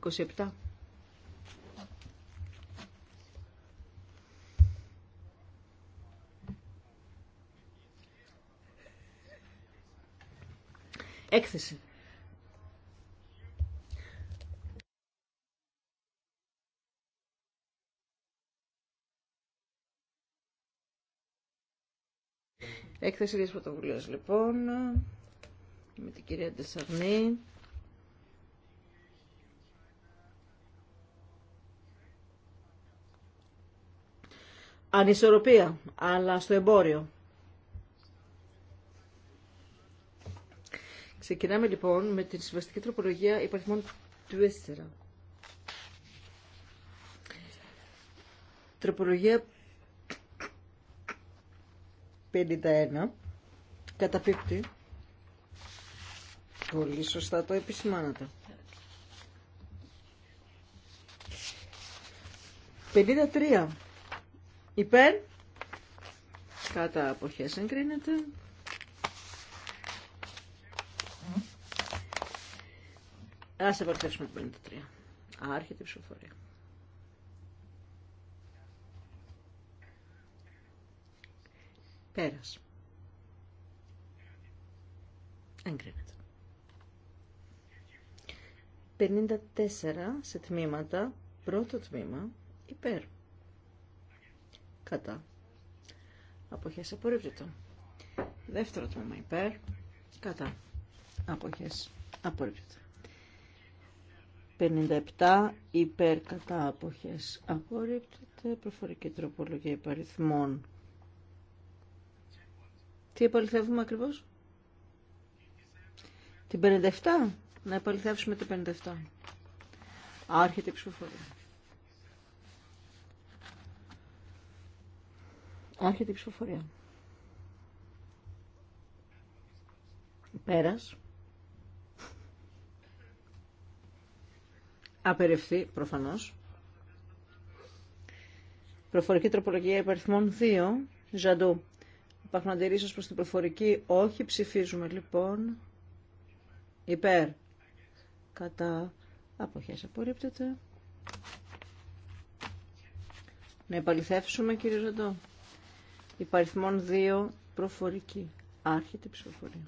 27. Έκθεση. Έκθεση της πρωτοβουλίας λοιπόν με την κυρία Ντεσαρνή. ανισορροπία, αλλά στο εμπόριο. Ξεκινάμε λοιπόν με τη συμβαστική τροπολογία υπαριθμών εστερα Τροπολογία 51 καταπίπτει. Πολύ σωστά το επισημάνατε. 53 υπέρ κατά αποχές εγκρίνεται mm. Ας επαληθεύσουμε το 53. Άρχεται η ψηφοφορία. Πέρας. Εγκρίνεται. 54 σε τμήματα, πρώτο τμήμα, υπέρ κατά αποχές απορρίπτεται. Δεύτερο τμήμα υπέρ κατά αποχές απορρίπτεται. 57 υπέρ κατά αποχές απορρίπτεται. Προφορική τροπολογία υπαριθμών. Τι επαληθεύουμε ακριβώς? Την 57? Να επαληθεύσουμε την 57. Άρχεται η ψηφοφορία. Άρχεται η ψηφοφορία. Πέρας. Απερευθεί, προφανώς. Προφορική τροπολογία υπαριθμών 2. Ζαντού. Υπάρχουν αντιρρήσεις προς την προφορική. Όχι, ψηφίζουμε λοιπόν. Υπέρ. Κατά. Αποχές απορρίπτεται. Να επαληθεύσουμε κύριε Ζαντού υπαριθμών 2 προφορική. Άρχεται η ψηφοφορία.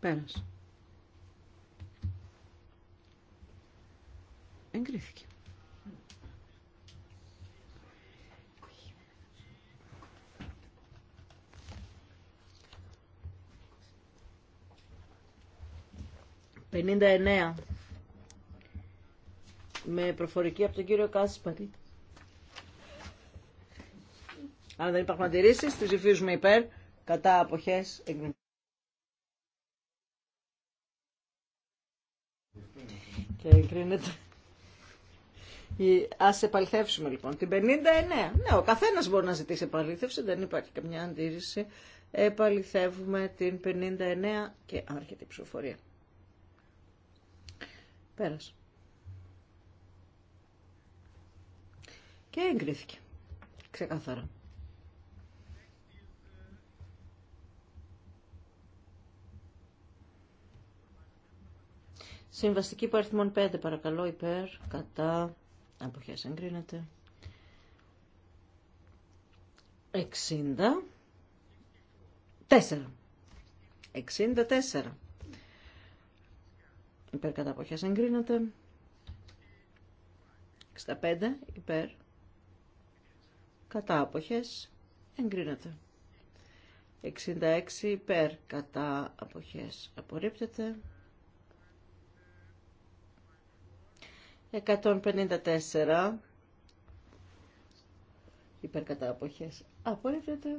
Πέρασε. Εγκρίθηκε. 59. Με προφορική από τον κύριο Κάσπαρη. Αν δεν υπάρχουν αντιρρήσει. τις ψηφίζουμε υπέρ, κατά αποχέ εγκρίνεται. Και εγκρίνεται. Α επαληθεύσουμε λοιπόν την 59. Ναι, ο καθένας μπορεί να ζητήσει επαληθεύση, δεν υπάρχει καμιά αντίρρηση. Επαληθεύουμε την 59 και άρχεται η ψηφοφορία. Πέρασε. Και εγκρίθηκε. Ξεκάθαρα. Συμβαστική παριθμών 5 παρακαλώ υπέρ, κατά, αποχές εγκρίνεται. 64. 64. Υπέρ κατά αποχές εγκρίνεται. 65 υπέρ. Κατά αποχές εγκρίνεται. 66 υπέρ κατά αποχές απορρίπτεται. 154 υπερκατάποχες απορρίπτεται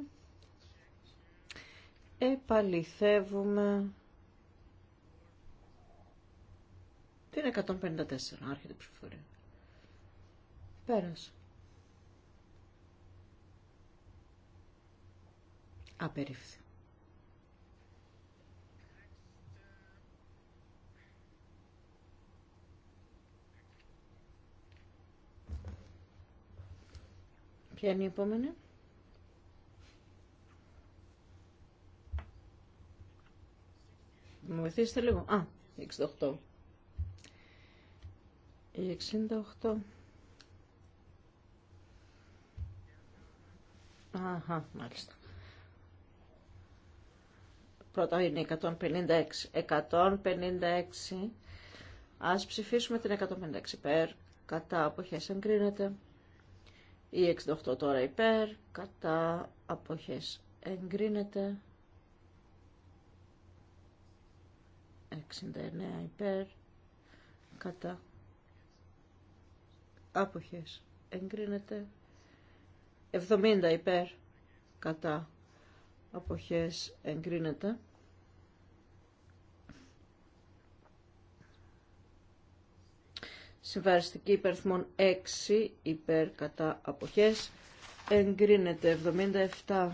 επαληθεύουμε την 154 άρχεται η ψηφοφορία πέρασε απερίφθη Ποια είναι η επόμενη. Μου βοηθήσετε λίγο. Α, 68. Η 68. Αχα, μάλιστα. Πρώτα είναι 156. 156. Ας ψηφίσουμε την 156 Περ, Κατά αποχές εγκρίνεται. Η 68 τώρα υπέρ, κατά αποχές εγκρίνεται. 69 υπέρ, κατά άποχες εγκρίνεται. 70 υπέρ, κατά αποχές εγκρίνεται. Συμβαριστική υπερθμών 6 υπέρ κατά αποχές. Εγκρίνεται 77.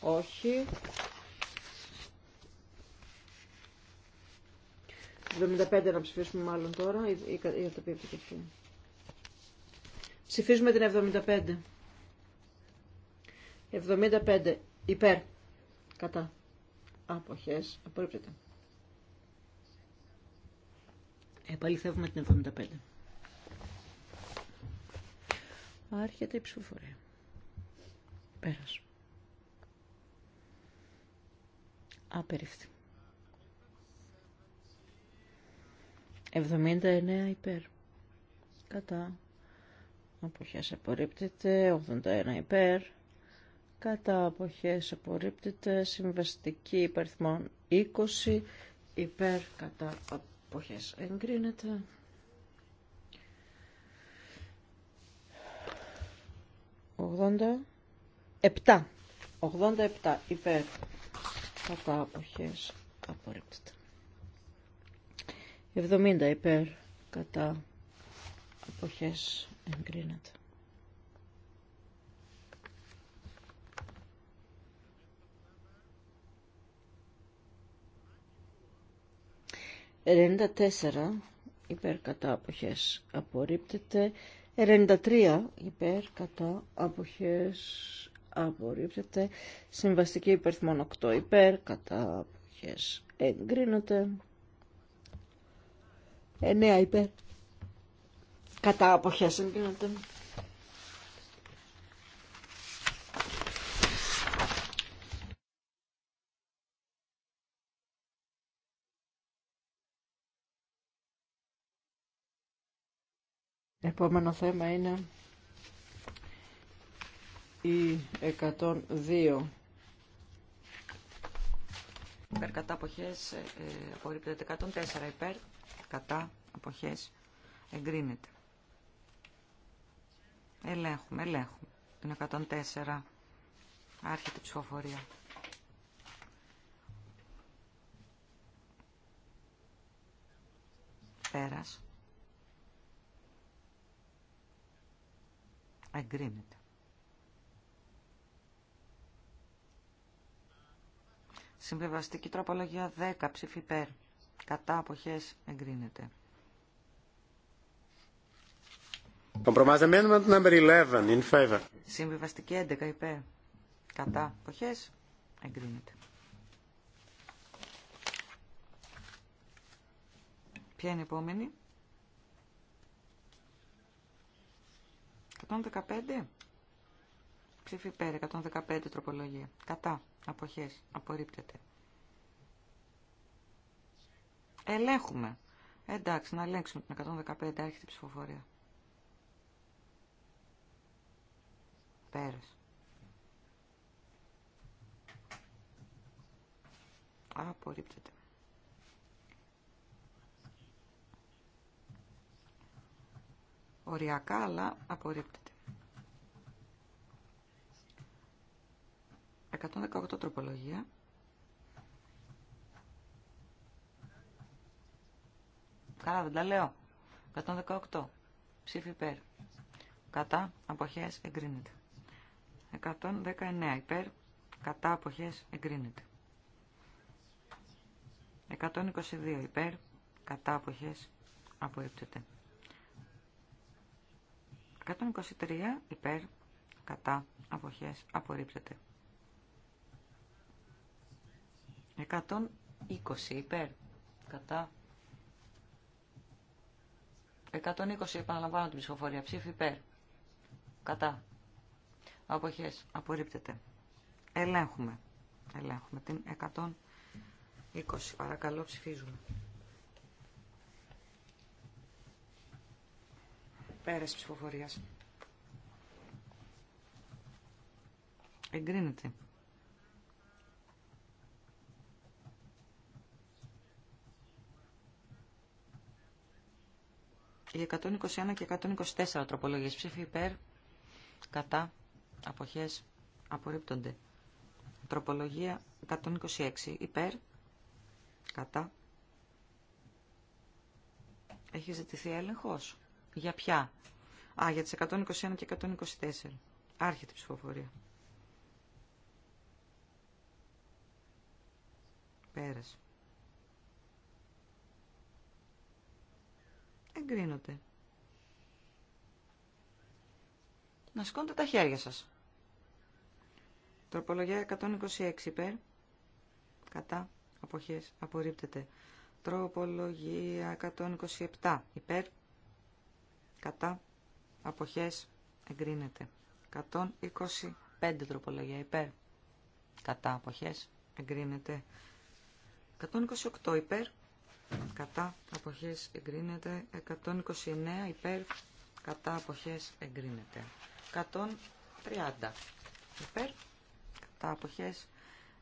Όχι. 75 να ψηφίσουμε μάλλον τώρα, ή, ή, ή το και αυτή. Ψηφίζουμε την 75. 75 υπέρ. Κατά. Αποχές. Απορρίπτεται. Επαληθεύουμε την 75. Άρχεται η ψηφοφορία. Πέρας. Απερίφθη. 79 υπέρ. Κατά. Αποχές απορρίπτεται. 81 υπέρ. Κατά αποχές απορρίπτεται. Συμβαστική υπαριθμών 20 υπέρ. Κατά Αποχές εγκρίνεται. Ογδόντα επτά. Ογδόντα επτά υπέρ. Κατά αποχές απορρίπτεται. Εβδομήντα υπέρ. Κατά αποχές εγκρίνεται. 94 υπέρ κατά αποχές απορρίπτεται 93 υπέρ κατά αποχές απορρίπτεται συμβαστική υπερθμόν 8 υπέρ κατά αποχές εγκρίνεται 9 υπέρ κατά αποχές εγκρίνεται Επόμενο θέμα είναι η 102. Υπέρ κατά αποχές ε, απορρίπτεται 104 υπέρ κατά αποχές εγκρίνεται. Ελέγχουμε, ελέγχουμε. την 104. Άρχεται η ψηφοφορία. Πέρας. Εγκρίνεται. Συμβιβαστική τροπολογία 10. Ψήφι υπέρ. Κατά αποχές εγκρίνεται. Compromise number 11 in favor. Συμβιβαστική 11 υπέρ. Κατά αποχές εγκρίνεται. Ποια είναι η επόμενη. 115. Ψήφι 115 τροπολογία. Κατά. Αποχές. Απορρίπτεται. Ελέγχουμε. Εντάξει, να ελέγξουμε την 115. Άρχισε η ψηφοφορία. Πέρας. Απορρίπτεται. οριακά, αλλά απορρίπτεται. 118 τροπολογία. Καλά, δεν τα λέω. 118. Ψήφι υπέρ. Κατά, αποχές, εγκρίνεται. 119 υπέρ. Κατά, αποχές, εγκρίνεται. 122 υπέρ. Κατά, αποχές, απορρίπτεται. 123 υπέρ κατά αποχές απορρίπτεται. 120 υπέρ κατά 120 επαναλαμβάνω την ψηφοφορία ψήφι υπέρ κατά αποχές απορρίπτεται. Ελέγχουμε. Ελέγχουμε την 120. Παρακαλώ ψηφίζουμε. Πέρας ψηφοφορίας. Εγκρίνεται. Οι 121 και 124 τροπολογίες ψήφι υπέρ, κατά, αποχές, απορρίπτονται. Τροπολογία 126 υπέρ, κατά. Έχει ζητηθεί έλεγχος. Για ποια. Α, για τις 121 και 124. Άρχεται η ψηφοφορία. Πέρασε. Εγκρίνονται. Να σκόντε τα χέρια σας. Τροπολογία 126 υπέρ. Κατά. Αποχές. Απορρίπτεται. Τροπολογία 127 υπέρ κατά αποχές εγκρίνεται. 125 τροπολογία υπέρ κατά αποχές εγκρίνεται. 128 υπέρ κατά αποχές εγκρίνεται. 129 υπέρ κατά αποχές εγκρίνεται. 130 υπέρ κατά αποχές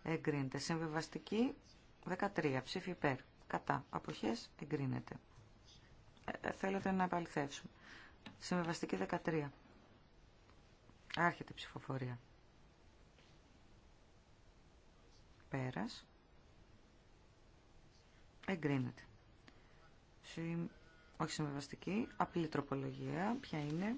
εγκρίνεται. Συμβεβαστική 13 ψήφι υπέρ κατά αποχές εγκρίνεται. Ε, θέλετε να επαληθεύσουμε. Συμβεβαστική 13. Άρχεται η ψηφοφορία. Πέρας. Εγκρίνεται. Συμ... Όχι συμβεβαστική, απλή τροπολογία. Ποια είναι.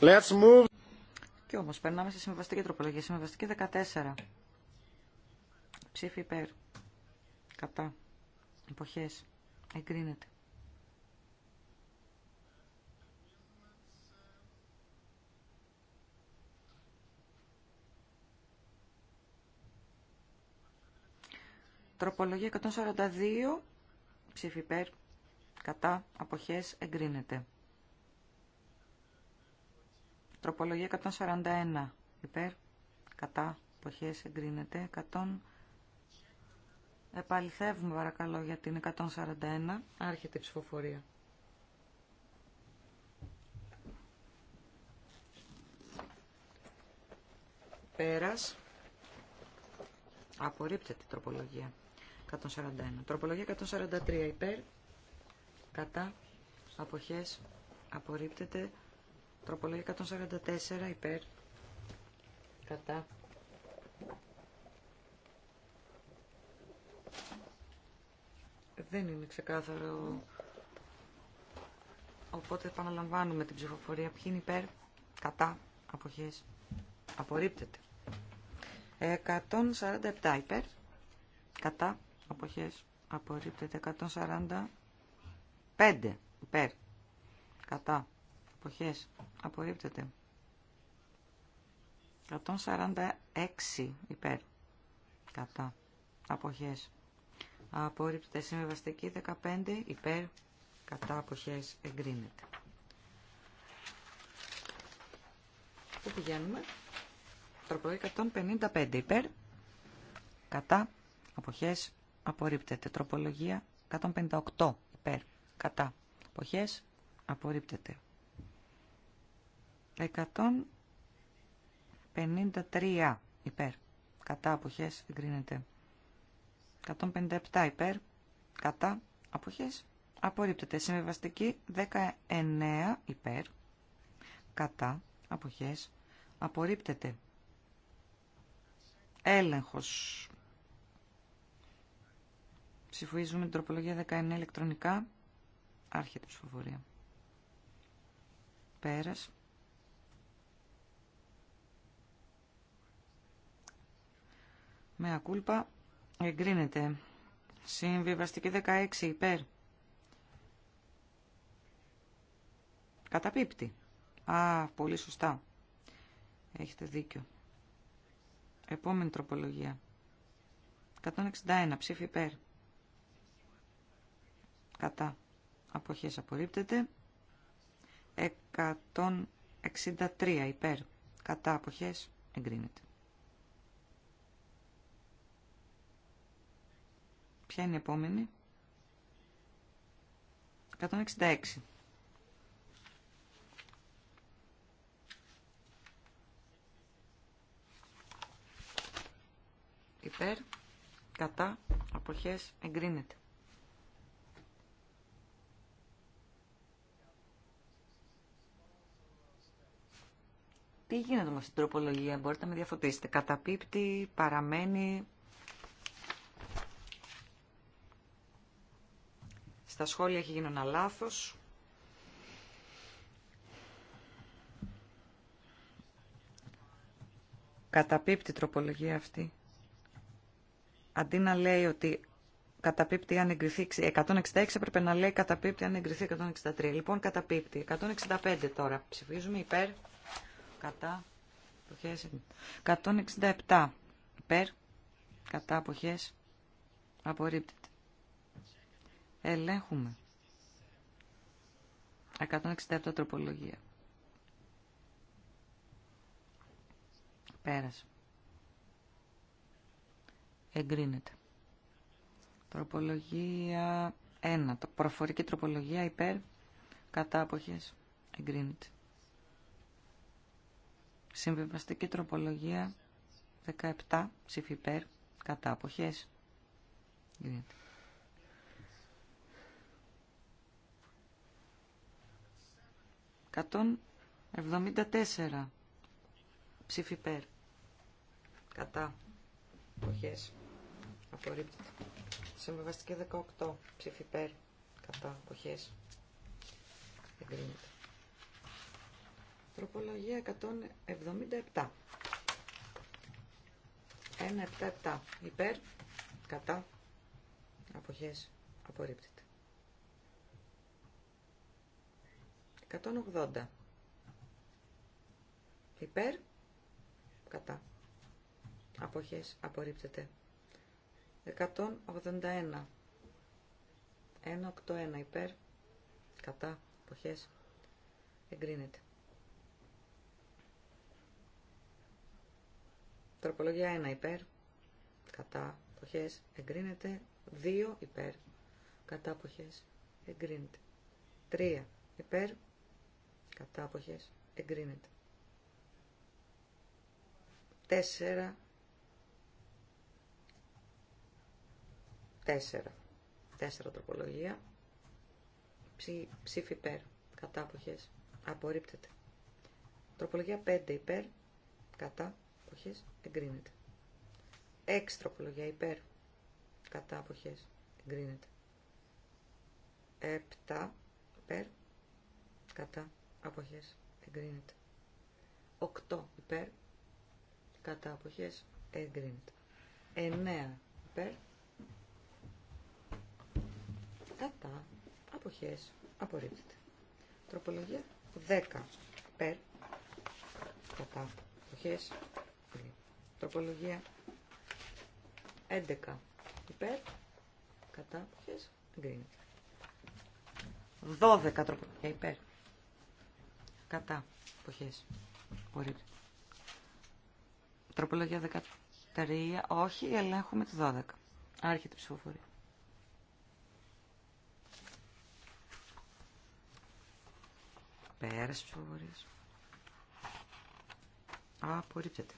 Let's move. Και όμως περνάμε σε συμβαστική τροπολογία. Συμβαστική 14. Ψήφι υπέρ. Κατά. Εποχές. Εγκρίνεται. Τροπολογία 142. Ψήφι υπέρ. Κατά. Αποχές. Εγκρίνεται. Τροπολογία 141. Υπέρ. Κατά. εποχέ εγκρίνεται. 100... Επαληθεύουμε παρακαλώ για την 141. Άρχεται η ψηφοφορία. Πέρας. Απορρίπτεται η τροπολογία. 141. Τροπολογία 143 υπέρ. Κατά. Αποχές. Απορρίπτεται. Τροπολογία 144 υπέρ. Κατά. Δεν είναι ξεκάθαρο. Οπότε επαναλαμβάνουμε την ψηφοφορία. Ποιοι είναι υπέρ. Κατά. Αποχές. Απορρίπτεται. 147 υπέρ. Κατά. Αποχές. Απορρίπτεται. 145 υπέρ. Κατά. Αποχές. Απορρίπτεται. 146 υπέρ. Κατά. Αποχές. Απορρίπτεται. Συμβεβαστική 15 υπέρ. Κατά. Αποχές. Εγκρίνεται. Πού πηγαίνουμε. Τροπολογία 155 υπέρ. Κατά. Αποχές. Απορρίπτεται. Τροπολογία 158 υπέρ. Κατά. Αποχές. Απορρίπτεται. 153 υπέρ. Κατά αποχές εγκρίνεται. 157 υπέρ. Κατά αποχές απορρίπτεται. Συμβεβαστική 19 υπέρ. Κατά αποχές απορρίπτεται. Έλεγχος. Ψηφουίζουμε την τροπολογία 19 ηλεκτρονικά. Άρχεται η ψηφοφορία. Πέρας. Με ακούλπα εγκρίνεται. Συμβιβαστική 16 υπέρ. Καταπίπτει. Α, πολύ σωστά. Έχετε δίκιο. Επόμενη τροπολογία. 161 ψήφι υπέρ. Κατά. Αποχές απορρίπτεται. 163 υπέρ. Κατά αποχές εγκρίνεται. Ποια είναι η επόμενη. 166. Υπέρ, κατά, αποχές, εγκρίνεται. Τι γίνεται με την τροπολογία, μπορείτε να με διαφωτίσετε. Καταπίπτει, παραμένει, Στα σχόλια έχει γίνει ένα λάθος. Καταπίπτει η τροπολογία αυτή. Αντί να λέει ότι καταπίπτει αν εγκριθεί 166, έπρεπε να λέει καταπίπτει αν εγκριθεί 163. Λοιπόν, καταπίπτει. 165 τώρα. Ψηφίζουμε υπέρ, κατά, αποχές. 167 υπέρ, κατά, αποχές. Απορρίπτει. Ελέγχουμε. 167 τροπολογία. Πέρασε. Εγκρίνεται. Τροπολογία 1. προφορική τροπολογία υπέρ κατά αποχές. Εγκρίνεται. Συμβιβαστική τροπολογία 17. Ψήφι υπέρ κατά αποχές. Εγκρίνεται. 174 ψήφι Κατά. Αποχές. Απορρίπτεται. Συμβεβαστική 18 ψήφι υπέρ. Κατά. Αποχές. Εγκρίνεται. Τροπολογία 177. 177 υπέρ. Κατά. Αποχές. Απορρίπτεται. 180. Υπέρ. Κατά. Αποχές. Απορρίπτεται. 181. 181 υπέρ. Κατά. Αποχές. Εγκρίνεται. Τροπολογία 1 υπέρ. Κατά. Αποχές. Εγκρίνεται. 2 υπέρ. Κατά. Αποχές. Εγκρίνεται. 3 υπέρ κατάποχες, εγκρίνεται. 4 4 Τέσσερα τροπολογία Ψ, ψήφι υπέρ κατά απορρίπτεται. Τροπολογία 5 υπέρ κατά αποχές εγκρίνεται. 6 τροπολογία υπέρ κατά αποχές εγκρίνεται. 7 υπέρ κατά αποχές εγκρίνεται. 8 υπέρ, κατά αποχές εγκρίνεται. 9 υπέρ, κατά αποχές απορρίπτεται. Τροπολογία 10 υπέρ, κατά αποχές εγκρίνεται. Τροπολογία 11 υπέρ, κατά αποχές εγκρίνεται. 12 τροπολογία υπέρ, Κατά. Εποχές. Απορρίπτεται. Τροπολογία 13. Όχι, ελέγχουμε το 12. Άρχεται η ψηφοφορία. Πέρας ψηφοφορίας. Απορρίπτεται.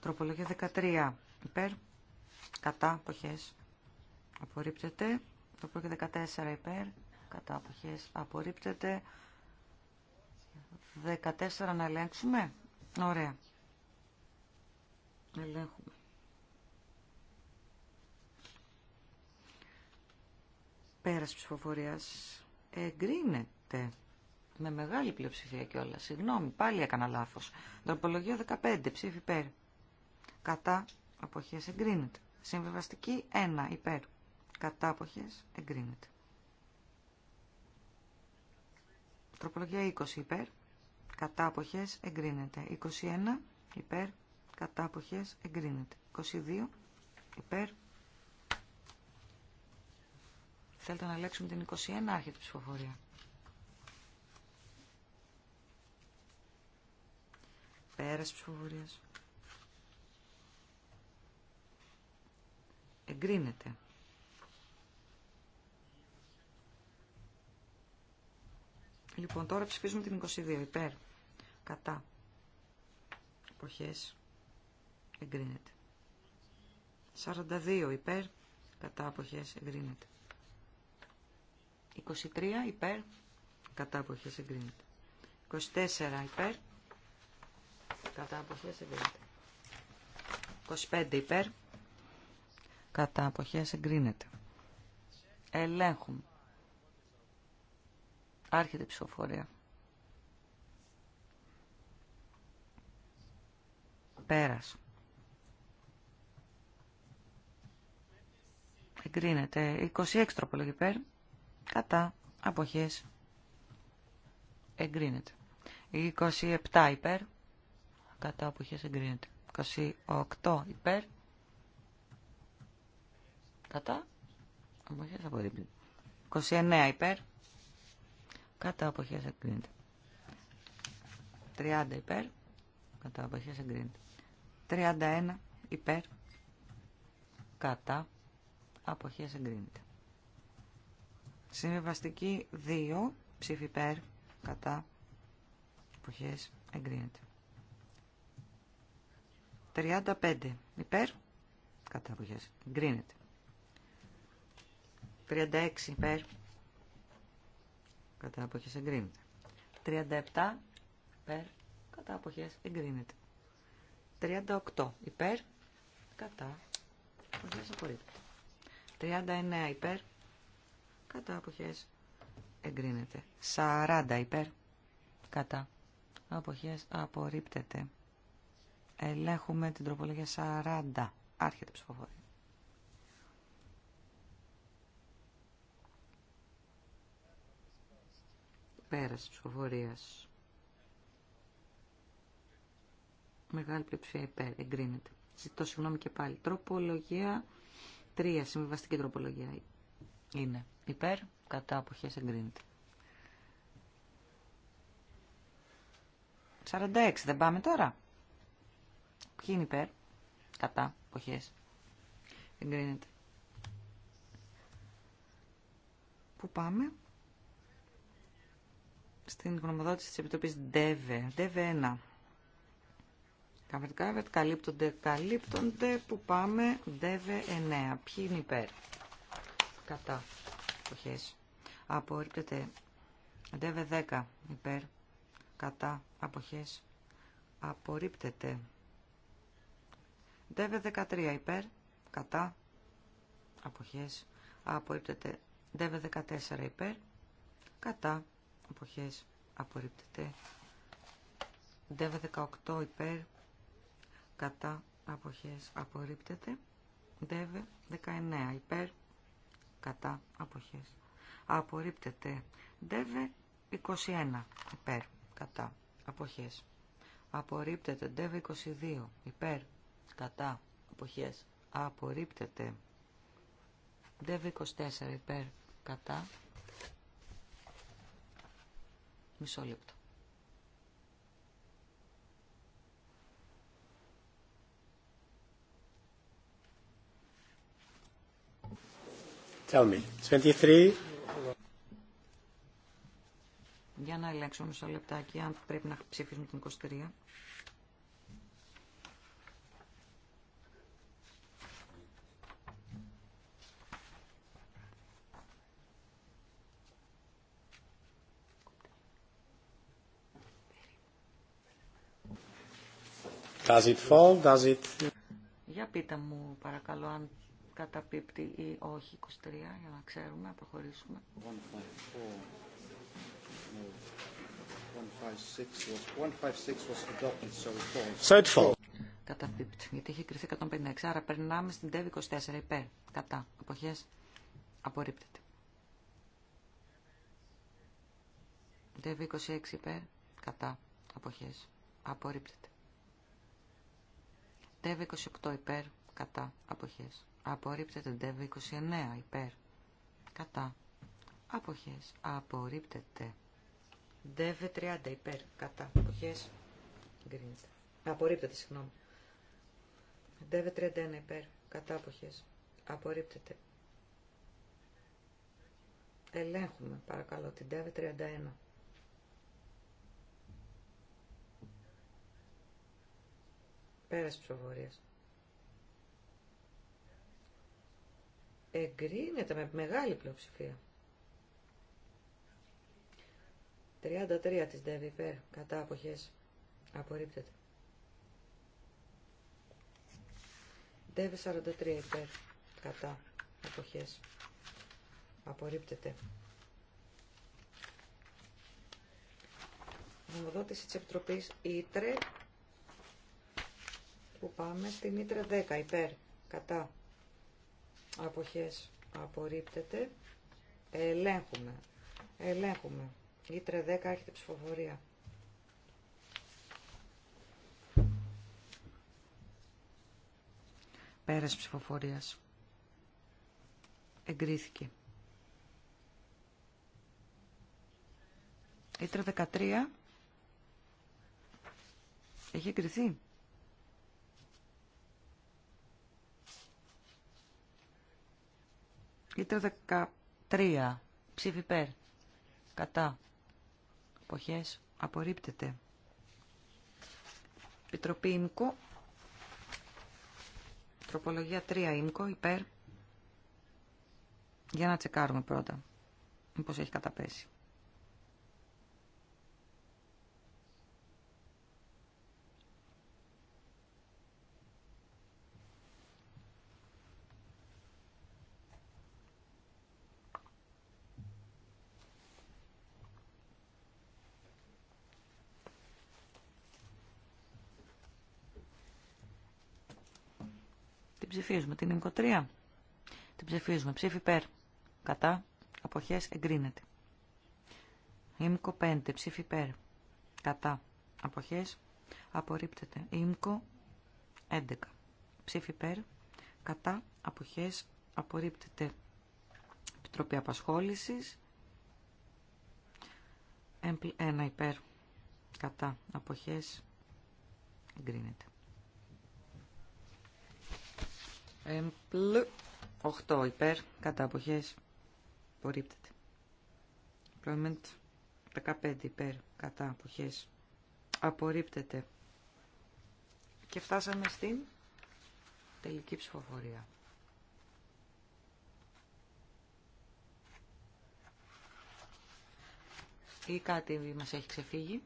Τροπολογία 13. Υπέρ. Κατά. Αποχές. Απορρίπτεται. Τροπολογία 14. Υπέρ. Κατά. Αποχές. Απορρίπτεται. 14 να ελέγξουμε. Ωραία. Ελέγχουμε. Πέρας ψηφοφορίας εγκρίνεται με μεγάλη πλειοψηφία όλα. Συγγνώμη, πάλι έκανα λάθος. Τροπολογία 15, ψήφι υπέρ. Κατά αποχές εγκρίνεται. Συμβεβαστική 1, υπέρ. Κατά αποχές εγκρίνεται. Τροπολογία 20, υπέρ κατά αποχές εγκρίνεται. 21 υπέρ κατά αποχές εγκρίνεται. 22 υπέρ Θέλετε να αλλάξουμε την 21 άρχεται ψηφοφορία. Πέρας ψηφοφορίας. Εγκρίνεται. Λοιπόν, τώρα ψηφίζουμε την 22 υπέρ κατά εποχές εγκρίνεται 42 υπέρ κατά εποχές εγκρίνεται 23 υπέρ κατά εποχές εγκρίνεται 24 υπέρ κατά εποχές εγκρίνεται 25 υπέρ κατά εποχές εγκρίνεται ελέγχουμε άρχεται η ψηφοφορία Πέρας. Εγκρίνεται. 26 τροπολογιπέρ. Κατά. Αποχές. Εγκρίνεται. 27 υπέρ. Κατά αποχές εγκρίνεται. 28 υπέρ. Κατά. Αποχές απορρίπτεται. 29 υπέρ. Κατά αποχές εγκρίνεται. 30 υπέρ. Κατά αποχές εγκρίνεται. 31 υπέρ κατά αποχές εγκρίνεται. Συμβιβαστική 2 ψήφι υπέρ κατά αποχές εγκρίνεται. 35 υπέρ κατά αποχές εγκρίνεται. 36 υπέρ κατά αποχές εγκρίνεται. 37 υπέρ κατά αποχές εγκρίνεται. 38 υπέρ, κατά, αποχές απορρίπτεται. 39 υπέρ, κατά αποχές εγκρίνεται. 40 υπέρ, κατά αποχές απορρίπτεται. Ελέγχουμε την τροπολογία 40. Άρχεται η ψηφοφορία. Πέραση ψηφοφορίας. Μεγάλη πλειοψηφία υπέρ. Εγκρίνεται. Ζητώ συγγνώμη και πάλι. Τροπολογία 3. Συμβιβαστική τροπολογία είναι. Υπέρ. Κατά αποχές εγκρίνεται. 46. Δεν πάμε τώρα. Ποιοι είναι υπέρ. Κατά αποχές. Εγκρίνεται. Πού πάμε. Στην γνωμοδότηση της Επιτροπής ΔΕΒΕ. ΔΕΒΕ 1. Καβερτκάβερτ καλύπτονται, καλύπτονται που πάμε Δέβε 9. Ποιοι είναι υπέρ. Κατά. Αποχές. Απορρίπτεται. Δέβε 10. Υπέρ. Κατά. Αποχές. Απορρίπτεται. Δέβε 13. Υπέρ. Κατά. Αποχές. Απορρίπτεται. Δέβε 14. Υπέρ. Κατά. Αποχές. Απορρίπτεται. Δέβε 18. Υπέρ κατά αποχές απορρίπτεται. Δεύε 19 υπέρ κατά αποχές απορρίπτεται. Δεύε 21 υπέρ κατά αποχές απορρίπτεται. Δεύε 22 υπέρ κατά αποχές απορρίπτεται. Δεύε 24 υπέρ κατά μισό λεπτό. 23. Για να ελέγξω μισό λεπτάκι αν πρέπει να ψηφίσουμε την 23. Does it fall, does it... Για πείτε μου παρακαλώ αν καταπίπτει ή όχι 23 για να ξέρουμε, να προχωρήσουμε. 156 Καταπίπτει, γιατί έχει κρυθεί 156, άρα περνάμε στην ΤΕΒ 24, υπέρ, κατά, αποχές, απορρίπτεται. ΤΕΒ 26, υπέρ, κατά, αποχές, απορρίπτεται. ΤΕΒ 28, υπέρ, κατά, αποχές, Απορρίπτεται Ντεβ 29 υπέρ. Κατά. Αποχές. Απορρίπτεται. Ντεβ 30 υπέρ. Κατά. Αποχές. Γκρίνεται. Απορρίπτεται, συγγνώμη. Ντεβ 31 υπέρ. Κατά. Αποχές. Απορρίπτεται. Ελέγχουμε, παρακαλώ, την ΤΕΒ 31. Πέρας ψηφοφορίας. Εγκρίνεται με μεγάλη πλειοψηφία. 33 της ΔΕΒ κατά αποχές απορρίπτεται. ΔΕΒ 43 υπέρ κατά αποχές απορρίπτεται. Νομοδότηση της Επιτροπής Ήτρε που πάμε στην Ήτρε 10 υπέρ κατά αποχές απορρίπτεται. Ελέγχουμε. Ελέγχουμε. Η 10 έχετε ψηφοφορία. Πέρας ψηφοφορίας. Εγκρίθηκε. Ήτρε 13. Έχει εγκριθεί. Λίτρο 13. Ψήφι υπέρ. Κατά. Αποχές. Απορρίπτεται. Επιτροπή ΙΜΚΟ. Τροπολογία 3 ΙΜΚΟ. Υπέρ. Για να τσεκάρουμε πρώτα. Μήπως έχει καταπέσει. ψηφίζουμε. Την ύμκο 3. Την ψηφίζουμε. Ψήφι υπέρ. Κατά. Αποχές εγκρίνεται. ΙΜΚΟ 5. Ψήφι υπέρ. Κατά. Αποχές απορρίπτεται. ΙΜΚΟ 11. Ψήφι υπέρ. Κατά. Αποχές απορρίπτεται. Επιτροπή Απασχόλησης. Έμπλ 1 υπέρ. Κατά. Αποχές εγκρίνεται. Εμπλ 8 υπέρ κατά αποχές απορρίπτεται. Employment 15 υπέρ κατά αποχές απορρίπτεται. Και φτάσαμε στην τελική ψηφοφορία. Ή κάτι μας έχει ξεφύγει.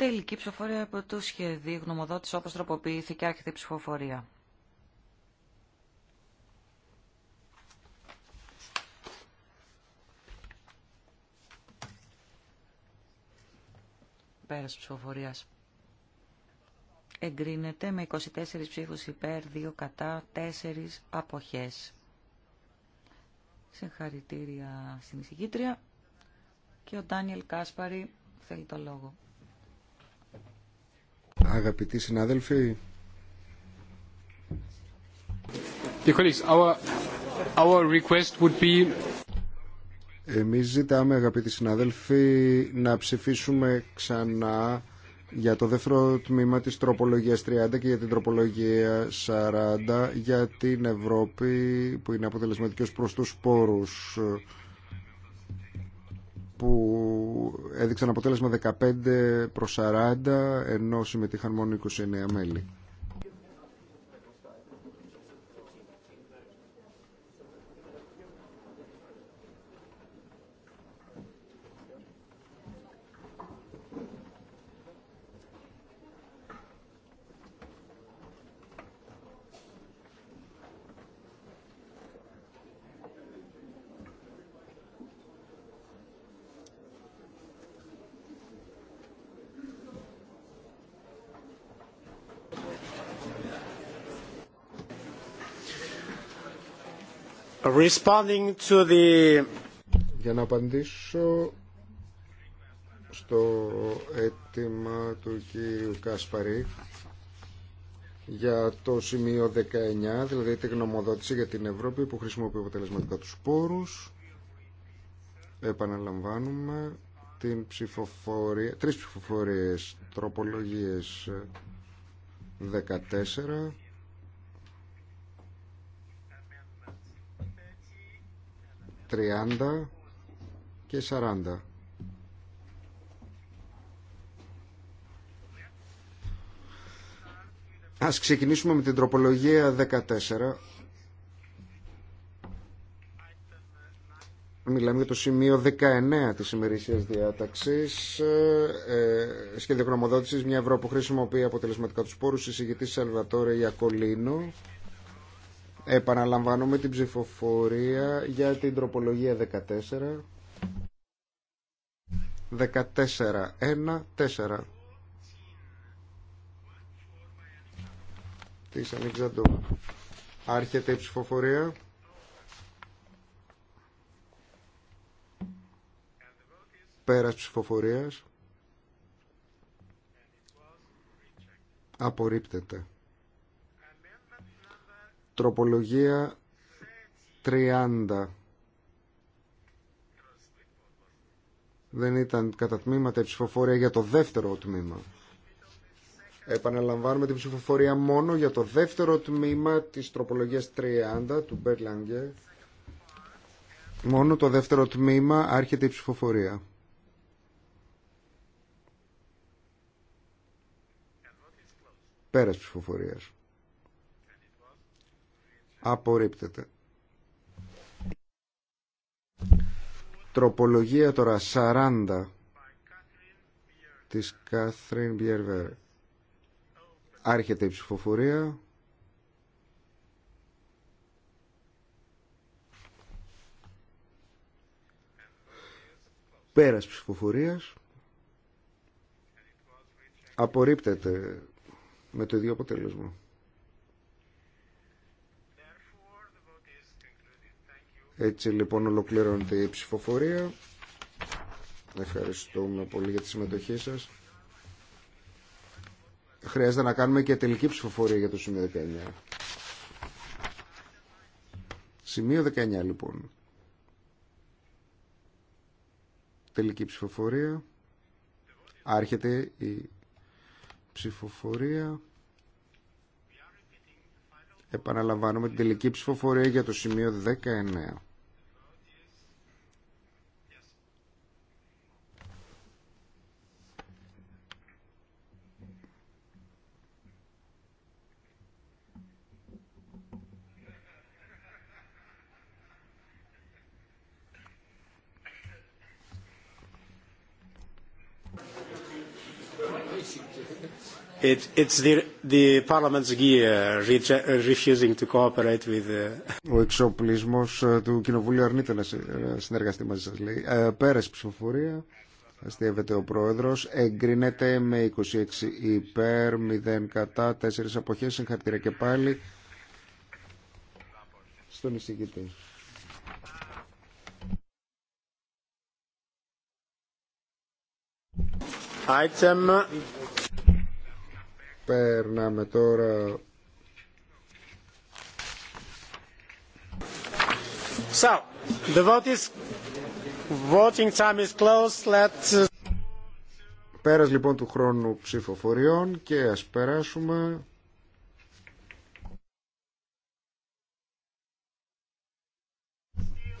Τελική ψηφοφορία από το σχεδίο γνωμοδότης όπως τροποποιήθηκε άρχεται η ψηφοφορία. Πέρας ψηφοφορίας. Εγκρίνεται με 24 ψήφους υπέρ, 2 κατά, 4 αποχές. Συγχαρητήρια στην εισηγήτρια. Και ο Ντάνιελ Κάσπαρη θέλει το λόγο. Αγαπητοί συνάδελφοι, our, our request would be... εμείς ζητάμε αγαπητοί συνάδελφοι να ψηφίσουμε ξανά για το δεύτερο τμήμα της τροπολογίας 30 και για την τροπολογία 40 για την Ευρώπη που είναι αποτελεσματικός προς τους πόρους που έδειξαν αποτέλεσμα 15 προς 40 ενώ συμμετείχαν μόνο 29 μέλη. Για να απαντήσω στο αίτημα του κ. Κάσπαρη για το σημείο 19, δηλαδή τη γνωμοδότηση για την Ευρώπη που χρησιμοποιεί αποτελεσματικά τους πόρους. Επαναλαμβάνουμε την ψηφοφορία, τρεις ψηφοφορίες, τροπολογίες 14, 30 και 40. Ας ξεκινήσουμε με την τροπολογία 14. Μιλάμε για το σημείο 19 της ημερησία διάταξης. Ε, σχέδιο μια Ευρώπη που χρησιμοποιεί αποτελεσματικά τους πόρους, συζητητής Σαλβατόρε Ιακολίνο. Επαναλαμβάνουμε την ψηφοφορία για την τροπολογία 14. 14-1-4 της Αλεξανδού. Άρχεται η ψηφοφορία. Πέρας ψηφοφορίας. Απορρίπτεται. Τροπολογία 30. Δεν ήταν κατά τμήματα η ψηφοφορία για το δεύτερο τμήμα. Επαναλαμβάνουμε την ψηφοφορία μόνο για το δεύτερο τμήμα της τροπολογίας 30 του Μπερλάνγκε. Μόνο το δεύτερο τμήμα άρχεται η ψηφοφορία. Πέρας ψηφοφορίας. Απορρίπτεται. Τροπολογία τώρα 40 της Κάθριν Μπιερβέρ. Άρχεται η ψηφοφορία. Πέρας ψηφοφορίας. Απορρίπτεται με το ίδιο αποτέλεσμα. Έτσι λοιπόν ολοκληρώνεται η ψηφοφορία. Ευχαριστούμε πολύ για τη συμμετοχή σας. Χρειάζεται να κάνουμε και τελική ψηφοφορία για το σημείο 19. Σημείο 19 λοιπόν. Τελική ψηφοφορία. Άρχεται η ψηφοφορία. Επαναλαμβάνουμε την τελική ψηφοφορία για το σημείο 19. Ο εξοπλισμός ε, του Κοινοβουλίου αρνείται να ε, συνεργαστεί μαζί σας, λέει. Ε, πέρας ψηφοφορία, αστείευεται ο Πρόεδρος, εγκρίνεται με 26 υπέρ, 0 κατά, 4 αποχές, συγχαρητήρια και πάλι στον εισηγητή. Item Περνάμε τώρα... So, the vote is... Voting time is closed. Let's... Uh, Πέρας λοιπόν του χρόνου ψηφοφοριών και ας περάσουμε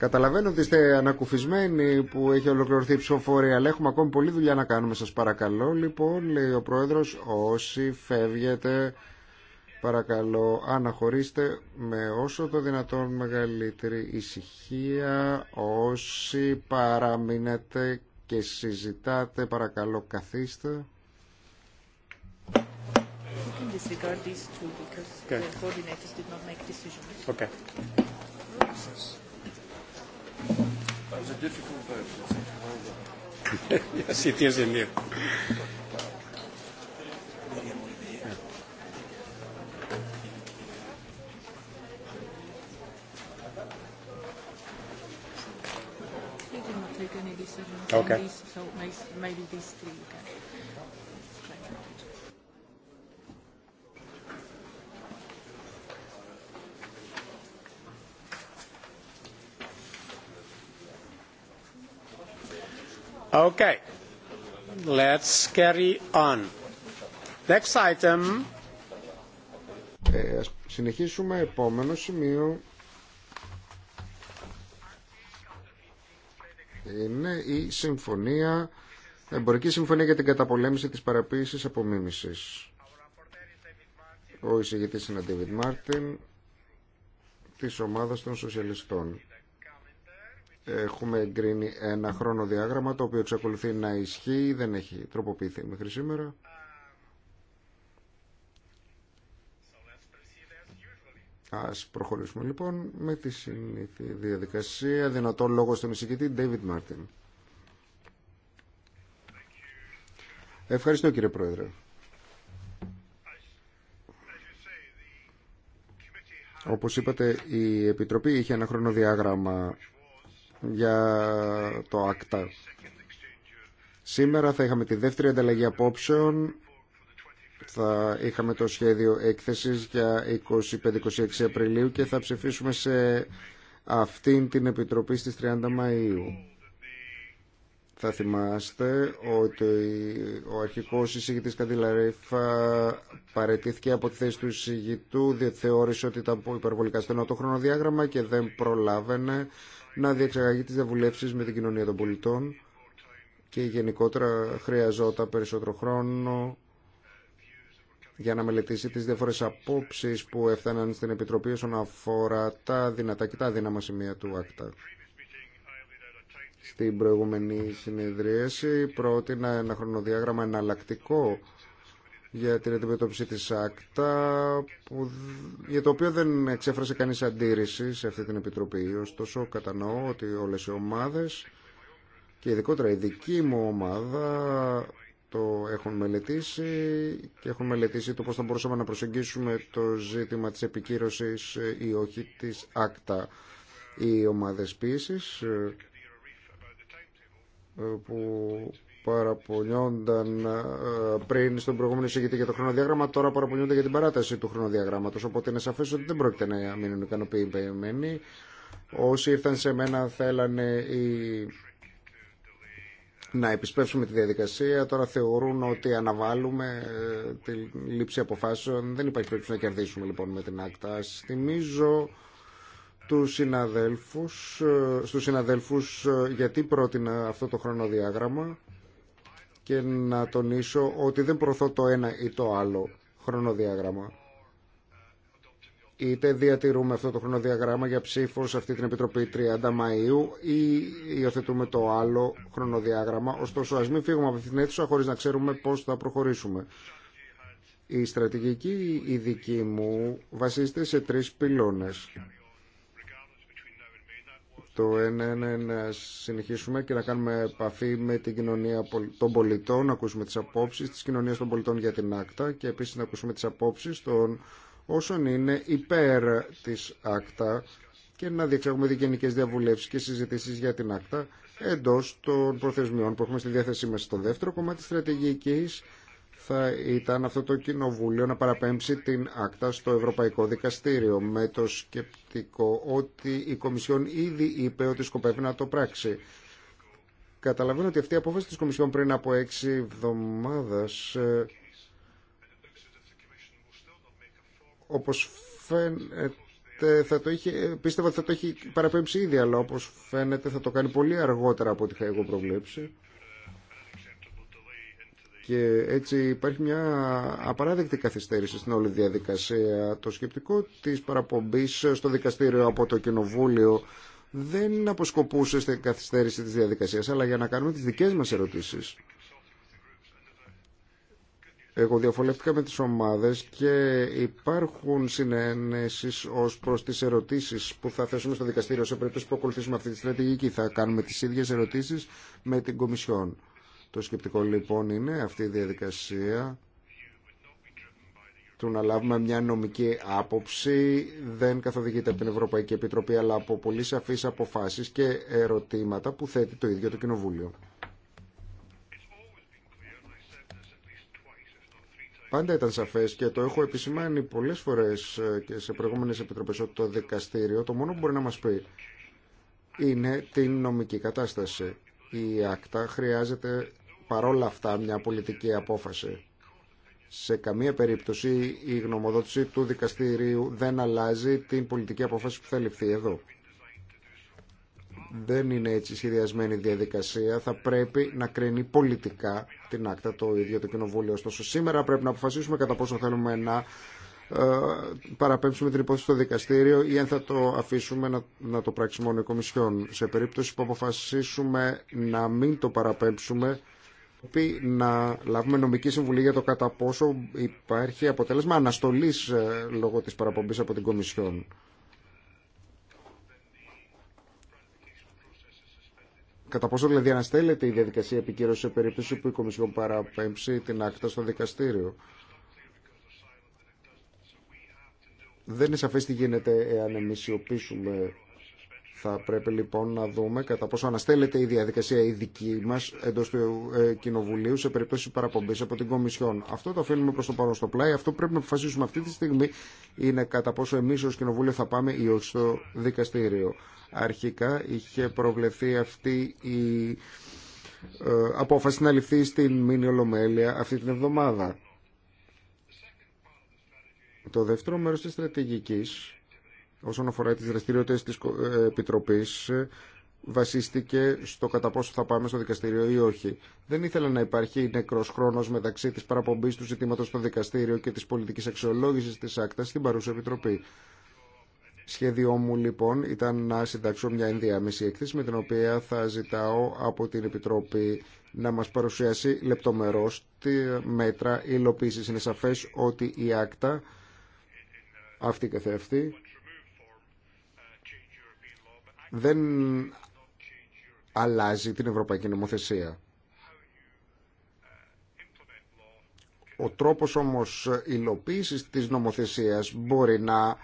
Καταλαβαίνω ότι είστε ανακουφισμένοι που έχει ολοκληρωθεί η ψηφοφορία, αλλά έχουμε ακόμη πολλή δουλειά να κάνουμε. Σας παρακαλώ, λοιπόν, λέει ο Πρόεδρος, όσοι φεύγετε, παρακαλώ, αναχωρήστε με όσο το δυνατόν μεγαλύτερη ησυχία. Όσοι παραμείνετε και συζητάτε, παρακαλώ, καθίστε. Okay. That was a difficult vote. yes, it is indeed. okay. so maybe three Okay, let's on. Ε, συνεχίσουμε επόμενο σημείο. Είναι η συμφωνία, εμπορική συμφωνία για την καταπολέμηση της παραποίησης απομίμησης. Ο εισηγητής είναι David Μάρτιν της ομάδας των σοσιαλιστών. Έχουμε εγκρίνει ένα χρόνο διάγραμμα το οποίο εξακολουθεί να ισχύει, δεν έχει τροποποιηθεί μέχρι σήμερα. Ας προχωρήσουμε λοιπόν με τη συνήθη διαδικασία. Δυνατό λόγο στον εισηγητή David Martin. Ευχαριστώ κύριε Πρόεδρε. Όπως είπατε, η Επιτροπή είχε ένα χρονοδιάγραμμα για το ΑΚΤΑ. Σήμερα θα είχαμε τη δεύτερη ανταλλαγή απόψεων. Θα είχαμε το σχέδιο έκθεσης για 25-26 Απριλίου και θα ψηφίσουμε σε αυτήν την Επιτροπή στις 30 Μαΐου. Θα θυμάστε ότι ο αρχικός εισηγητής Καντιλαρίφα παρετήθηκε από τη θέση του εισηγητού διότι θεώρησε ότι ήταν υπερβολικά στενό το χρονοδιάγραμμα και δεν προλάβαινε να διεξαγαγεί τις διαβουλεύσεις με την κοινωνία των πολιτών και γενικότερα χρειαζόταν περισσότερο χρόνο για να μελετήσει τις διάφορες απόψεις που έφταναν στην Επιτροπή όσον αφορά τα δυνατά και τα δύναμα σημεία του ΑΚΤΑ. Στην προηγούμενη συνεδρίαση πρότεινα ένα χρονοδιάγραμμα εναλλακτικό για την αντιμετώπιση της ΑΚΤΑ, που, για το οποίο δεν εξέφρασε κανείς αντίρρηση σε αυτή την Επιτροπή. Ωστόσο, κατανοώ ότι όλες οι ομάδες και ειδικότερα η δική μου ομάδα το έχουν μελετήσει και έχουν μελετήσει το πώς θα μπορούσαμε να προσεγγίσουμε το ζήτημα της επικύρωσης ή όχι της ΑΚΤΑ. Οι ομάδες ποιησης ε, που παραπονιόνταν ε, πριν στον προηγούμενο εισηγητή για το χρονοδιάγραμμα, τώρα παραπονιούνται για την παράταση του χρονοδιαγράμματο. Οπότε είναι σαφέ ότι δεν πρόκειται να μείνουν ικανοποιημένοι. Όσοι ήρθαν σε μένα θέλανε η... να επισπεύσουμε τη διαδικασία. Τώρα θεωρούν ότι αναβάλουμε ε, τη λήψη αποφάσεων. Δεν υπάρχει περίπτωση να κερδίσουμε λοιπόν με την άκτα. Θυμίζω τους συναδέλφους, ε, στους συναδέλφους γιατί πρότεινα αυτό το χρονοδιάγραμμα και να τονίσω ότι δεν προωθώ το ένα ή το άλλο χρονοδιάγραμμα. Είτε διατηρούμε αυτό το χρονοδιάγραμμα για ψήφο σε αυτή την Επιτροπή 30 Μαΐου ή υιοθετούμε το άλλο χρονοδιάγραμμα. Ωστόσο, ας μην φύγουμε από αυτή την αίθουσα χωρίς να ξέρουμε πώς θα προχωρήσουμε. Η στρατηγική η δική μου βασίζεται σε τρεις πυλώνες να συνεχίσουμε και να κάνουμε επαφή με την κοινωνία των πολιτών, να ακούσουμε τις απόψεις της κοινωνίας των πολιτών για την άκτα και επίσης να ακούσουμε τις απόψεις των όσων είναι υπέρ της άκτα και να διεξάγουμε δικαινικέ διαβουλεύσεις και συζητήσεις για την άκτα εντός των προθεσμιών που έχουμε στη διάθεσή μας στο δεύτερο κομμάτι στρατηγικής θα ήταν αυτό το κοινοβούλιο να παραπέμψει την άκτα στο Ευρωπαϊκό Δικαστήριο με το σκεπτικό ότι η Κομισιόν ήδη είπε ότι σκοπεύει να το πράξει. Καταλαβαίνω ότι αυτή η απόφαση της Κομισιόν πριν από έξι εβδομάδες ε, όπως φαίνεται θα το είχε, πίστευα ότι θα το έχει παραπέμψει ήδη αλλά όπως φαίνεται θα το κάνει πολύ αργότερα από ό,τι είχα εγώ προβλέψει και έτσι υπάρχει μια απαράδεκτη καθυστέρηση στην όλη διαδικασία. Το σκεπτικό της παραπομπής στο δικαστήριο από το Κοινοβούλιο δεν αποσκοπούσε στην καθυστέρηση της διαδικασίας, αλλά για να κάνουμε τις δικές μας ερωτήσεις. Εγώ διαφορεύτηκα με τις ομάδες και υπάρχουν συνένεσεις ως προς τις ερωτήσεις που θα θέσουμε στο δικαστήριο σε περίπτωση που ακολουθήσουμε αυτή τη στρατηγική. Θα κάνουμε τις ίδιες ερωτήσεις με την Κομισιόν. Το σκεπτικό λοιπόν είναι αυτή η διαδικασία του να λάβουμε μια νομική άποψη δεν καθοδηγείται από την Ευρωπαϊκή Επιτροπή αλλά από πολύ σαφείς αποφάσεις και ερωτήματα που θέτει το ίδιο το Κοινοβούλιο. Πάντα ήταν σαφέ και το έχω επισημάνει πολλές φορές ε, και σε προηγούμενες επιτροπές, ότι το δικαστήριο το μόνο που μπορεί να μας πει είναι την νομική κατάσταση. Η άκτα χρειάζεται παρόλα αυτά μια πολιτική απόφαση. Σε καμία περίπτωση η γνωμοδότηση του δικαστηρίου δεν αλλάζει την πολιτική απόφαση που θα ληφθεί εδώ. Δεν είναι έτσι σχεδιασμένη η διαδικασία. Θα πρέπει να κρίνει πολιτικά την άκτα το ίδιο το κοινοβούλιο. Ωστόσο, σήμερα πρέπει να αποφασίσουμε κατά πόσο θέλουμε να ε, παραπέμψουμε την υπόθεση στο δικαστήριο ή αν θα το αφήσουμε να, να το πράξει μόνο η Κομισιόν. Σε περίπτωση που αποφασίσουμε να μην το παραπέμψουμε, Πρέπει να λάβουμε νομική συμβουλή για το κατά πόσο υπάρχει αποτέλεσμα αναστολής ε, λόγω της παραπομπής από την Κομισιόν. Κατά πόσο δηλαδή αναστέλλεται η διαδικασία επικύρωση σε περίπτωση που η Κομισιόν παραπέμψει την άκτα στο δικαστήριο. Δεν είναι σαφές τι γίνεται εάν εμείς σιωπήσουμε θα πρέπει λοιπόν να δούμε κατά πόσο αναστέλλεται η διαδικασία η δική μα εντό του ε, Κοινοβουλίου σε περίπτωση παραπομπή από την Κομισιόν. Αυτό το αφήνουμε προ το παρόν στο πλάι. Αυτό πρέπει να αποφασίσουμε αυτή τη στιγμή είναι κατά πόσο εμεί ω Κοινοβούλιο θα πάμε ή όχι στο δικαστήριο. Αρχικά είχε προβλεφθεί αυτή η ε, απόφαση να ληφθεί στην μήνυ Ολομέλεια αυτή την εβδομάδα. Το δεύτερο μέρο τη στρατηγική όσον αφορά τις δραστηριότητες της ε, Επιτροπής ε, βασίστηκε στο κατά πόσο θα πάμε στο δικαστήριο ή όχι. Δεν ήθελα να υπάρχει νεκρός χρόνος μεταξύ της παραπομπής του ζητήματος στο δικαστήριο και της πολιτικής αξιολόγησης της άκτας στην παρούσα Επιτροπή. Σχέδιό μου λοιπόν ήταν να συντάξω μια ενδιάμεση έκθεση με την οποία θα ζητάω από την Επιτροπή να μας παρουσιάσει λεπτομερώς τη μέτρα υλοποίησης. Είναι σαφές ότι η άκτα αυτή καθεαυτή δεν αλλάζει την ευρωπαϊκή νομοθεσία. Ο τρόπος όμως υλοποίησης της νομοθεσίας μπορεί να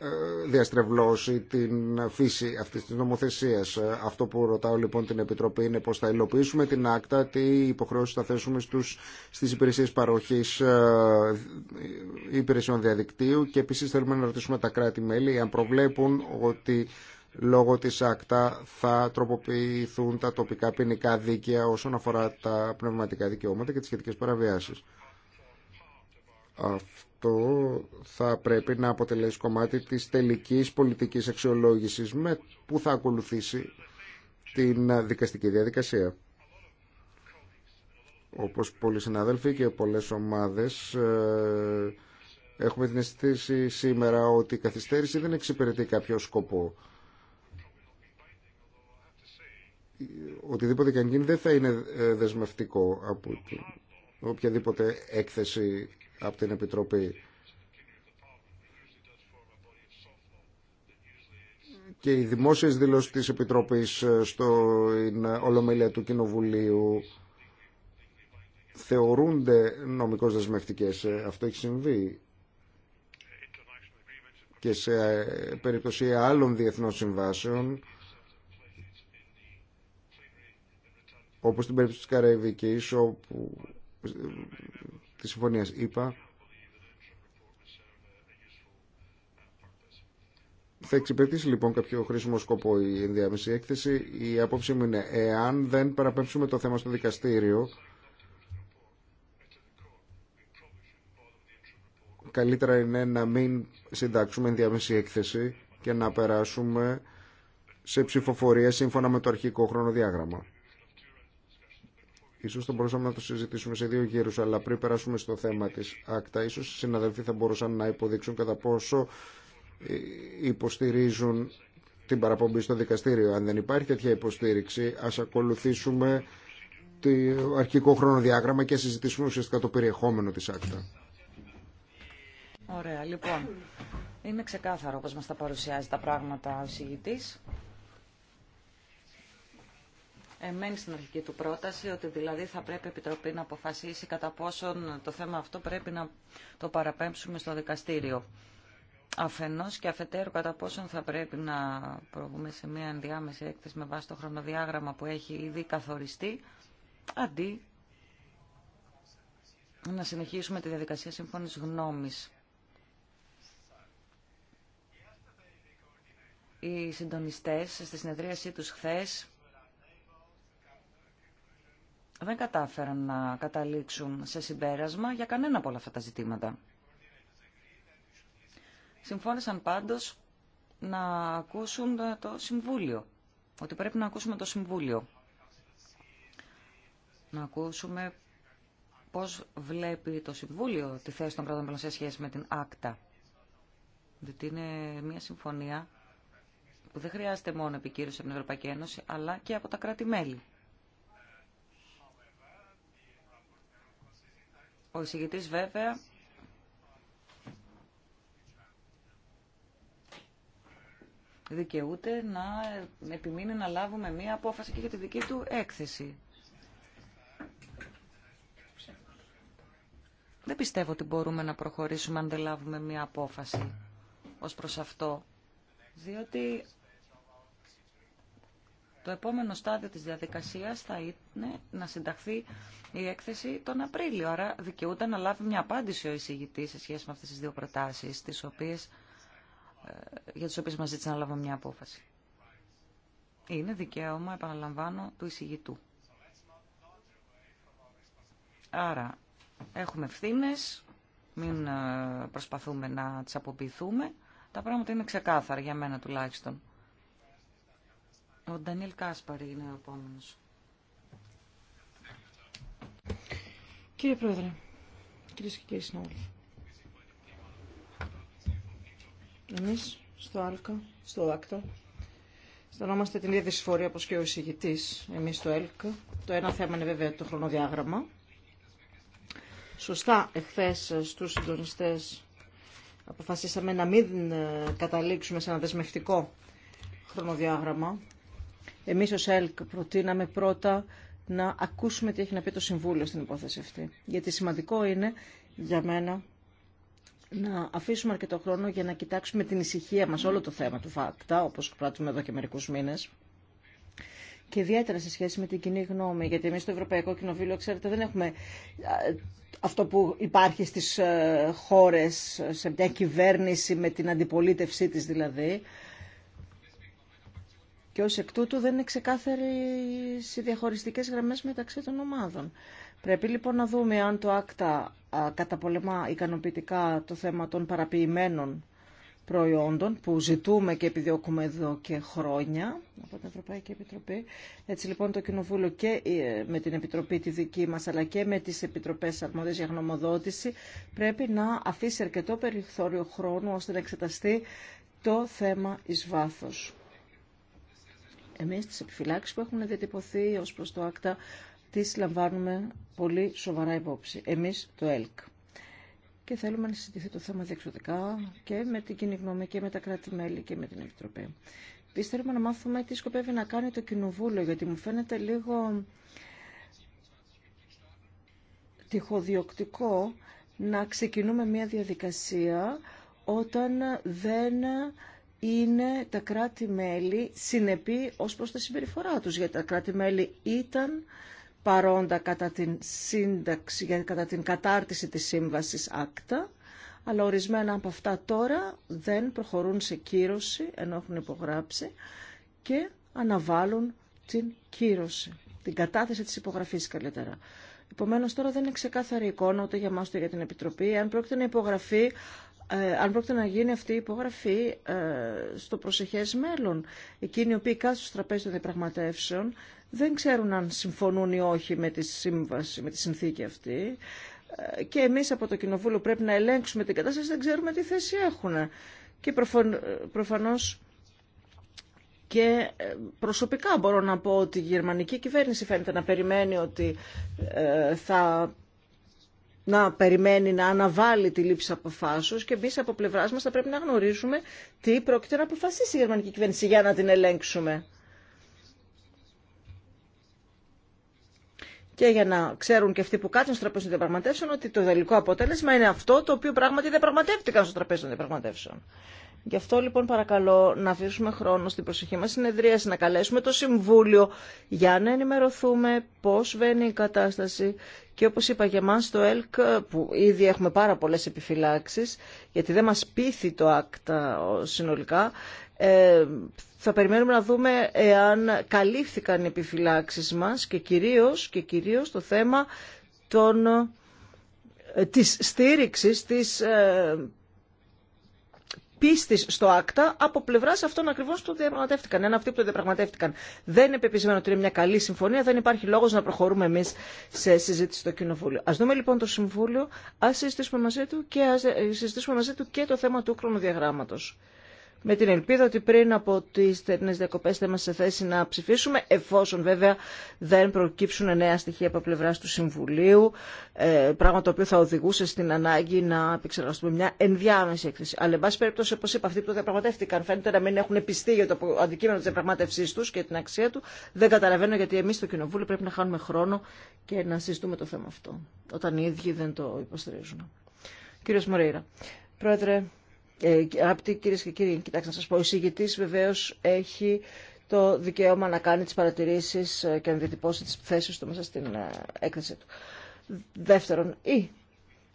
ε, διαστρεβλώσει την φύση αυτής της νομοθεσίας. Αυτό που ρωτάω λοιπόν την Επιτροπή είναι πώς θα υλοποιήσουμε την άκτα, τι υποχρεώσεις θα θέσουμε στους, στις υπηρεσίες παροχής ε, υπηρεσιών διαδικτύου και επίσης θέλουμε να ρωτήσουμε τα κράτη-μέλη αν προβλέπουν ότι Λόγω της ΑΚΤΑ θα τροποποιηθούν τα τοπικά ποινικά δίκαια όσον αφορά τα πνευματικά δικαιώματα και τις σχετικές παραβιάσεις. Αυτό θα πρέπει να αποτελέσει κομμάτι της τελικής πολιτικής αξιολόγησης με που θα ακολουθήσει την δικαστική διαδικασία. Όπως πολλοί συνάδελφοι και πολλές ομάδες ε, έχουμε την αισθήση σήμερα ότι η καθυστέρηση δεν εξυπηρετεί κάποιο σκοπό οτιδήποτε και αν γίνει δεν θα είναι ε, δεσμευτικό από οποιαδήποτε έκθεση από την Επιτροπή. Και οι δημόσιες δηλώσεις της Επιτροπής ε, στο Ολομέλεια του Κοινοβουλίου θεωρούνται νομικώς δεσμευτικές. Ε, αυτό έχει συμβεί και σε περίπτωση άλλων διεθνών συμβάσεων όπως στην περίπτωση της Καραϊβικής όπου τη συμφωνία είπα Θα εξυπηρετήσει λοιπόν κάποιο χρήσιμο σκοπό η ενδιάμεση έκθεση. Η απόψη μου είναι εάν δεν παραπέμψουμε το θέμα στο δικαστήριο καλύτερα είναι να μην συντάξουμε ενδιάμεση έκθεση και να περάσουμε σε ψηφοφορία σύμφωνα με το αρχικό χρονοδιάγραμμα. Ίσως θα μπορούσαμε να το συζητήσουμε σε δύο γύρους, αλλά πριν περάσουμε στο θέμα της ΑΚΤΑ, ίσως οι συναδελφοί θα μπορούσαν να υποδείξουν κατά πόσο ε, υποστηρίζουν την παραπομπή στο δικαστήριο. Αν δεν υπάρχει τέτοια υποστήριξη, ας ακολουθήσουμε το αρχικό χρονοδιάγραμμα και συζητήσουμε ουσιαστικά το περιεχόμενο της άκτα. Ωραία, λοιπόν. Είναι ξεκάθαρο πώς μας τα παρουσιάζει τα πράγματα ο συγητής μένει στην αρχική του πρόταση, ότι δηλαδή θα πρέπει η Επιτροπή να αποφασίσει κατά πόσον το θέμα αυτό πρέπει να το παραπέμψουμε στο δικαστήριο. Αφενός και αφετέρου κατά πόσον θα πρέπει να προβούμε σε μια ενδιάμεση έκθεση με βάση το χρονοδιάγραμμα που έχει ήδη καθοριστεί, αντί να συνεχίσουμε τη διαδικασία σύμφωνης γνώμης. Οι συντονιστές στη συνεδρίασή τους χθες δεν κατάφεραν να καταλήξουν σε συμπέρασμα για κανένα από όλα αυτά τα ζητήματα. Συμφώνησαν πάντως να ακούσουν το Συμβούλιο, ότι πρέπει να ακούσουμε το Συμβούλιο. Να ακούσουμε πώς βλέπει το Συμβούλιο τη θέση των κρατών μελών σε σχέση με την ΑΚΤΑ. Διότι είναι μια συμφωνία που δεν χρειάζεται μόνο επικύρωση από την Ευρωπαϊκή Ένωση, αλλά και από τα κράτη-μέλη. Ο εισηγητής βέβαια δικαιούται να επιμείνει να λάβουμε μία απόφαση και για τη δική του έκθεση. Δεν πιστεύω ότι μπορούμε να προχωρήσουμε αν δεν λάβουμε μία απόφαση ως προς αυτό. Διότι το επόμενο στάδιο της διαδικασίας θα είναι να συνταχθεί η έκθεση τον Απρίλιο. Άρα δικαιούται να λάβει μια απάντηση ο εισηγητής σε σχέση με αυτές τις δύο προτάσεις, τις οποίες, ε, για τις οποίες μας ζήτησε να λάβουμε μια απόφαση. Είναι δικαίωμα, επαναλαμβάνω, του εισηγητού. Άρα, έχουμε ευθύνε, μην ε, προσπαθούμε να τις αποποιηθούμε. Τα πράγματα είναι ξεκάθαρα για μένα τουλάχιστον. Ο Ντανίλ Κάσπαρη είναι ο επόμενο. Κύριε Πρόεδρε, κύριε και κύριοι συνάδελφοι, εμείς στο ΑΛΚΑ, στο ΑΚΤΑ, αισθανόμαστε την ίδια δυσφορία όπω και ο εισηγητή, εμείς στο ΕΛΚΑ. Το ένα θέμα είναι βέβαια το χρονοδιάγραμμα. Σωστά, εχθέ στου συντονιστέ αποφασίσαμε να μην ε, καταλήξουμε σε ένα δεσμευτικό χρονοδιάγραμμα εμείς ως ΕΛΚ προτείναμε πρώτα να ακούσουμε τι έχει να πει το Συμβούλιο στην υπόθεση αυτή. Γιατί σημαντικό είναι για μένα να αφήσουμε αρκετό χρόνο για να κοιτάξουμε την ησυχία μας όλο το θέμα του ΦΑΚΤΑ, όπως πράττουμε εδώ και μερικούς μήνες. Και ιδιαίτερα σε σχέση με την κοινή γνώμη, γιατί εμείς στο Ευρωπαϊκό Κοινοβούλιο, ξέρετε, δεν έχουμε αυτό που υπάρχει στις ε, χώρες, σε μια κυβέρνηση με την αντιπολίτευσή της δηλαδή, και ως εκ τούτου δεν είναι ξεκάθαρη οι διαχωριστικές γραμμές μεταξύ των ομάδων. Πρέπει λοιπόν να δούμε αν το άκτα καταπολεμά ικανοποιητικά το θέμα των παραποιημένων προϊόντων που ζητούμε και επιδιώκουμε εδώ και χρόνια από την Ευρωπαϊκή Επιτροπή. Έτσι λοιπόν το Κοινοβούλιο και ε, με την Επιτροπή τη δική μας αλλά και με τις Επιτροπές Αρμόδιες για Γνωμοδότηση πρέπει να αφήσει αρκετό περιθώριο χρόνου ώστε να εξεταστεί το θέμα εις βάθος. Εμείς τις επιφυλάξεις που έχουν διατυπωθεί ως προς το άκτα τις λαμβάνουμε πολύ σοβαρά υπόψη. Εμείς το ΕΛΚ. Και θέλουμε να συζητηθεί το θέμα διεξοδικά και με την κοινή γνώμη και με τα κράτη-μέλη και με την Επιτροπή. Επίσης θέλουμε να μάθουμε τι σκοπεύει να κάνει το Κοινοβούλιο, γιατί μου φαίνεται λίγο τυχοδιοκτικό να ξεκινούμε μια διαδικασία όταν δεν είναι τα κράτη-μέλη συνεπή ως προς τα συμπεριφορά τους. Γιατί τα κράτη-μέλη ήταν παρόντα κατά την σύνταξη, κατά την κατάρτιση της σύμβασης άκτα, αλλά ορισμένα από αυτά τώρα δεν προχωρούν σε κύρωση, ενώ έχουν υπογράψει, και αναβάλουν την κύρωση, την κατάθεση της υπογραφής καλύτερα. Επομένω, τώρα δεν είναι ξεκάθαρη εικόνα ούτε για εμά ούτε για την Επιτροπή. Αν πρόκειται να υπογραφεί ε, αν πρόκειται να γίνει αυτή η υπογραφή ε, στο προσεχές μέλλον. Εκείνοι οι οποίοι κάθονται στο τραπέζι των διαπραγματεύσεων δεν ξέρουν αν συμφωνούν ή όχι με τη σύμβαση, με τη συνθήκη αυτή. Ε, και εμείς από το Κοινοβούλιο πρέπει να ελέγξουμε την κατάσταση, δεν ξέρουμε τι θέση έχουν. Και προφανώς και προσωπικά μπορώ να πω ότι η γερμανική κυβέρνηση φαίνεται να περιμένει ότι θα να περιμένει να αναβάλει τη λήψη αποφάσεως και εμεί από πλευρά μα θα πρέπει να γνωρίζουμε τι πρόκειται να αποφασίσει η γερμανική κυβέρνηση για να την ελέγξουμε. και για να ξέρουν και αυτοί που κάτσουν στο τραπέζι των διαπραγματεύσεων ότι το τελικό αποτέλεσμα είναι αυτό το οποίο πράγματι πραγματεύτηκαν στο τραπέζι των διαπραγματεύσεων. Γι' αυτό λοιπόν παρακαλώ να αφήσουμε χρόνο στην προσοχή μας συνεδρίαση, να καλέσουμε το Συμβούλιο για να ενημερωθούμε πώς βαίνει η κατάσταση και όπως είπα για εμάς το ΕΛΚ που ήδη έχουμε πάρα πολλές επιφυλάξεις γιατί δεν μας πείθει το ΑΚΤΑ συνολικά ε, θα περιμένουμε να δούμε εάν καλύφθηκαν οι επιφυλάξεις μας και κυρίως, και κυρίως το θέμα των, ε, της στήριξης της ε, πίστης στο άκτα από πλευράς αυτών ακριβώς που το διαπραγματεύτηκαν. Ένα αυτοί που το διαπραγματεύτηκαν δεν είναι πεπισμένο ότι είναι μια καλή συμφωνία, δεν υπάρχει λόγος να προχωρούμε εμείς σε συζήτηση στο Κοινοβούλιο. Ας δούμε λοιπόν το Συμβούλιο, ας συζητήσουμε μαζί του και, ας συζητήσουμε μαζί του και το θέμα του χρονοδιαγράμματος με την ελπίδα ότι πριν από τις τερινέ διακοπές θα είμαστε σε θέση να ψηφίσουμε, εφόσον βέβαια δεν προκύψουν νέα στοιχεία από πλευρά του Συμβουλίου, ε, πράγμα το οποίο θα οδηγούσε στην ανάγκη να επεξεργαστούμε μια ενδιάμεση έκθεση. Αλλά, εν πάση περιπτώσει, όπω είπα, αυτοί που το διαπραγματεύτηκαν φαίνεται να μην έχουν πιστεί για το αντικείμενο τη διαπραγμάτευσή του και την αξία του. Δεν καταλαβαίνω γιατί εμεί στο Κοινοβούλιο πρέπει να χάνουμε χρόνο και να συζητούμε το θέμα αυτό, όταν οι ίδιοι δεν το υποστηρίζουν. Κύριος Μωρέιρα, Πρόεδρε, ε, αγαπητοί κυρίε και κύριοι, κοιτάξτε να σα πω, ο εισηγητή βεβαίω έχει το δικαίωμα να κάνει τι παρατηρήσει ε, και να διατυπώσει τι θέσει του μέσα στην ε, έκθεση του. Δεύτερον, ή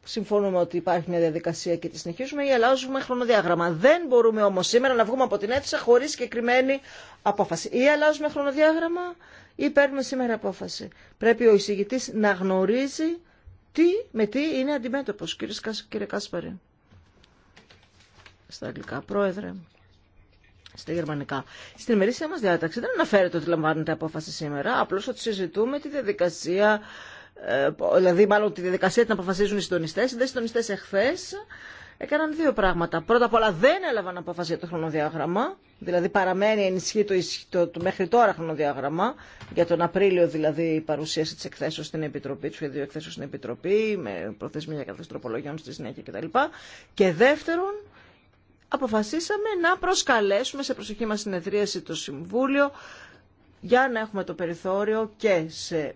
συμφωνούμε ότι υπάρχει μια διαδικασία και τη συνεχίζουμε ή αλλάζουμε χρονοδιάγραμμα. Δεν μπορούμε όμω σήμερα να βγούμε από την αίθουσα χωρί συγκεκριμένη απόφαση. Ή αλλάζουμε χρονοδιάγραμμα ή παίρνουμε σήμερα απόφαση. Πρέπει ο εισηγητή να γνωρίζει τι, με τι είναι αντιμέτωπο. Κύριε Κάσπαρη στα αγγλικά. Πρόεδρε, στα γερμανικά. Στην ημερήσια μας διάταξη δεν αναφέρεται ότι λαμβάνεται απόφαση σήμερα, απλώς ότι συζητούμε τη διαδικασία, ε, δηλαδή μάλλον τη διαδικασία την αποφασίζουν οι συντονιστές. Οι δε συντονιστές εχθές έκαναν δύο πράγματα. Πρώτα απ' όλα δεν έλαβαν απόφαση για το χρονοδιάγραμμα, δηλαδή παραμένει ενισχύ το, το, μέχρι τώρα χρονοδιάγραμμα, για τον Απρίλιο δηλαδή η παρουσίαση της εκθέσεως στην Επιτροπή, του σχεδίου εκθέσεως στην Επιτροπή, με προθεσμία για καθεστροπολογιών στη συνέχεια κτλ. Και δεύτερον, αποφασίσαμε να προσκαλέσουμε σε προσοχή μας συνεδρίαση το Συμβούλιο για να έχουμε το περιθώριο και σε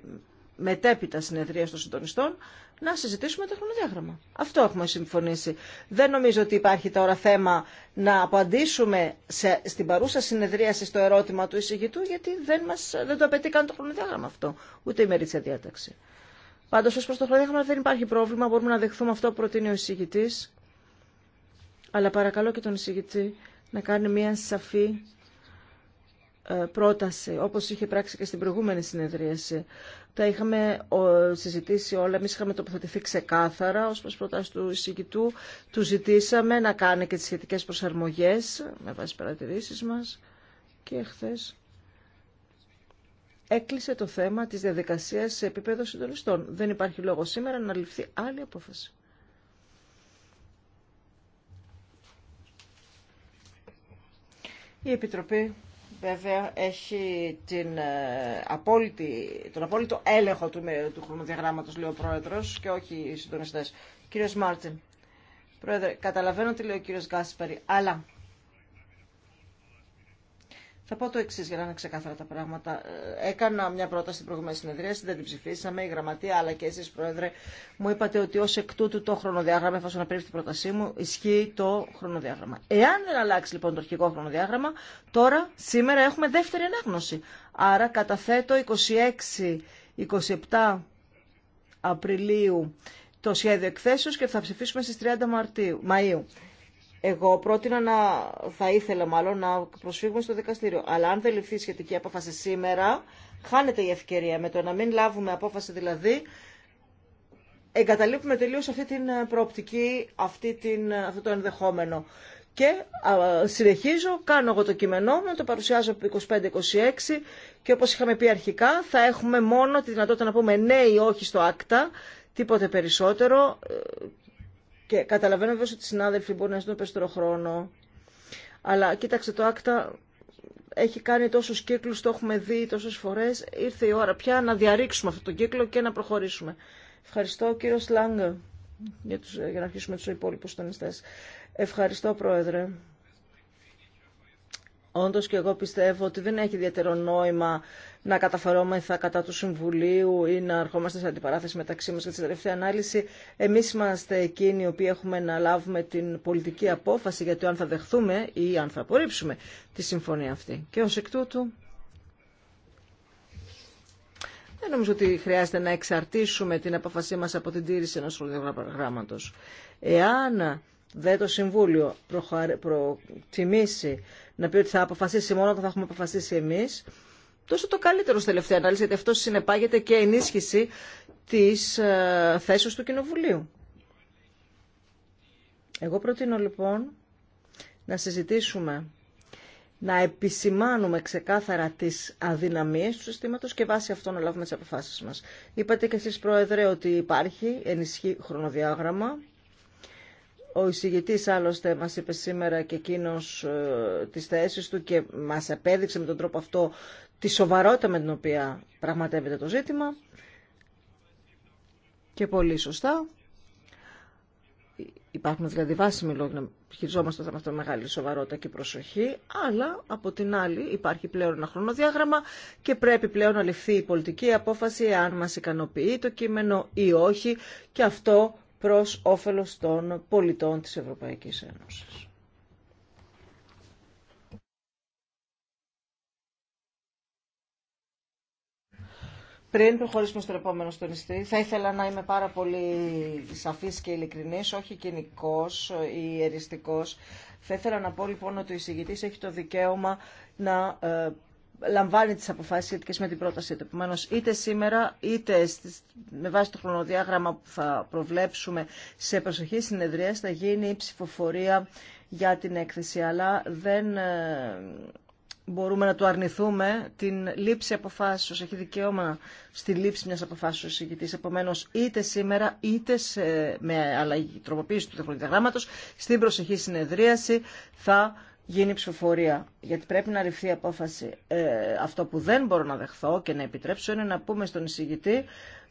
μετέπειτα συνεδρία των συντονιστών να συζητήσουμε το χρονοδιάγραμμα. Αυτό έχουμε συμφωνήσει. Δεν νομίζω ότι υπάρχει τώρα θέμα να απαντήσουμε σε, στην παρούσα συνεδρίαση στο ερώτημα του εισηγητού, γιατί δεν, μας, δεν το απαιτεί καν το χρονοδιάγραμμα αυτό, ούτε η μερίτσια διάταξη. Πάντω ω προς το χρονοδιάγραμμα δεν υπάρχει πρόβλημα, μπορούμε να δεχθούμε αυτό που προτείνει ο εισηγητή αλλά παρακαλώ και τον εισηγητή να κάνει μια σαφή ε, πρόταση, όπως είχε πράξει και στην προηγούμενη συνεδρίαση. Τα είχαμε συζητήσει όλα, εμείς είχαμε τοποθετηθεί ξεκάθαρα ως προς πρόταση του εισηγητού. Του ζητήσαμε να κάνει και τις σχετικές προσαρμογές με βάση παρατηρήσεις μας και χθε. Έκλεισε το θέμα της διαδικασίας σε επίπεδο συντονιστών. Δεν υπάρχει λόγο σήμερα να ληφθεί άλλη απόφαση. Η Επιτροπή βέβαια έχει την, ε, απόλυτη, τον απόλυτο έλεγχο του, του χρονοδιαγράμματος, λέει ο Πρόεδρος, και όχι οι συντονιστές. Κύριος Μάρτιν, Πρόεδρε, καταλαβαίνω τι λέει ο κύριος Γκάσπερη, αλλά θα πω το εξή για να είναι ξεκάθαρα τα πράγματα. Ε, έκανα μια πρόταση στην προηγούμενη συνεδρία, δεν την ψηφίσαμε. Η γραμματεία αλλά και εσεί, Πρόεδρε, μου είπατε ότι ω εκ τούτου το χρονοδιάγραμμα, εφόσον απερίφθη την πρότασή μου, ισχύει το χρονοδιάγραμμα. Εάν δεν αλλάξει λοιπόν το αρχικό χρονοδιάγραμμα, τώρα σήμερα έχουμε δεύτερη ανάγνωση. Άρα καταθέτω 26-27 Απριλίου το σχέδιο εκθέσεως και θα ψηφίσουμε στι 30 Μαρτίου, Μαΐου. Εγώ πρότεινα να, θα ήθελα μάλλον να προσφύγουμε στο δικαστήριο. Αλλά αν δεν ληφθεί σχετική απόφαση σήμερα, χάνεται η ευκαιρία. Με το να μην λάβουμε απόφαση δηλαδή, εγκαταλείπουμε τελείως αυτή την ε, προοπτική, αυτή την, ε, αυτό το ενδεχόμενο. Και συνεχίζω, κάνω εγώ το κείμενό μου, το παρουσιάζω από 25-26 και όπως είχαμε πει αρχικά θα έχουμε μόνο τη δυνατότητα να πούμε ναι ή όχι στο άκτα, τίποτε περισσότερο ε, και καταλαβαίνω βέβαια ότι οι συνάδελφοι μπορεί να ζητούν περισσότερο χρόνο. Αλλά κοίταξε το άκτα έχει κάνει τόσους κύκλους, το έχουμε δει τόσε φορές. Ήρθε η ώρα πια να διαρρήξουμε αυτόν τον κύκλο και να προχωρήσουμε. Ευχαριστώ κύριο Σλάγκ για, για να αρχίσουμε του υπόλοιπου τονιστέ. Ευχαριστώ πρόεδρε. Όντως και εγώ πιστεύω ότι δεν έχει ιδιαίτερο νόημα να καταφερόμεθα κατά του Συμβουλίου ή να ερχόμαστε σε αντιπαράθεση μεταξύ μας. για τη τελευταία ανάλυση, εμείς είμαστε εκείνοι οι οποίοι έχουμε να λάβουμε την πολιτική απόφαση για το αν θα δεχθούμε ή αν θα απορρίψουμε τη συμφωνία αυτή. Και ως εκ τούτου, δεν νομίζω ότι χρειάζεται να εξαρτήσουμε την απόφασή μας από την τήρηση ενός προγράμματος. Εάν δεν το Συμβούλιο προτιμήσει να πει ότι θα αποφασίσει μόνο όταν θα έχουμε αποφασίσει εμείς, τόσο το καλύτερο στη τελευταία ανάλυση, γιατί αυτό συνεπάγεται και ενίσχυση της ε, θέσεως του Κοινοβουλίου. Εγώ προτείνω λοιπόν να συζητήσουμε να επισημάνουμε ξεκάθαρα τις αδυναμίες του συστήματος και βάσει αυτό να λάβουμε τις αποφάσεις μας. Είπατε και εσείς, Πρόεδρε, ότι υπάρχει ενισχύ χρονοδιάγραμμα ο εισηγητής άλλωστε μας είπε σήμερα και εκείνο ε, τις θέσεις του και μας επέδειξε με τον τρόπο αυτό τη σοβαρότητα με την οποία πραγματεύεται το ζήτημα και πολύ σωστά. Υπάρχουν δηλαδή βάσιμοι λόγοι να χειριζόμαστε με αυτό μεγάλη σοβαρότητα και προσοχή, αλλά από την άλλη υπάρχει πλέον ένα χρονοδιάγραμμα και πρέπει πλέον να ληφθεί η πολιτική απόφαση αν μας ικανοποιεί το κείμενο ή όχι και αυτό προς όφελος των πολιτών της Ευρωπαϊκής Ένωσης. Πριν προχωρήσουμε στο επόμενο στονιστή, θα ήθελα να είμαι πάρα πολύ σαφής και ειλικρινής, όχι κοινικός ή εριστικός. Θα ήθελα να πω λοιπόν ότι ο εισηγητής έχει το δικαίωμα να ε, λαμβάνει τις αποφάσεις σχετικέ με την πρότασή του. Επομένω, είτε σήμερα, είτε με βάση το χρονοδιάγραμμα που θα προβλέψουμε σε προσοχή συνεδρία θα γίνει η ψηφοφορία για την έκθεση. Αλλά δεν ε, μπορούμε να του αρνηθούμε την λήψη αποφάσεως. Έχει δικαίωμα στη λήψη μιας αποφάσεως ο συγκητής. Επομένως, είτε σήμερα, είτε σε, με αλλαγή τροποποίηση του χρονοδιαγράμματος, στην προσοχή συνεδρίαση θα γίνει ψηφοφορία. Γιατί πρέπει να ρηφθεί η απόφαση. Ε, αυτό που δεν μπορώ να δεχθώ και να επιτρέψω είναι να πούμε στον εισηγητή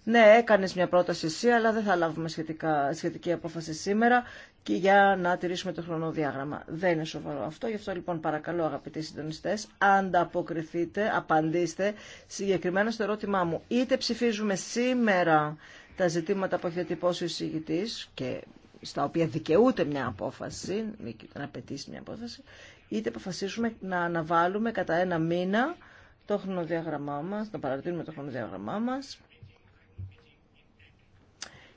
ναι, έκανες μια πρόταση εσύ, αλλά δεν θα λάβουμε σχετικά, σχετική απόφαση σήμερα και για να τηρήσουμε το χρονοδιάγραμμα. Δεν είναι σοβαρό αυτό, γι' αυτό λοιπόν παρακαλώ αγαπητοί συντονιστές, ανταποκριθείτε, απαντήστε συγκεκριμένα στο ερώτημά μου. Είτε ψηφίζουμε σήμερα τα ζητήματα που έχει διατυπώσει ο εισηγητής και στα οποία δικαιούται μια απόφαση, να απαιτήσει μια απόφαση, είτε αποφασίσουμε να αναβάλουμε κατά ένα μήνα το χρονοδιάγραμμά μας, να παρατηρούμε το χρονοδιάγραμμά μας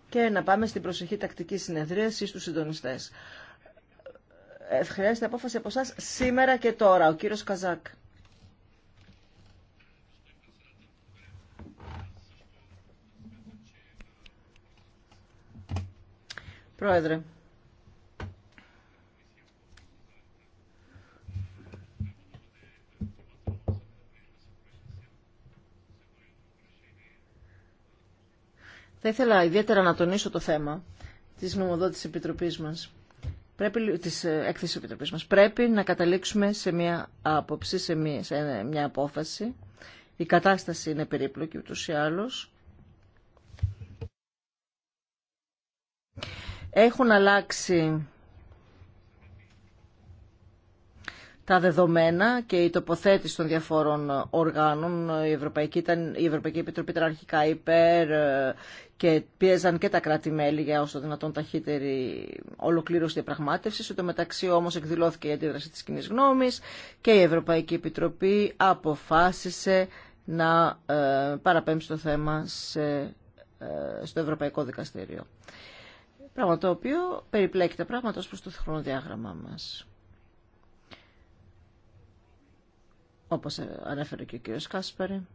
και να πάμε στην προσεχή τακτική ή στους συντονιστές. Ε, χρειάζεται απόφαση από εσά σήμερα και τώρα. Ο κύριος Καζάκ. Πρόεδρε. Θα ήθελα ιδιαίτερα να τονίσω το θέμα της νομοδότησης επιτροπής μας. Πρέπει, της ε, έκθεσης επιτροπής μας. Πρέπει να καταλήξουμε σε μια άποψη, σε μια, απόφαση. Η κατάσταση είναι περίπλοκη ούτως ή άλλως. Έχουν αλλάξει τα δεδομένα και η τοποθέτηση των διαφόρων οργάνων. Η Ευρωπαϊκή, η Ευρωπαϊκή Επιτροπή ήταν αρχικά υπέρ ε, και πίεζαν και τα κράτη-μέλη για όσο δυνατόν ταχύτερη ολοκλήρωση διαπραγμάτευση. Στο μεταξύ όμω εκδηλώθηκε η αντίδραση τη κοινή γνώμη και η Ευρωπαϊκή Επιτροπή αποφάσισε να ε, παραπέμψει το θέμα ε, στο Ευρωπαϊκό Δικαστήριο. Πράγμα το οποίο περιπλέκει τα πράγματα ως προς το χρονοδιάγραμμά μας. Όπως ανέφερε και ο κύριος Κάσπαρη.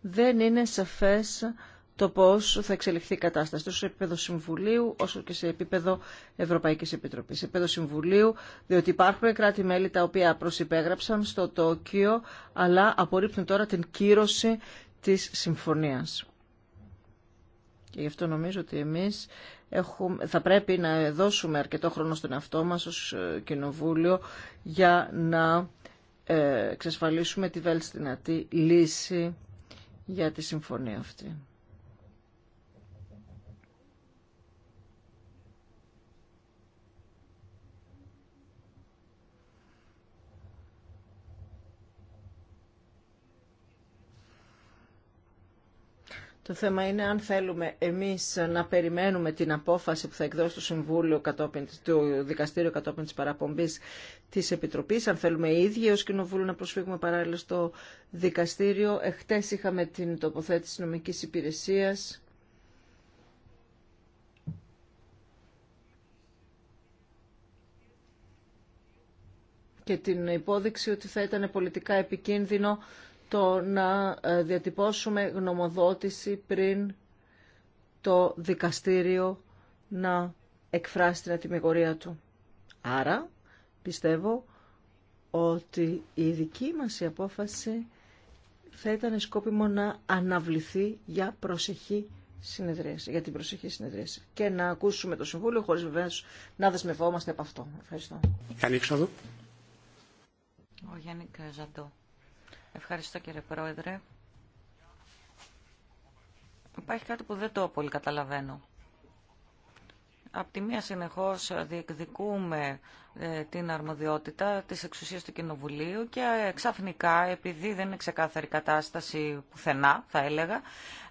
Δεν είναι σαφές το πώς θα εξελιχθεί η κατάσταση τόσο σε επίπεδο Συμβουλίου όσο και σε επίπεδο Ευρωπαϊκής Επιτροπής. Σε επίπεδο Συμβουλίου, διότι υπάρχουν κράτη-μέλη τα οποία προσυπέγραψαν στο Τόκιο, αλλά απορρίπτουν τώρα την κύρωση της συμφωνίας. Και γι' αυτό νομίζω ότι εμείς θα πρέπει να δώσουμε αρκετό χρόνο στον εαυτό μας ως ε, Κοινοβούλιο για να ε, εξασφαλίσουμε τη βέλτιστη λύση για τη συμφωνία αυτή. Το θέμα είναι αν θέλουμε εμείς να περιμένουμε την απόφαση που θα εκδώσει το Συμβούλιο κατόπιν, του Δικαστήριο κατόπιν της παραπομπής της Επιτροπής, αν θέλουμε οι ίδιοι ως Κοινοβούλιο να προσφύγουμε παράλληλα στο Δικαστήριο. Εχθές είχαμε την τοποθέτηση νομικής υπηρεσίας. και την υπόδειξη ότι θα ήταν πολιτικά επικίνδυνο το να ε, διατυπώσουμε γνωμοδότηση πριν το δικαστήριο να εκφράσει την ατιμιγορία του. Άρα πιστεύω ότι η δική μας η απόφαση θα ήταν σκόπιμο να αναβληθεί για προσεχή συνεδρίαση, για την προσεχή συνεδρίαση και να ακούσουμε το Συμβούλιο χωρίς βεβαίως να δεσμευόμαστε από αυτό. Ευχαριστώ. Ο Γιάννη Ευχαριστώ κύριε Πρόεδρε. Υπάρχει κάτι που δεν το πολύ καταλαβαίνω. Απ' τη μία συνεχώς διεκδικούμε ε, την αρμοδιότητα της εξουσίας του Κοινοβουλίου και ε, ξαφνικά, επειδή δεν είναι ξεκάθαρη κατάσταση πουθενά, θα έλεγα,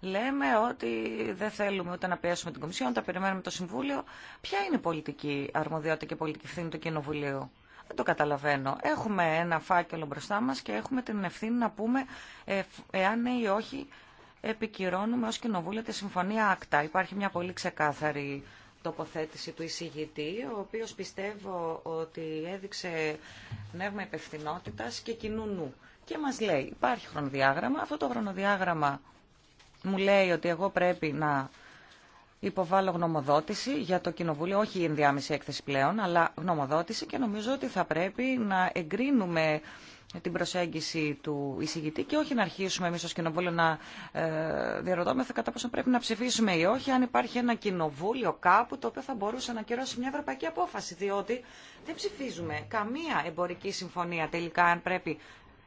λέμε ότι δεν θέλουμε ούτε να πιέσουμε την Κομισιόν, τα περιμένουμε το Συμβούλιο. Ποια είναι η πολιτική αρμοδιότητα και πολιτική ευθύνη του Κοινοβουλίου. Δεν το καταλαβαίνω. Έχουμε ένα φάκελο μπροστά μας και έχουμε την ευθύνη να πούμε εάν ναι ή όχι επικυρώνουμε ως κοινοβούλια τη Συμφωνία Άκτα. Υπάρχει μια πολύ ξεκάθαρη τοποθέτηση του εισηγητή, ο οποίος πιστεύω ότι έδειξε πνεύμα υπευθυνότητα και κοινού νου. Και μας λέει, υπάρχει χρονοδιάγραμμα, αυτό το χρονοδιάγραμμα μου λέει ότι εγώ πρέπει να υποβάλλω γνωμοδότηση για το Κοινοβούλιο, όχι η ενδιάμεση έκθεση πλέον, αλλά γνωμοδότηση και νομίζω ότι θα πρέπει να εγκρίνουμε την προσέγγιση του εισηγητή και όχι να αρχίσουμε εμείς ως κοινοβούλιο να ε, διαρωτώμεθα κατά πόσο πρέπει να ψηφίσουμε ή όχι αν υπάρχει ένα κοινοβούλιο κάπου το οποίο θα μπορούσε να κυρώσει μια ευρωπαϊκή απόφαση διότι δεν ψηφίζουμε καμία εμπορική συμφωνία τελικά αν πρέπει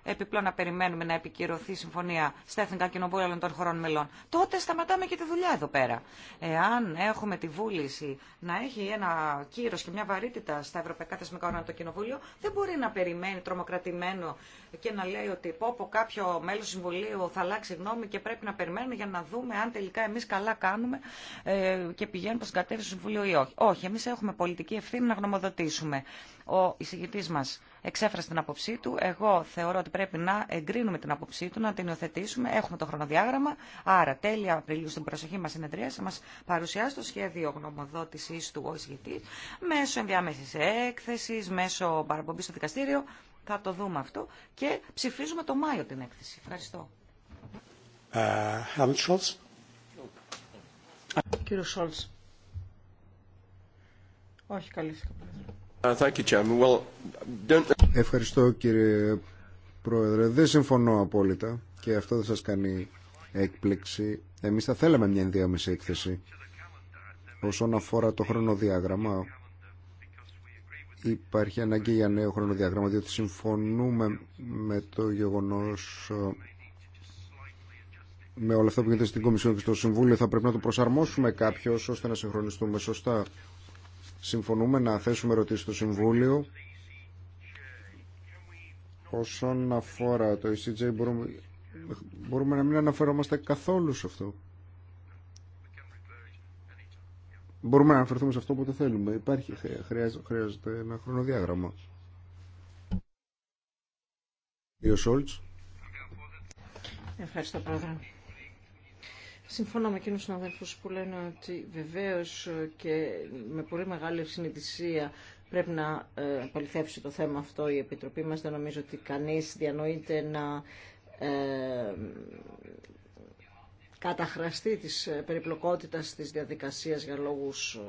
επιπλέον να περιμένουμε να επικυρωθεί η συμφωνία στα Εθνικά Κοινοβούλια όλων των χωρών μελών. Τότε σταματάμε και τη δουλειά εδώ πέρα. Εάν έχουμε τη βούληση να έχει ένα κύρο και μια βαρύτητα στα Ευρωπαϊκά Θεσμικά Όργανα το Κοινοβούλιο, δεν μπορεί να περιμένει τρομοκρατημένο και να λέει ότι πω, πω κάποιο μέλο Συμβουλίου θα αλλάξει γνώμη και πρέπει να περιμένουμε για να δούμε αν τελικά εμεί καλά κάνουμε ε, και πηγαίνουμε προ την κατεύθυνση του Συμβουλίου ή όχι. Όχι, εμεί έχουμε πολιτική ευθύνη να γνωμοδοτήσουμε. Ο εισηγητή μα εξέφρασε την άποψή του. Εγώ θεωρώ ότι πρέπει να εγκρίνουμε την άποψή του, να την υιοθετήσουμε. Έχουμε το χρονοδιάγραμμα. Άρα, τέλη Απριλίου, στην προσοχή μα συνεδρία, θα μα παρουσιάσει το σχέδιο γνωμοδότηση του ΟΣΓΙΤΗ μέσω ενδιάμεση έκθεση, μέσω παραπομπή στο δικαστήριο. Θα το δούμε αυτό και ψηφίζουμε το Μάιο την έκθεση. Ευχαριστώ. Uh, Κύριο Όχι, καλή Uh, Ευχαριστώ κύριε Πρόεδρε. Δεν συμφωνώ απόλυτα και αυτό δεν σας κάνει έκπληξη. Εμείς θα θέλαμε μια ενδιάμεση έκθεση. Όσον αφορά το χρονοδιάγραμμα, υπάρχει ανάγκη για νέο χρονοδιάγραμμα, διότι συμφωνούμε με το γεγονός ε, με όλα αυτά που γίνεται στην Κομισιόν και στο Συμβούλιο θα πρέπει να το προσαρμόσουμε κάποιος ώστε να συγχρονιστούμε σωστά συμφωνούμε να θέσουμε ερωτήσεις στο Συμβούλιο όσον αφορά το ECJ μπορούμε, μπορούμε να μην αναφερόμαστε καθόλου σε αυτό μπορούμε να αναφερθούμε σε αυτό το θέλουμε υπάρχει, χρειάζεται ένα χρονοδιάγραμμα Ευχαριστώ πρόεδρε Συμφωνώ με εκείνους συναδέλφους που λένε ότι βεβαίως και με πολύ μεγάλη ευσυνητησία πρέπει να ε, παληθεύσει το θέμα αυτό η Επιτροπή μας. Δεν νομίζω ότι κανείς διανοείται να ε, καταχραστεί της ε, περιπλοκότητας της διαδικασίας για λόγους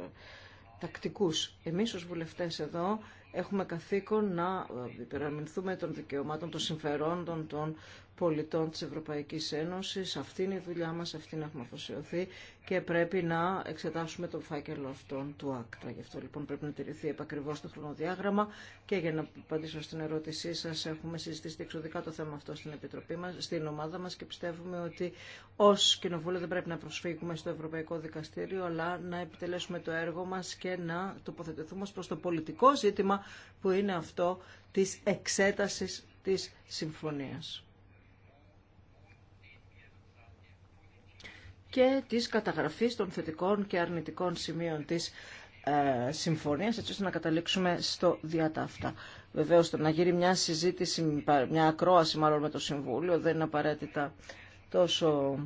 τακτικούς. Εμείς ως βουλευτές εδώ έχουμε καθήκον να υπεραμεινθούμε των δικαιωμάτων, των συμφερόντων των πολιτών της Ευρωπαϊκής Ένωσης. Αυτή είναι η δουλειά μας, αυτή να έχουμε αφοσιωθεί και πρέπει να εξετάσουμε τον φάκελο αυτών του άκρα. Γι' αυτό λοιπόν πρέπει να τηρηθεί επακριβώς το χρονοδιάγραμμα και για να απαντήσω στην ερώτησή σας έχουμε συζητήσει εξωτικά το θέμα αυτό στην Επιτροπή μας, στην ομάδα μας και πιστεύουμε ότι ως Κοινοβούλιο δεν πρέπει να προσφύγουμε στο Ευρωπαϊκό Δικαστήριο αλλά να επιτελέσουμε το έργο μας και να τοποθετηθούμε προ το πολιτικό ζήτημα που είναι αυτό της εξέτασης της συμφωνίας. και της καταγραφής των θετικών και αρνητικών σημείων της ε, συμφωνίας, έτσι ώστε να καταλήξουμε στο διατάφτα. Βεβαίως, το να γύρει μια συζήτηση, μια ακρόαση μάλλον με το Συμβούλιο, δεν είναι απαραίτητα τόσο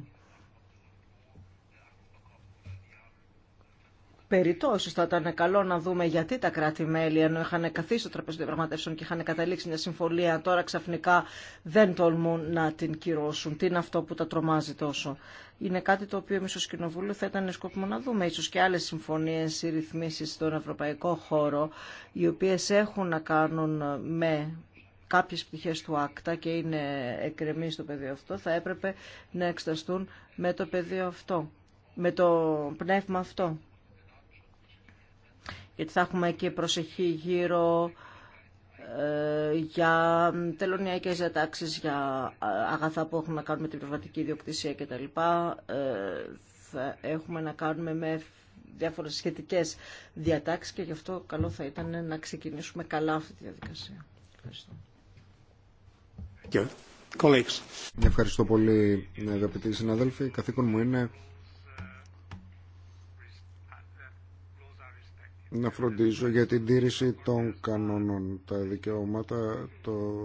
περιττό. θα ήταν καλό να δούμε γιατί τα κράτη-μέλη, ενώ είχαν καθίσει στο τραπέζι διαπραγματεύσεων και είχαν καταλήξει μια συμφωνία, τώρα ξαφνικά δεν τολμούν να την κυρώσουν. Τι είναι αυτό που τα τρομάζει τόσο. Είναι κάτι το οποίο εμεί ω Κοινοβούλιο θα ήταν σκόπιμο να δούμε. Ίσως και άλλε συμφωνίε ή ρυθμίσει στον ευρωπαϊκό χώρο, οι οποίε έχουν να κάνουν με κάποιες πτυχές του άκτα και είναι εκκρεμή στο πεδίο αυτό, θα έπρεπε να εξεταστούν με το πεδίο αυτό, με το πνεύμα αυτό γιατί θα έχουμε και προσεχή γύρω ε, για τελωνιακές διατάξεις, για ε, αγαθά που έχουν να κάνουν με την πνευματική ιδιοκτησία κτλ. Ε, θα έχουμε να κάνουμε με διάφορες σχετικές διατάξεις και γι' αυτό καλό θα ήταν να ξεκινήσουμε καλά αυτή τη διαδικασία. Ευχαριστώ. Ευχαριστώ πολύ αγαπητοί συναδέλφοι. Καθήκον μου είναι να φροντίζω για την τήρηση των κανόνων. Τα δικαιώματα του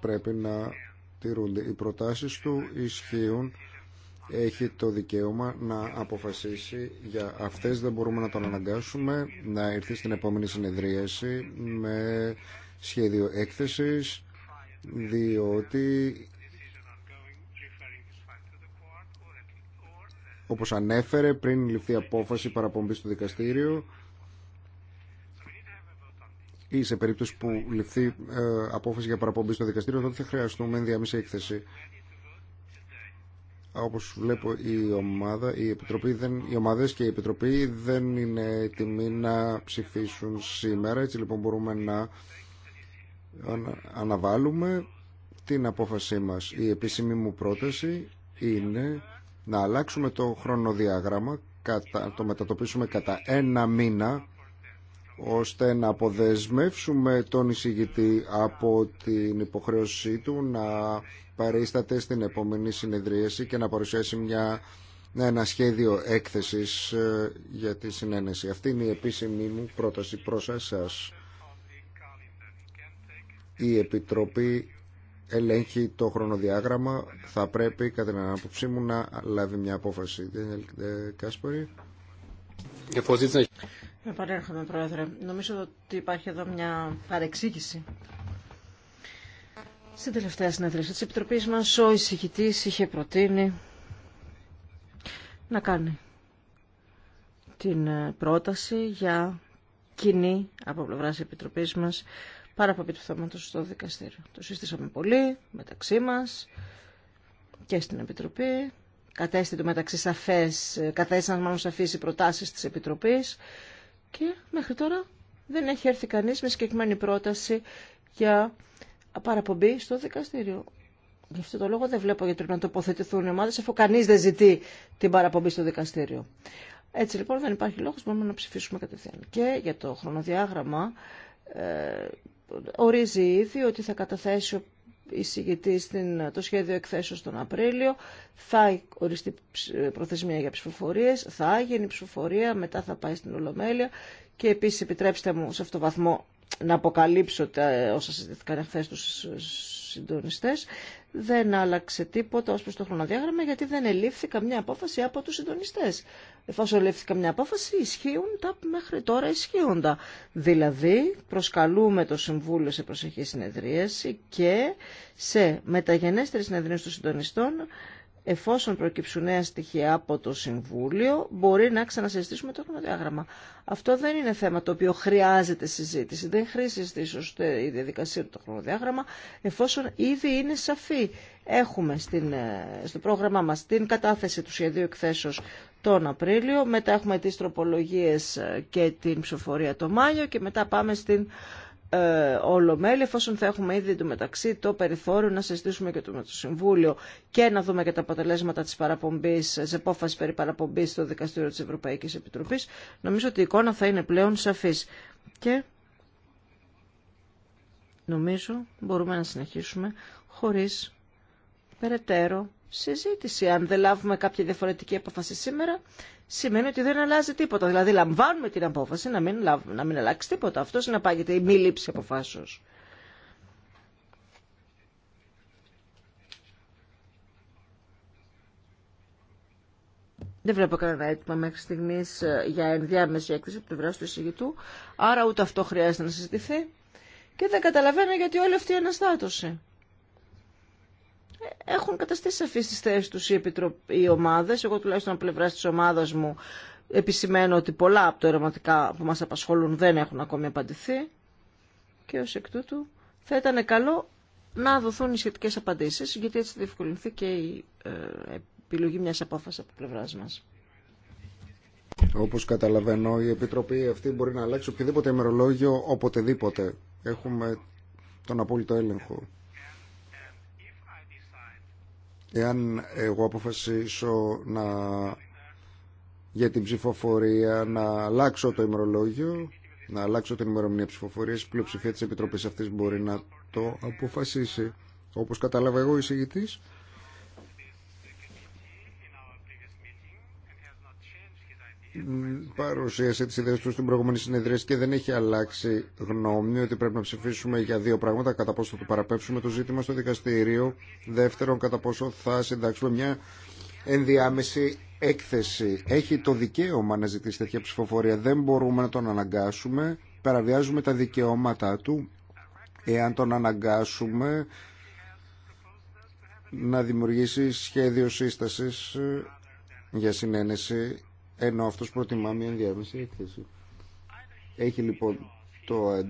πρέπει να τηρούνται. Οι προτάσεις του ισχύουν. Έχει το δικαίωμα να αποφασίσει για αυτές. Δεν μπορούμε να τον αναγκάσουμε να έρθει στην επόμενη συνεδρίαση με σχέδιο έκθεσης διότι όπως ανέφερε πριν ληφθεί απόφαση παραπομπή στο δικαστήριο ή σε περίπτωση που ληφθεί ε, απόφαση για παραπομπή στο δικαστήριο τότε θα χρειαστούμε ενδιάμεση έκθεση. Όπως βλέπω η σε περιπτωση που ληφθει αποφαση για παραπομπη στο δικαστηριο τοτε θα χρειαστουμε ενδιαμεση εκθεση οπως βλεπω η η επιτροπη δεν, οι ομάδες και η επιτροπή δεν είναι έτοιμοι να ψηφίσουν σήμερα. Έτσι λοιπόν μπορούμε να αναβάλουμε την απόφασή μας. Η επίσημη μου πρόταση είναι να αλλάξουμε το χρονοδιάγραμμα, κατα, το μετατοπίσουμε κατά ένα μήνα, ώστε να αποδεσμεύσουμε τον εισηγητή από την υποχρέωσή του να παρίσταται στην επόμενη συνεδρίαση και να παρουσιάσει μια, ένα σχέδιο έκθεσης ε, για τη συνένεση. Αυτή είναι η επίσημή μου πρόταση προς εσάς. Η Επιτροπή ελέγχει το χρονοδιάγραμμα. Θα πρέπει, κατά την ανάποψή μου, να λάβει μια απόφαση. Κάσπαρη. Ε, Επανέρχομαι, Πρόεδρε. Νομίζω ότι υπάρχει εδώ μια παρεξήγηση. Στην τελευταία συνέδρια της Επιτροπής μας, ο εισηγητής είχε προτείνει να κάνει την ε, πρόταση για κοινή από τη Επιτροπής μας πάρα πολύ του θέματο στο δικαστήριο. Το συστήσαμε πολύ μεταξύ μα και στην Επιτροπή. Κατέστη το μεταξύ σαφέ, κατέστησαν μάλλον σαφεί οι προτάσει τη Επιτροπή. και μέχρι τώρα δεν έχει έρθει κανεί με συγκεκριμένη πρόταση για παραπομπή στο δικαστήριο. Γι' αυτό το λόγο δεν βλέπω γιατί πρέπει να τοποθετηθούν οι ομάδε, αφού κανεί δεν ζητεί την παραπομπή στο δικαστήριο. Έτσι λοιπόν δεν υπάρχει λόγο. μπορούμε να ψηφίσουμε κατευθείαν. Και για το χρονοδιάγραμμα ε, ορίζει ήδη ότι θα καταθέσει ο εισηγητής το σχέδιο εκθέσεως τον Απρίλιο, θα οριστεί προθεσμία για ψηφοφορίες, θα γίνει ψηφοφορία, μετά θα πάει στην Ολομέλεια και επίσης επιτρέψτε μου σε αυτό βαθμό να αποκαλύψω τα όσα συζητήθηκαν χθε στους συντονιστές. Δεν άλλαξε τίποτα ως προς το χρονοδιάγραμμα γιατί δεν ελήφθη καμιά απόφαση από τους συντονιστές. Εφόσον ελήφθη καμιά απόφαση ισχύουν τα μέχρι τώρα ισχύοντα. Δηλαδή προσκαλούμε το Συμβούλιο σε προσεχή συνεδρίαση και σε μεταγενέστερη συνεδρίαση των συντονιστών εφόσον προκύψουν νέα στοιχεία από το Συμβούλιο, μπορεί να ξανασυζητήσουμε το χρονοδιάγραμμα. Αυτό δεν είναι θέμα το οποίο χρειάζεται συζήτηση. Δεν χρήσιστε ίσως η διαδικασία του χρονοδιάγραμμα, εφόσον ήδη είναι σαφή. Έχουμε στην, ε, στο πρόγραμμά μας την κατάθεση του σχεδίου εκθέσεως τον Απρίλιο, μετά έχουμε τις τροπολογίες ε, και την ψηφοφορία το Μάιο και μετά πάμε στην ε, όλο μέλη, εφόσον θα έχουμε ήδη μεταξύ το περιθώριο να συζητήσουμε και το, με το Συμβούλιο και να δούμε και τα αποτελέσματα της παραπομπής, τη απόφαση περί παραπομπής στο Δικαστήριο της Ευρωπαϊκής Επιτροπής, νομίζω ότι η εικόνα θα είναι πλέον σαφής. Και νομίζω μπορούμε να συνεχίσουμε χωρίς περαιτέρω συζήτηση. Αν δεν λάβουμε κάποια διαφορετική απόφαση σήμερα, σημαίνει ότι δεν αλλάζει τίποτα. Δηλαδή, λαμβάνουμε την απόφαση να μην, να μην αλλάξει τίποτα. Αυτό συναπάγεται η μη λήψη αποφάσεω. Δεν βλέπω κανένα αίτημα μέχρι στιγμή ε, για ενδιάμεση έκθεση από πλευρά του εισηγητού, άρα ούτε αυτό χρειάζεται να συζητηθεί. Και δεν καταλαβαίνω γιατί όλη αυτή η αναστάτωση έχουν καταστήσει σαφείς τις θέσεις τους οι, οι ομάδες. Εγώ τουλάχιστον από πλευρά της ομάδας μου επισημαίνω ότι πολλά από τα ερωματικά που μας απασχολούν δεν έχουν ακόμη απαντηθεί και ως εκ τούτου θα ήταν καλό να δοθούν οι σχετικές απαντήσεις γιατί έτσι θα διευκολυνθεί και η ε, επιλογή μιας απόφασης από πλευράς μας. Όπως καταλαβαίνω η Επιτροπή αυτή μπορεί να αλλάξει οποιοδήποτε ημερολόγιο οποτεδήποτε. Έχουμε τον απόλυτο έλεγχο. Εάν εγώ αποφασίσω να για την ψηφοφορία, να αλλάξω το ημερολόγιο, να αλλάξω την ημερομηνία ψηφοφορία, η πλειοψηφία τη Επιτροπή αυτή μπορεί να το αποφασίσει. Όπω κατάλαβα εγώ, ο εισηγητή παρουσίασε τις ιδέες του στην προηγούμενη συνεδρίαση και δεν έχει αλλάξει γνώμη ότι πρέπει να ψηφίσουμε για δύο πράγματα κατά πόσο θα το παραπέψουμε το ζήτημα στο δικαστήριο δεύτερον κατά πόσο θα συντάξουμε μια ενδιάμεση έκθεση έχει το δικαίωμα να ζητήσει τέτοια ψηφοφορία δεν μπορούμε να τον αναγκάσουμε παραβιάζουμε τα δικαιώματά του εάν τον αναγκάσουμε να δημιουργήσει σχέδιο σύστασης για συνένεση ενώ αυτό προτιμά μια ενδιάμεση έκθεση. Έχει λοιπόν το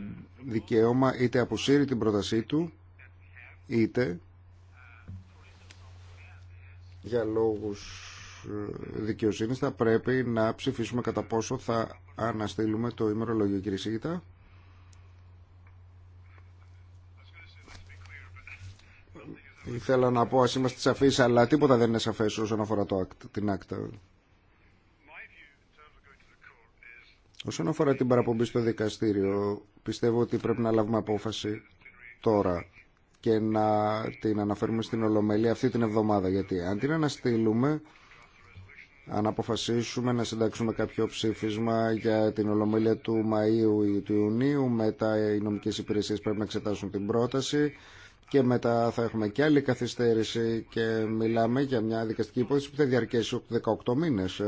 δικαίωμα είτε αποσύρει την πρότασή του, είτε για λόγους ε, δικαιοσύνης θα πρέπει να ψηφίσουμε κατά πόσο θα αναστείλουμε το ημερολόγιο κύριε Σίγητα. Ήθελα να πω ας είμαστε σαφείς αλλά τίποτα δεν είναι σαφές όσον αφορά το, την άκτα. Όσον αφορά την παραπομπή στο δικαστήριο, πιστεύω ότι πρέπει να λάβουμε απόφαση τώρα και να την αναφέρουμε στην Ολομέλεια αυτή την εβδομάδα. Γιατί αν την αναστείλουμε, αν αποφασίσουμε να συντάξουμε κάποιο ψήφισμα για την Ολομέλεια του Μαΐου ή του Ιουνίου, μετά οι νομικές υπηρεσίες πρέπει να εξετάσουν την πρόταση και μετά θα έχουμε και άλλη καθυστέρηση και μιλάμε για μια δικαστική υπόθεση που θα διαρκέσει 18 μήνες.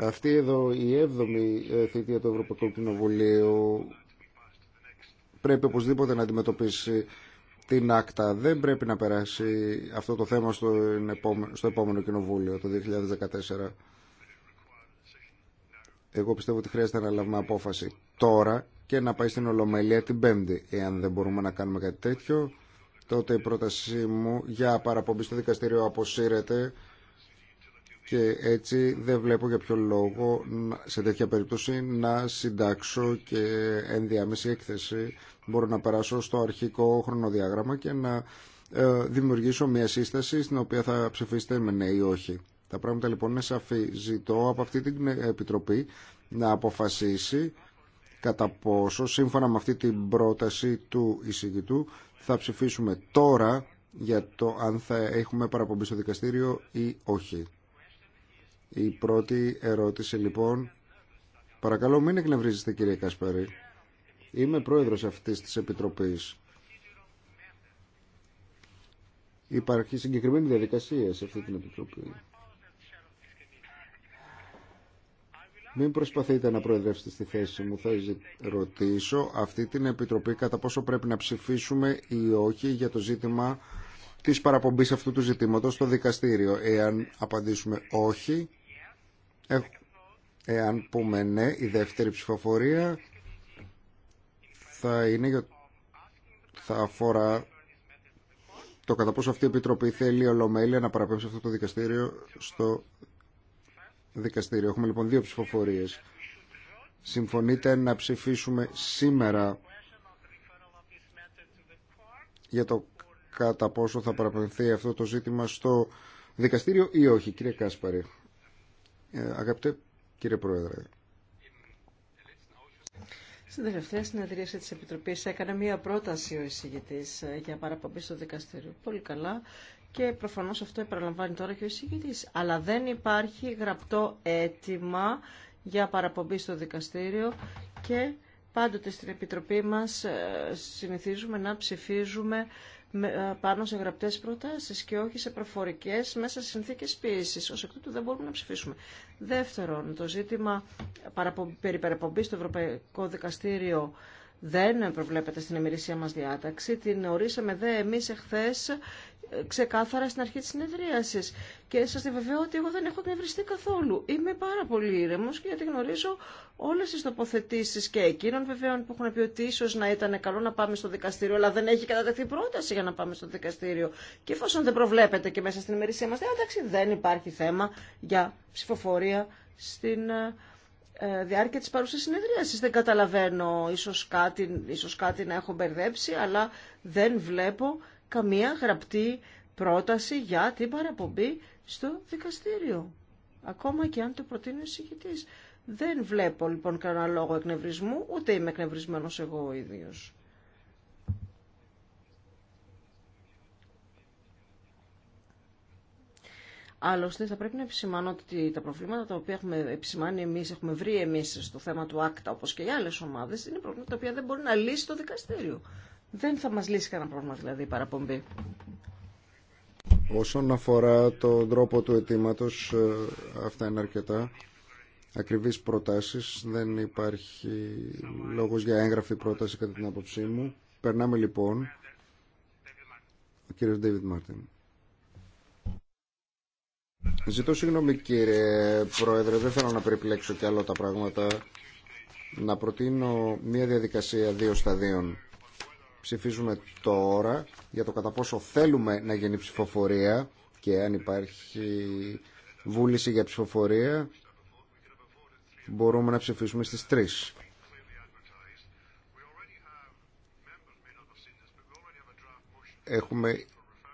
Αυτή εδώ η 7η ε, θητεία του Ευρωπαϊκού Κοινοβουλίου πρέπει οπωσδήποτε να αντιμετωπίσει την άκτα. Δεν πρέπει να περάσει αυτό το θέμα στο επόμενο, στο επόμενο κοινοβούλιο το 2014. Εγώ πιστεύω ότι χρειάζεται να λάβουμε απόφαση τώρα και να πάει στην Ολομέλεια την Πέμπτη. Εάν δεν μπορούμε να κάνουμε κάτι τέτοιο, τότε η πρότασή μου για παραπομπή στο δικαστήριο αποσύρεται και έτσι δεν βλέπω για ποιο λόγο σε τέτοια περίπτωση να συντάξω και ενδιάμεση έκθεση. Μπορώ να περάσω στο αρχικό χρονοδιάγραμμα και να ε, δημιουργήσω μια σύσταση στην οποία θα ψηφίσετε με ναι ή όχι. Τα πράγματα λοιπόν είναι σαφή. Ζητώ από αυτή την Επιτροπή να αποφασίσει κατά πόσο σύμφωνα με αυτή την πρόταση του εισηγητού θα ψηφίσουμε τώρα για το αν θα έχουμε παραπομπή στο δικαστήριο ή όχι. Η πρώτη ερώτηση λοιπόν. Παρακαλώ μην εκνευρίζεστε κύριε Κασπαρή. Είμαι πρόεδρος αυτής της Επιτροπής. Υπάρχει συγκεκριμένη διαδικασία σε αυτή την Επιτροπή. Μην προσπαθείτε να προεδρεύσετε στη θέση μου. Θα ρωτήσω αυτή την Επιτροπή κατά πόσο πρέπει να ψηφίσουμε ή όχι για το ζήτημα της παραπομπής αυτού του ζητήματος στο δικαστήριο. Εάν απαντήσουμε όχι, ε, εάν πούμε ναι, η δεύτερη ψηφοφορία θα, είναι, θα αφορά το κατά πόσο αυτή η Επιτροπή θέλει ολομέλεια να παραπέμψει αυτό το δικαστήριο στο δικαστήριο. Έχουμε λοιπόν δύο ψηφοφορίες. Συμφωνείτε να ψηφίσουμε σήμερα για το κατά πόσο θα παραπέμψει αυτό το ζήτημα στο δικαστήριο ή όχι, κύριε Κάσπαρη. Ε, αγαπητέ κύριε Πρόεδρε. Στην τελευταία συνεδρίαση της Επιτροπής έκανε μία πρόταση ο εισηγητής ε, για παραπομπή στο δικαστήριο. Πολύ καλά. Και προφανώς αυτό επαναλαμβάνει τώρα και ο εισηγητής. Αλλά δεν υπάρχει γραπτό αίτημα για παραπομπή στο δικαστήριο και πάντοτε στην Επιτροπή μας ε, συνηθίζουμε να ψηφίζουμε ε, πάνω σε γραπτές προτάσεις και όχι σε προφορικές μέσα σε συνθήκες πίεσης. Ως εκ τούτου δεν μπορούμε να ψηφίσουμε. Δεύτερον, το ζήτημα περί στο Ευρωπαϊκό Δικαστήριο δεν προβλέπεται στην ημερησία μας διάταξη. Την ορίσαμε δε εμείς εχθές ε, ξεκάθαρα στην αρχή της συνεδρίασης και σας διαβεβαιώ ότι εγώ δεν έχω εκνευριστεί καθόλου. Είμαι πάρα πολύ ήρεμος γιατί γνωρίζω όλες τις τοποθετήσεις και εκείνων βεβαίω που έχουν πει ότι ίσως να ήταν καλό να πάμε στο δικαστήριο αλλά δεν έχει κατατεθεί πρόταση για να πάμε στο δικαστήριο και εφόσον δεν προβλέπεται και μέσα στην ημερησία μας διάταξη δεν υπάρχει θέμα για ψηφοφορία στην ε, ε, διάρκεια της παρουσίας συνεδρίασης. Δεν καταλαβαίνω, ίσως κάτι, ίσως κάτι να έχω μπερδέψει, αλλά δεν βλέπω καμία γραπτή πρόταση για την παραπομπή στο δικαστήριο. Ακόμα και αν το προτείνει ο Δεν βλέπω λοιπόν κανένα λόγο εκνευρισμού, ούτε είμαι εκνευρισμένος εγώ ο ίδιος. Άλλωστε θα πρέπει να επισημάνω ότι τα προβλήματα τα οποία έχουμε επισημάνει εμεί έχουμε βρει εμεί στο θέμα του άκτα όπω και οι άλλε ομάδε, είναι προβλήματα τα οποία δεν μπορεί να λύσει το δικαστήριο. Δεν θα μα λύσει κανένα πρόβλημα δηλαδή η παραπομπή. Όσον αφορά τον τρόπο του αιτήματο, ε, αυτά είναι αρκετά Ακριβεί προτάσει. Δεν υπάρχει λόγο για έγγραφη πρόταση κατά την άποψή μου. Περνάμε λοιπόν. Ο κύριο David Μάρτιν. Ζητώ συγγνώμη κύριε Πρόεδρε, δεν θέλω να περιπλέξω κι άλλο τα πράγματα. Να προτείνω μια διαδικασία δύο σταδίων. Ψηφίζουμε τώρα για το κατά πόσο θέλουμε να γίνει ψηφοφορία και αν υπάρχει βούληση για ψηφοφορία μπορούμε να ψηφίσουμε στις 3. Έχουμε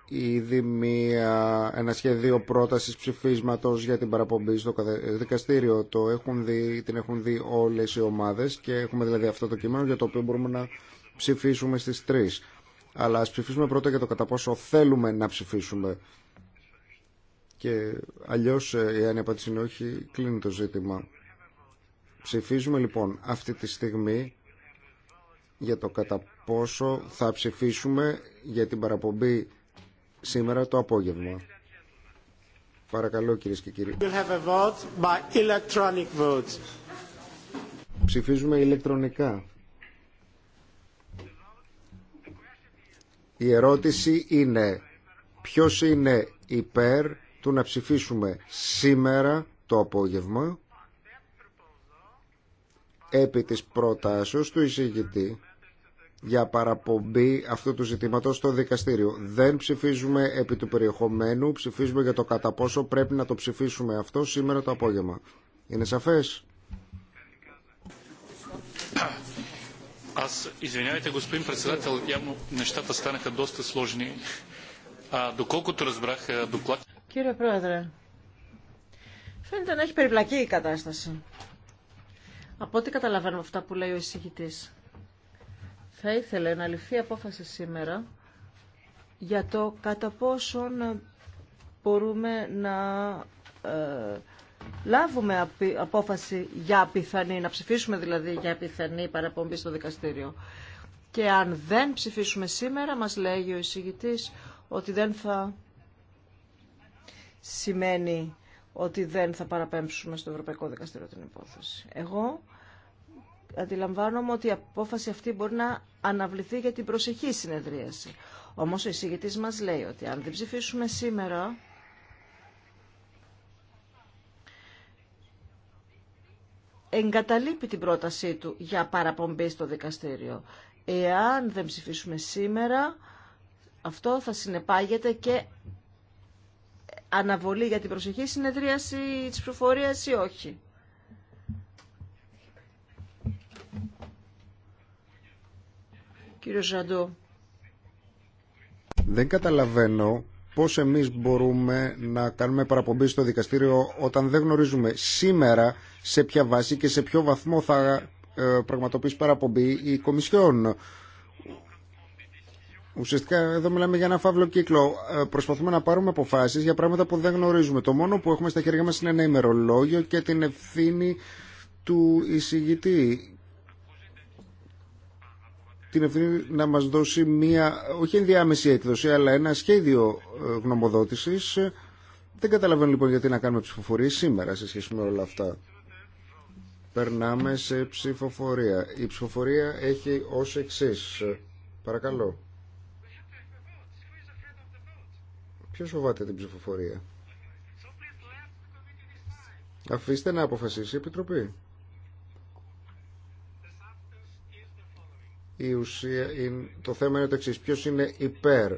ήδη μια, ένα σχέδιο πρότασης ψηφίσματος για την παραπομπή στο δικαστήριο. Το έχουν την έχουν δει όλες οι ομάδες και έχουμε δηλαδή αυτό το κείμενο για το οποίο μπορούμε να ψηφίσουμε στις τρεις. Αλλά ας ψηφίσουμε πρώτα για το κατά πόσο θέλουμε να ψηφίσουμε. Και αλλιώς, εάν η απάντηση είναι όχι, κλείνει το ζήτημα. Ψηφίζουμε λοιπόν αυτή τη στιγμή για το κατά πόσο θα ψηφίσουμε για την παραπομπή σήμερα το απόγευμα. Παρακαλώ κυρίες και κύριοι. We'll have a vote Ψηφίζουμε ηλεκτρονικά. Η ερώτηση είναι ποιος είναι υπέρ του να ψηφίσουμε σήμερα το απόγευμα επί της προτάσεως του εισηγητή για παραπομπή αυτού του ζητήματος στο δικαστήριο. Δεν ψηφίζουμε επί του περιεχομένου, ψηφίζουμε για το κατά πόσο πρέπει να το ψηφίσουμε αυτό σήμερα το απόγευμα. Είναι σαφές? Аз, извинявайте, господин председател, явно нещата станаха доста сложни. А, доколкото разбрах доклад... Κύριε Πρόεδρε, φαίνεται να έχει περιπλακεί η κατάσταση. Από ό,τι καταλαβαίνω αυτά που λέει ο εισηγητής θα ήθελε να ληφθεί απόφαση σήμερα για το κατά πόσον μπορούμε να ε, λάβουμε απόφαση για πιθανή, να ψηφίσουμε δηλαδή για πιθανή παραπομπή στο δικαστήριο. Και αν δεν ψηφίσουμε σήμερα, μας λέγει ο εισηγητής ότι δεν θα σημαίνει ότι δεν θα παραπέμψουμε στο Ευρωπαϊκό Δικαστήριο την υπόθεση. Εγώ αντιλαμβάνομαι ότι η απόφαση αυτή μπορεί να αναβληθεί για την προσεχή συνεδρίαση. Όμως ο εισηγητής μας λέει ότι αν δεν ψηφίσουμε σήμερα, εγκαταλείπει την πρότασή του για παραπομπή στο δικαστήριο. Εάν δεν ψηφίσουμε σήμερα, αυτό θα συνεπάγεται και αναβολή για την προσεχή συνεδρίαση της προφορίας ή όχι. Κύριο Ζαντό. Δεν καταλαβαίνω πώς εμείς μπορούμε να κάνουμε παραπομπή στο δικαστήριο όταν δεν γνωρίζουμε σήμερα σε ποια βάση και σε ποιο βαθμό θα ε, πραγματοποιήσει παραπομπή η Κομισιόν. Ουσιαστικά εδώ μιλάμε για ένα φαύλο κύκλο. Ε, προσπαθούμε να πάρουμε αποφάσει για πράγματα που δεν γνωρίζουμε. Το μόνο που έχουμε στα χέρια μα είναι ένα ημερολόγιο και την ευθύνη του εισηγητή την ευθύνη να μας δώσει μία, όχι ενδιάμεση έκδοση, αλλά ένα σχέδιο ε, γνωμοδότησης. Δεν καταλαβαίνω λοιπόν γιατί να κάνουμε ψηφοφορία σήμερα σε σχέση με όλα αυτά. Περνάμε σε ψηφοφορία. Η ψηφοφορία έχει ως εξή. Παρακαλώ. Ποιος φοβάται την ψηφοφορία. Αφήστε να αποφασίσει η Επιτροπή. η ουσία, το θέμα είναι το εξή. Ποιο είναι υπέρ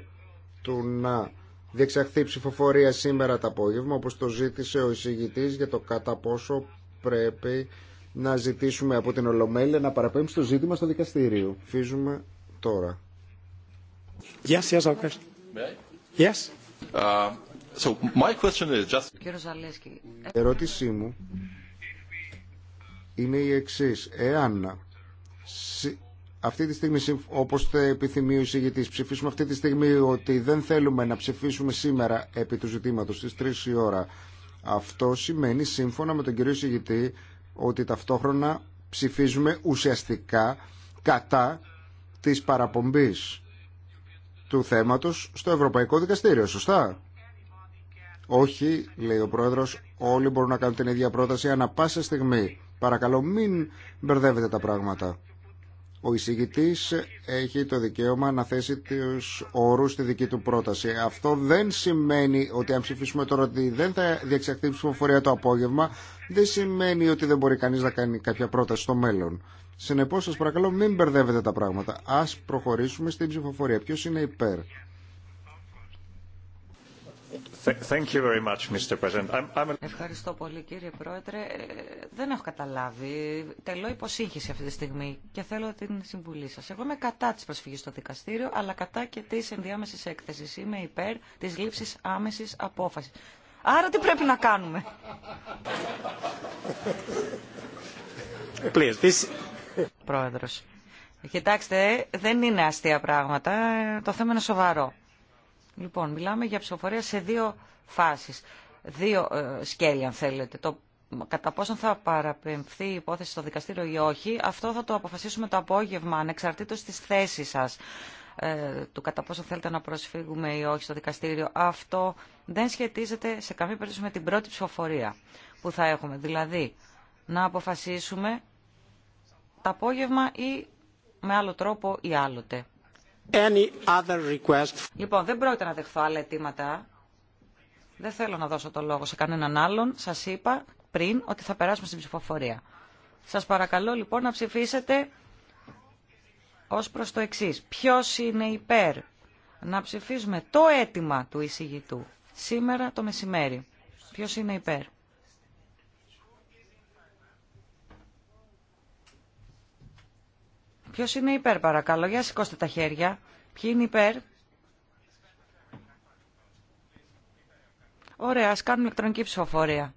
του να διεξαχθεί ψηφοφορία σήμερα το απόγευμα, όπως το ζήτησε ο εισηγητή για το κατά πόσο πρέπει να ζητήσουμε από την Ολομέλεια να παραπέμψει το ζήτημα στο δικαστήριο. Φύζουμε τώρα. Yes, yes, Yes. Uh, so my question is just... Ε- η ερώτησή μου είναι η εξής. Εάν αυτή τη στιγμή, όπως επιθυμεί ο εισηγητής, ψηφίσουμε αυτή τη στιγμή ότι δεν θέλουμε να ψηφίσουμε σήμερα επί του ζητήματος στις 3 η ώρα. Αυτό σημαίνει, σύμφωνα με τον κύριο εισηγητή, ότι ταυτόχρονα ψηφίζουμε ουσιαστικά κατά της παραπομπής του θέματος στο Ευρωπαϊκό Δικαστήριο, σωστά. Όχι, λέει ο Πρόεδρος, όλοι μπορούν να κάνουν την ίδια πρόταση ανα πάσα στιγμή. Παρακαλώ μην μπερδεύετε τα πράγματα ο εισηγητής έχει το δικαίωμα να θέσει τους όρους στη δική του πρόταση. Αυτό δεν σημαίνει ότι αν ψηφίσουμε τώρα ότι δεν θα διεξαχθεί ψηφοφορία το απόγευμα, δεν σημαίνει ότι δεν μπορεί κανείς να κάνει κάποια πρόταση στο μέλλον. Συνεπώς σας παρακαλώ μην μπερδεύετε τα πράγματα. Ας προχωρήσουμε στην ψηφοφορία. Ποιος είναι υπέρ. Ευχαριστώ πολύ κύριε Πρόεδρε. Ε, δεν έχω καταλάβει. Τελώ υποσύγχυση αυτή τη στιγμή και θέλω την συμβουλή σας. Εγώ είμαι κατά της προσφυγής στο δικαστήριο, αλλά κατά και της ενδιάμεσης έκθεσης. Είμαι υπέρ της λήψης άμεσης απόφασης. Άρα τι πρέπει να κάνουμε. Please, Πρόεδρος. Κοιτάξτε, δεν είναι αστεία πράγματα. Ε, το θέμα είναι σοβαρό. Λοιπόν, μιλάμε για ψηφοφορία σε δύο φάσεις. Δύο ε, σκέλη, αν θέλετε. Το κατά πόσον θα παραπεμφθεί η υπόθεση στο δικαστήριο ή όχι, αυτό θα το αποφασίσουμε το απόγευμα, ανεξαρτήτως της θέσης σας ε, του κατά πόσο θέλετε να προσφύγουμε ή όχι στο δικαστήριο, αυτό δεν σχετίζεται σε καμία περίπτωση με την πρώτη ψηφοφορία που θα έχουμε. Δηλαδή, να αποφασίσουμε το απόγευμα ή με άλλο τρόπο ή άλλοτε. Any other request. Λοιπόν, δεν πρόκειται να δεχθώ άλλα αιτήματα. Δεν θέλω να δώσω το λόγο σε κανέναν άλλον. Σας είπα πριν ότι θα περάσουμε στην ψηφοφορία. Σας παρακαλώ λοιπόν να ψηφίσετε ως προς το εξής. Ποιος είναι υπέρ να ψηφίσουμε το αίτημα του εισηγητού σήμερα το μεσημέρι. Ποιος είναι υπέρ. Ποιος είναι υπέρ παρακαλώ, για σηκώστε τα χέρια. Ποιοι είναι υπέρ. Ωραία, ας κάνουμε ηλεκτρονική ψηφοφορία.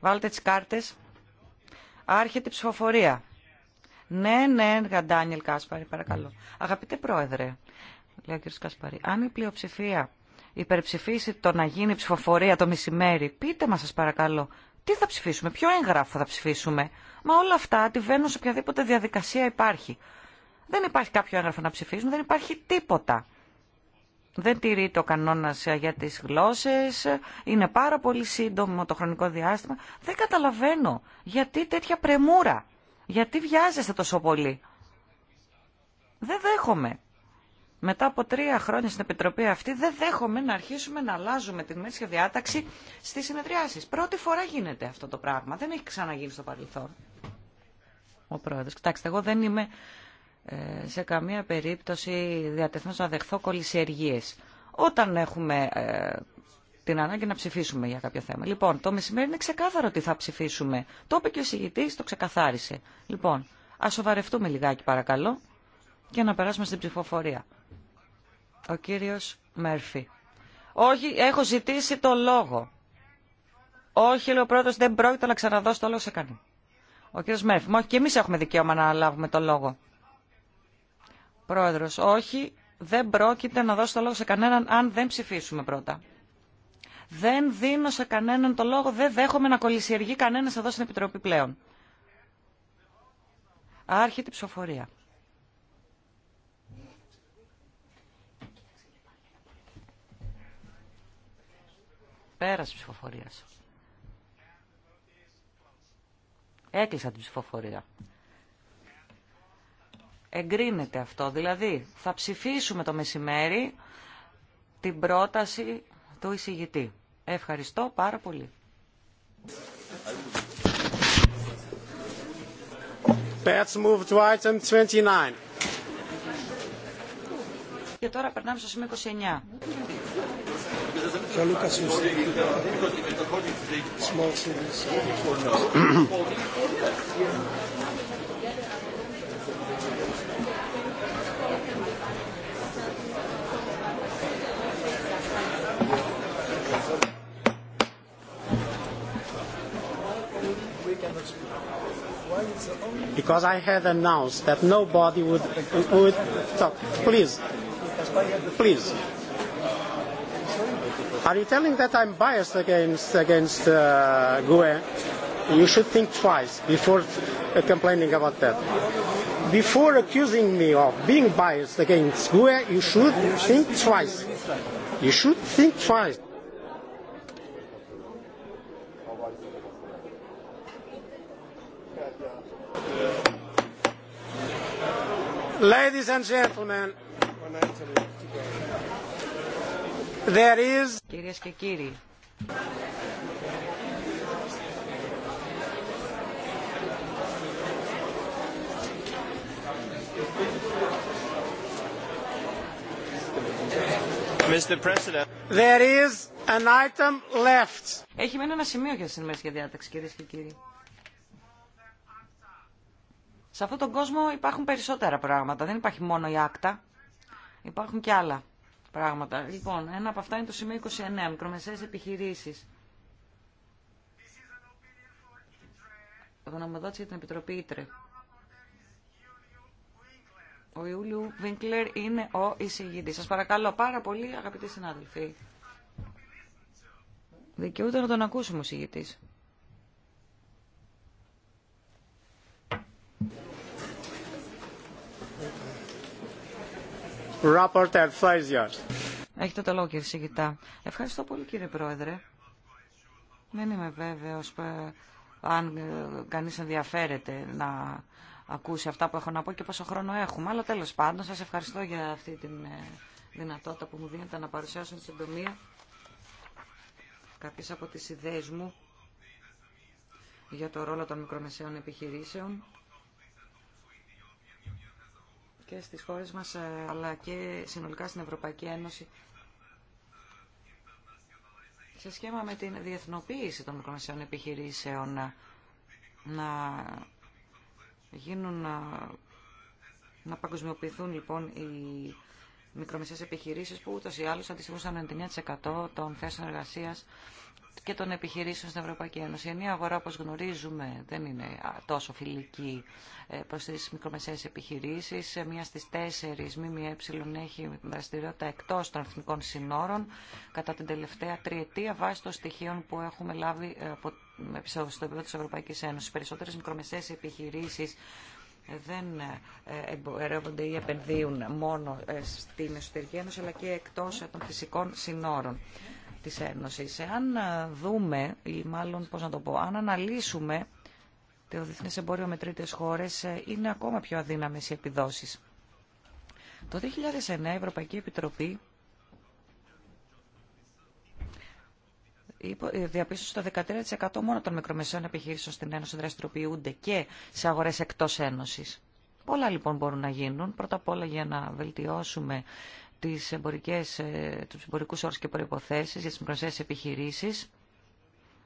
Βάλτε τις κάρτες. Άρχεται η ψηφοφορία. Ναι, ναι, Γαντάνιελ Κάσπαρη, παρακαλώ. Αγαπητέ Πρόεδρε, λέει ο κ. Κασπαρή, αν η πλειοψηφία υπερψηφίσει το να γίνει ψηφοφορία το μεσημέρι, πείτε μας σας παρακαλώ, τι θα ψηφίσουμε, ποιο έγγραφο θα ψηφίσουμε. Μα όλα αυτά αντιβαίνουν σε οποιαδήποτε διαδικασία υπάρχει. Δεν υπάρχει κάποιο έγγραφο να ψηφίζουν, δεν υπάρχει τίποτα. Δεν τηρείται ο κανόνα για τι γλώσσες, είναι πάρα πολύ σύντομο το χρονικό διάστημα. Δεν καταλαβαίνω γιατί τέτοια πρεμούρα, γιατί βιάζεστε τόσο πολύ. Δεν δέχομαι μετά από τρία χρόνια στην Επιτροπή αυτή δεν δέχομαι να αρχίσουμε να αλλάζουμε την μέση διάταξη στις συνεδριάσεις. Πρώτη φορά γίνεται αυτό το πράγμα. Δεν έχει ξαναγίνει στο παρελθόν. Ο πρόεδρος. Κοιτάξτε, εγώ δεν είμαι ε, σε καμία περίπτωση διατεθμένος να δεχθώ κολλησιεργίες. Όταν έχουμε ε, την ανάγκη να ψηφίσουμε για κάποιο θέμα. Λοιπόν, το μεσημέρι είναι ξεκάθαρο ότι θα ψηφίσουμε. Το είπε και ο συγητής, το ξεκαθάρισε. Λοιπόν, α σοβαρευτούμε λιγάκι παρακαλώ και να περάσουμε στην ψηφοφορία. Ο κύριος Μέρφυ. Όχι, έχω ζητήσει το λόγο. Όχι, λέει ο πρόεδρος, δεν πρόκειται να ξαναδώσει το λόγο σε κανέναν. Ο κύριος Μέρφυ. όχι, και εμείς έχουμε δικαίωμα να λάβουμε το λόγο. Πρόεδρος, όχι, δεν πρόκειται να δώσει το λόγο σε κανέναν αν δεν ψηφίσουμε πρώτα. Δεν δίνω σε κανέναν το λόγο, δεν δέχομαι να κολλησιεργεί κανένας εδώ στην Επιτροπή πλέον. Άρχεται η ψηφοφορία. Πέρας ψηφοφορία. Έκλεισα την ψηφοφορία. Εγκρίνεται αυτό. Δηλαδή, θα ψηφίσουμε το μεσημέρι την πρόταση του εισηγητή. Ευχαριστώ πάρα πολύ. Let's move to item 29. Και τώρα περνάμε στο σημείο 29. Because I had announced that nobody would, would talk. Please. Please. Are you telling that I'm biased against against GUE? You should think twice before complaining about that. Before accusing me of being biased against GUE, you should think twice. You should think twice. Ladies and gentlemen. There Κυρίες και κύριοι. Mr. President. There is an item left. Έχει μείνει ένα σημείο για την για διάταξη, κυρίες και κύριοι. Σε αυτόν τον κόσμο υπάρχουν περισσότερα πράγματα. Δεν υπάρχει μόνο η άκτα. Υπάρχουν και άλλα πράγματα. Λοιπόν, ένα από αυτά είναι το σημείο 29, μικρομεσαίες επιχειρήσεις. Γνωμοδότηση για την Επιτροπή Ήτρε. Ο Ιούλιου Βίνκλερ είναι ο εισηγητής. Σας παρακαλώ πάρα πολύ, αγαπητοί συνάδελφοι. Δικαιούται να τον ακούσουμε ο εισηγητής. Έχετε το λόγο κύριε Ευχαριστώ πολύ κύριε Πρόεδρε. Δεν είμαι βέβαιος ε, αν ε, κανείς ενδιαφέρεται να ακούσει αυτά που έχω να πω και πόσο χρόνο έχουμε. Αλλά τέλος πάντων σας ευχαριστώ για αυτή τη ε, δυνατότητα που μου δίνετε να παρουσιάσω στην συντομία κάποιες από τις ιδέες μου για το ρόλο των μικρομεσαίων επιχειρήσεων και στις χώρες μας ε, αλλά και συνολικά στην Ευρωπαϊκή Ένωση σε σχέμα με την διεθνοποίηση των μικρομεσαίων επιχειρήσεων ε, να, γίνουν να, ε, να παγκοσμιοποιηθούν λοιπόν οι μικρομεσαίες επιχειρήσεις που ούτως ή άλλως αντιστοιχούσαν 99% των θέσεων εργασίας και των επιχειρήσεων στην Ευρωπαϊκή Ένωση. Η ενιαία αγορά, όπως γνωρίζουμε, δεν είναι τόσο φιλική ε, προς τις μικρομεσαίες επιχειρήσεις. Ε, μία στις τέσσερις ΜΜΕ έχει δραστηριότητα εκτός των εθνικών συνόρων κατά την τελευταία τριετία βάσει των στοιχείων που έχουμε λάβει ε, από στο επίπεδο της Ευρωπαϊκής Ένωσης. Οι περισσότερες μικρομεσαίες επιχειρήσεις δεν ε, εμπορεύονται ή επενδύουν μόνο ε, στην εσωτερική ένωση αλλά και εκτός ε, των φυσικών συνόρων της Ένωσης. Εάν δούμε, ή μάλλον πώς να το πω, αν αναλύσουμε το διεθνές εμπόριο με τρίτες χώρες, είναι ακόμα πιο αδύναμες οι επιδόσεις. Το 2009 η Ευρωπαϊκή Επιτροπή Ε, διαπίστωση στο το 13% μόνο των μικρομεσαίων επιχειρήσεων στην Ένωση δραστηριοποιούνται και σε αγορές εκτός Ένωσης. Πολλά λοιπόν μπορούν να γίνουν. Πρώτα απ' όλα για να βελτιώσουμε τις εμπορικές, ε, τους εμπορικούς όρους και προϋποθέσεις για τις μικρομεσαίες επιχειρήσεις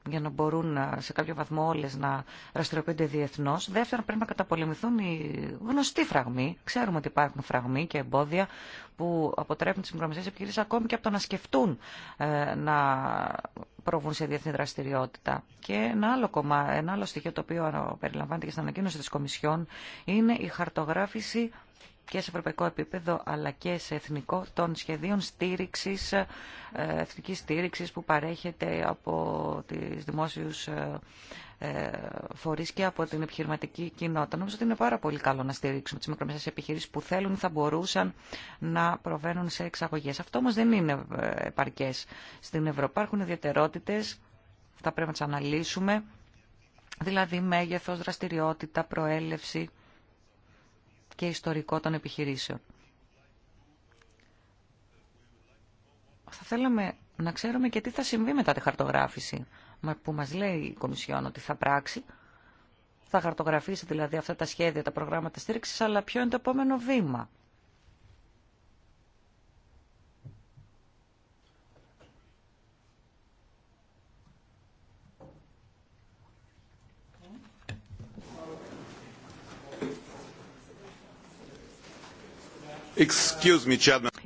για να μπορούν σε κάποιο βαθμό όλε να δραστηριοποιούνται διεθνώς. Δεύτερον, πρέπει να καταπολεμηθούν οι γνωστοί φραγμοί. Ξέρουμε ότι υπάρχουν φραγμοί και εμπόδια που αποτρέπουν τις μικρομεσαίε επιχειρήσει ακόμη και από το να σκεφτούν ε, να προβούν σε διεθνή δραστηριότητα. Και ένα άλλο, κομμά, ένα άλλο στοιχείο το οποίο περιλαμβάνεται και στην ανακοίνωση τη Κομισιόν είναι η χαρτογράφηση και σε ευρωπαϊκό επίπεδο αλλά και σε εθνικό των σχεδίων στήριξης, ε, εθνικής στήριξης που παρέχεται από τις δημόσιους ε, ε, φορείς και από την επιχειρηματική κοινότητα. Νομίζω ότι είναι πάρα πολύ καλό να στηρίξουμε τις μικρομεσαίες επιχειρήσεις που θέλουν θα μπορούσαν να προβαίνουν σε εξαγωγές. Αυτό όμως δεν είναι επαρκές. Στην Ευρώπη υπάρχουν ιδιαιτερότητες, θα πρέπει να τις αναλύσουμε, δηλαδή μέγεθος, δραστηριότητα, προέλευση και ιστορικό των επιχειρήσεων. Θα θέλαμε να ξέρουμε και τι θα συμβεί μετά τη χαρτογράφηση που μας λέει η Κομισιόν ότι θα πράξει. Θα χαρτογραφήσει δηλαδή αυτά τα σχέδια, τα προγράμματα στήριξης, αλλά ποιο είναι το επόμενο βήμα.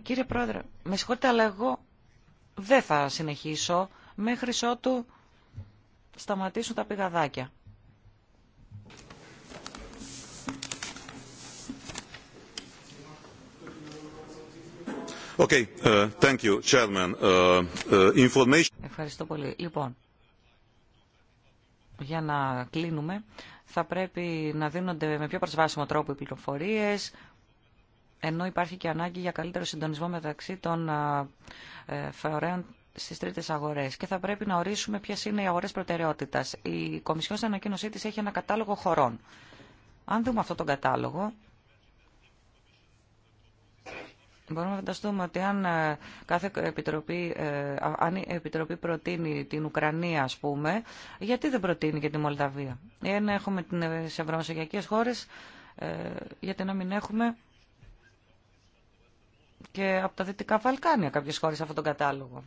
Κύριε Πρόεδρε, με συγχωρείτε, αλλά εγώ δεν θα συνεχίσω μέχρι ότου σταματήσουν τα πηγαδάκια. Okay, uh, thank you, uh, uh, information... Ευχαριστώ πολύ. Λοιπόν, για να κλείνουμε, θα πρέπει να δίνονται με πιο προσβάσιμο τρόπο οι πληροφορίες, ενώ υπάρχει και ανάγκη για καλύτερο συντονισμό μεταξύ των ε, φορέων στι τρίτε αγορέ και θα πρέπει να ορίσουμε ποιε είναι οι αγορέ προτεραιότητα. Η Κομισιόν στην ανακοίνωσή τη έχει ένα κατάλογο χωρών. Αν δούμε αυτόν τον κατάλογο, Μπορούμε να φανταστούμε ότι αν ε, κάθε επιτροπή, ε, η επιτροπή προτείνει την Ουκρανία, α πούμε, γιατί δεν προτείνει και τη Μολδαβία. Εάν έχουμε τι ευρωμεσογειακέ χώρες, γιατί να μην έχουμε και από τα Δυτικά Βαλκάνια κάποιες χώρες σε αυτόν τον κατάλογο.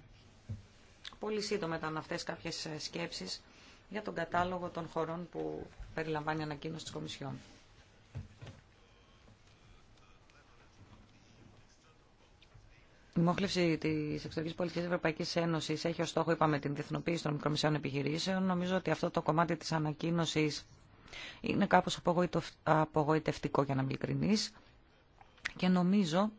Πολύ σύντομα ήταν αυτές κάποιες ε, σκέψεις για τον κατάλογο των χωρών που περιλαμβάνει η ανακοίνωση της Κομισιόν. Η μόχλευση τη εξωτερική πολιτική Ευρωπαϊκή Ένωση έχει ω στόχο, είπαμε, την διεθνοποίηση των μικρομεσαίων επιχειρήσεων. Νομίζω ότι αυτό το κομμάτι τη ανακοίνωση είναι κάπω απογοητευτικό για να είμαι και νομίζω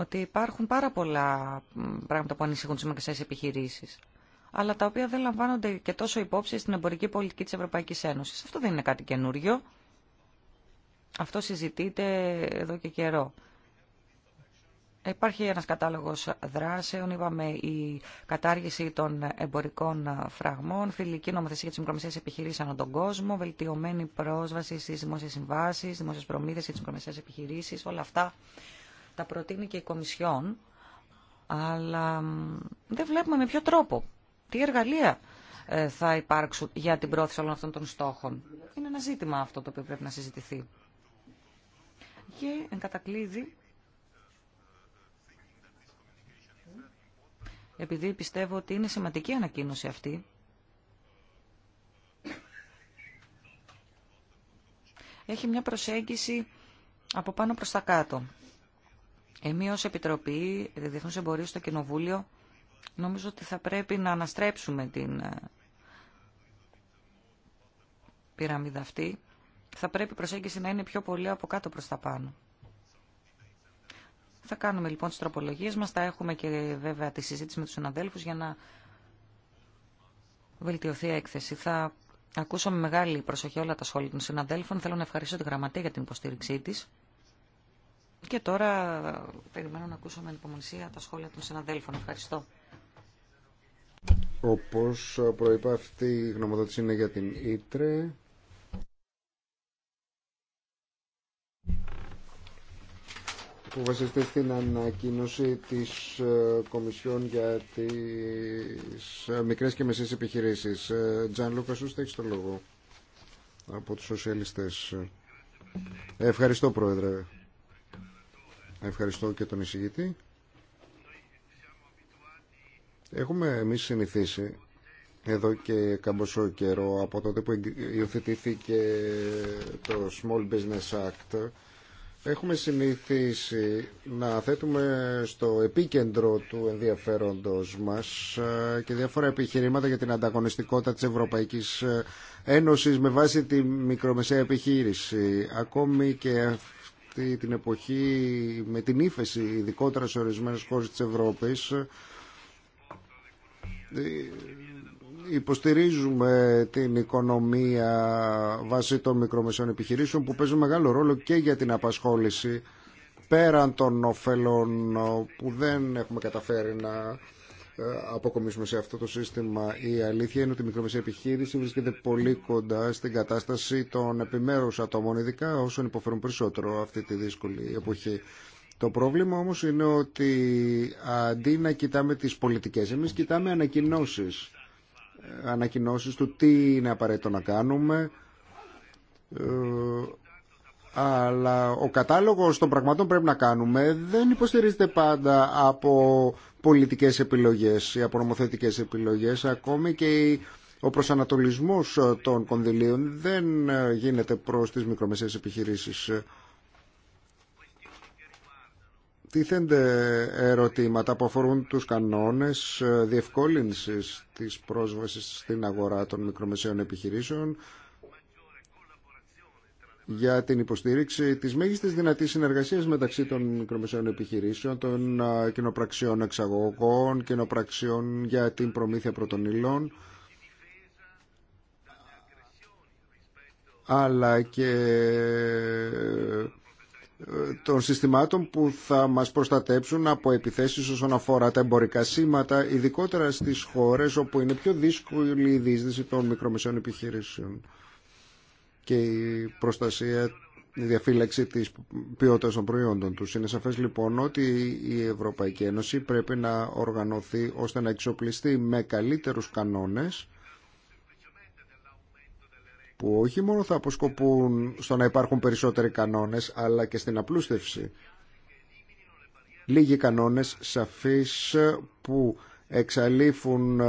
ότι υπάρχουν πάρα πολλά πράγματα που ανησυχούν τι μικρές επιχειρήσει, αλλά τα οποία δεν λαμβάνονται και τόσο υπόψη στην εμπορική πολιτική τη Ευρωπαϊκή Ένωση. Αυτό δεν είναι κάτι καινούριο. Αυτό συζητείται εδώ και καιρό. Υπάρχει ένας κατάλογος δράσεων, είπαμε η κατάργηση των εμπορικών φραγμών, φιλική νομοθεσία για τις μικρομεσαίες επιχειρήσεις ανά τον κόσμο, βελτιωμένη πρόσβαση στις δημόσιες συμβάσεις, δημόσιες προμήθειε για τι μικρομεσαίες επιχειρήσεις, όλα αυτά τα προτείνει και η Κομισιόν, αλλά δεν βλέπουμε με ποιο τρόπο, τι εργαλεία ε, θα υπάρξουν για την πρόθεση όλων αυτών των στόχων. Είναι ένα ζήτημα αυτό το οποίο πρέπει να συζητηθεί. Και εν κατακλείδη, επειδή πιστεύω ότι είναι σημαντική ανακοίνωση αυτή, έχει μια προσέγγιση από πάνω προς τα κάτω. Εμεί ως Επιτροπή Διεθνούς Εμπορίου στο Κοινοβούλιο νομίζω ότι θα πρέπει να αναστρέψουμε την ε, πυραμίδα αυτή. Θα πρέπει η προσέγγιση να είναι πιο πολύ από κάτω προς τα πάνω. Θα κάνουμε λοιπόν τις τροπολογίες μας, θα έχουμε και βέβαια τη συζήτηση με τους συναδέλφους για να βελτιωθεί η έκθεση. Θα ακούσω με μεγάλη προσοχή όλα τα σχόλια των συναδέλφων. Θέλω να ευχαριστήσω τη Γραμματεία για την υποστήριξή της. Και τώρα περιμένω να ακούσω με ανυπομονησία τα σχόλια των συναδέλφων. Ευχαριστώ. Όπως προείπα αυτή η γνωμοδότηση είναι για την Ήτρε. που βασιστεί στην ανακοίνωση της ε, Κομισιόν για τις ε, μικρές και μεσές επιχειρήσεις. Ε, Τζαν Λούκα, σου έχεις το λόγο από τους σοσιαλιστές. Ευχαριστώ, Πρόεδρε. Ευχαριστώ και τον εισηγητή. Έχουμε εμείς συνηθίσει εδώ και καμποσό καιρό από τότε που υιοθετήθηκε το Small Business Act έχουμε συνηθίσει να θέτουμε στο επίκεντρο του ενδιαφέροντος μας ε, και διάφορα επιχειρήματα για την ανταγωνιστικότητα της Ευρωπαϊκής Ένωσης με βάση τη μικρομεσαία επιχείρηση. Ακόμη και την εποχή με την ύφεση, ειδικότερα σε ορισμένες χώρες της Ευρώπης, ε, υποστηρίζουμε την οικονομία βάσει των μικρομεσαίων επιχειρήσεων που παίζουν μεγάλο ρόλο και για την απασχόληση πέραν των ωφελών που δεν έχουμε καταφέρει να αποκομίσουμε σε αυτό το σύστημα. Η αλήθεια είναι ότι η μικρομεσαία επιχείρηση βρίσκεται πολύ κοντά στην κατάσταση των επιμέρου ατόμων, ειδικά όσων υποφέρουν περισσότερο αυτή τη δύσκολη εποχή. Το πρόβλημα όμως είναι ότι αντί να κοιτάμε τις πολιτικές, Εμεί κοιτάμε ανακοινώσεις. Ανακοινώσεις του τι είναι απαραίτητο να κάνουμε, ε, αλλά ο κατάλογος των πραγμάτων πρέπει να κάνουμε δεν υποστηρίζεται πάντα από πολιτικές επιλογές ή από νομοθετικές επιλογές. Ακόμη και ο προσανατολισμός των κονδυλίων δεν γίνεται προς τις μικρομεσαίες επιχειρήσεις. Τίθενται ερωτήματα που αφορούν τους κανόνες διευκόλυνσης της πρόσβασης στην αγορά των μικρομεσαίων επιχειρήσεων για την υποστήριξη της μέγιστης δυνατής συνεργασίας μεταξύ των μικρομεσαίων επιχειρήσεων, των κοινοπραξιών εξαγωγών, κοινοπραξιών για την προμήθεια πρώτων αλλά και ε, των συστημάτων που θα μας προστατέψουν από επιθέσεις όσον αφορά τα εμπορικά σήματα, ειδικότερα στις χώρες όπου είναι πιο δύσκολη η διείσδυση των μικρομεσαίων επιχειρήσεων και η προστασία η διαφύλαξη της ποιότητας των προϊόντων τους. Είναι σαφές λοιπόν ότι η Ευρωπαϊκή Ένωση πρέπει να οργανωθεί ώστε να εξοπλιστεί με καλύτερους κανόνες που όχι μόνο θα αποσκοπούν στο να υπάρχουν περισσότεροι κανόνες αλλά και στην απλούστευση. Λίγοι κανόνες σαφείς που εξαλείφουν ε,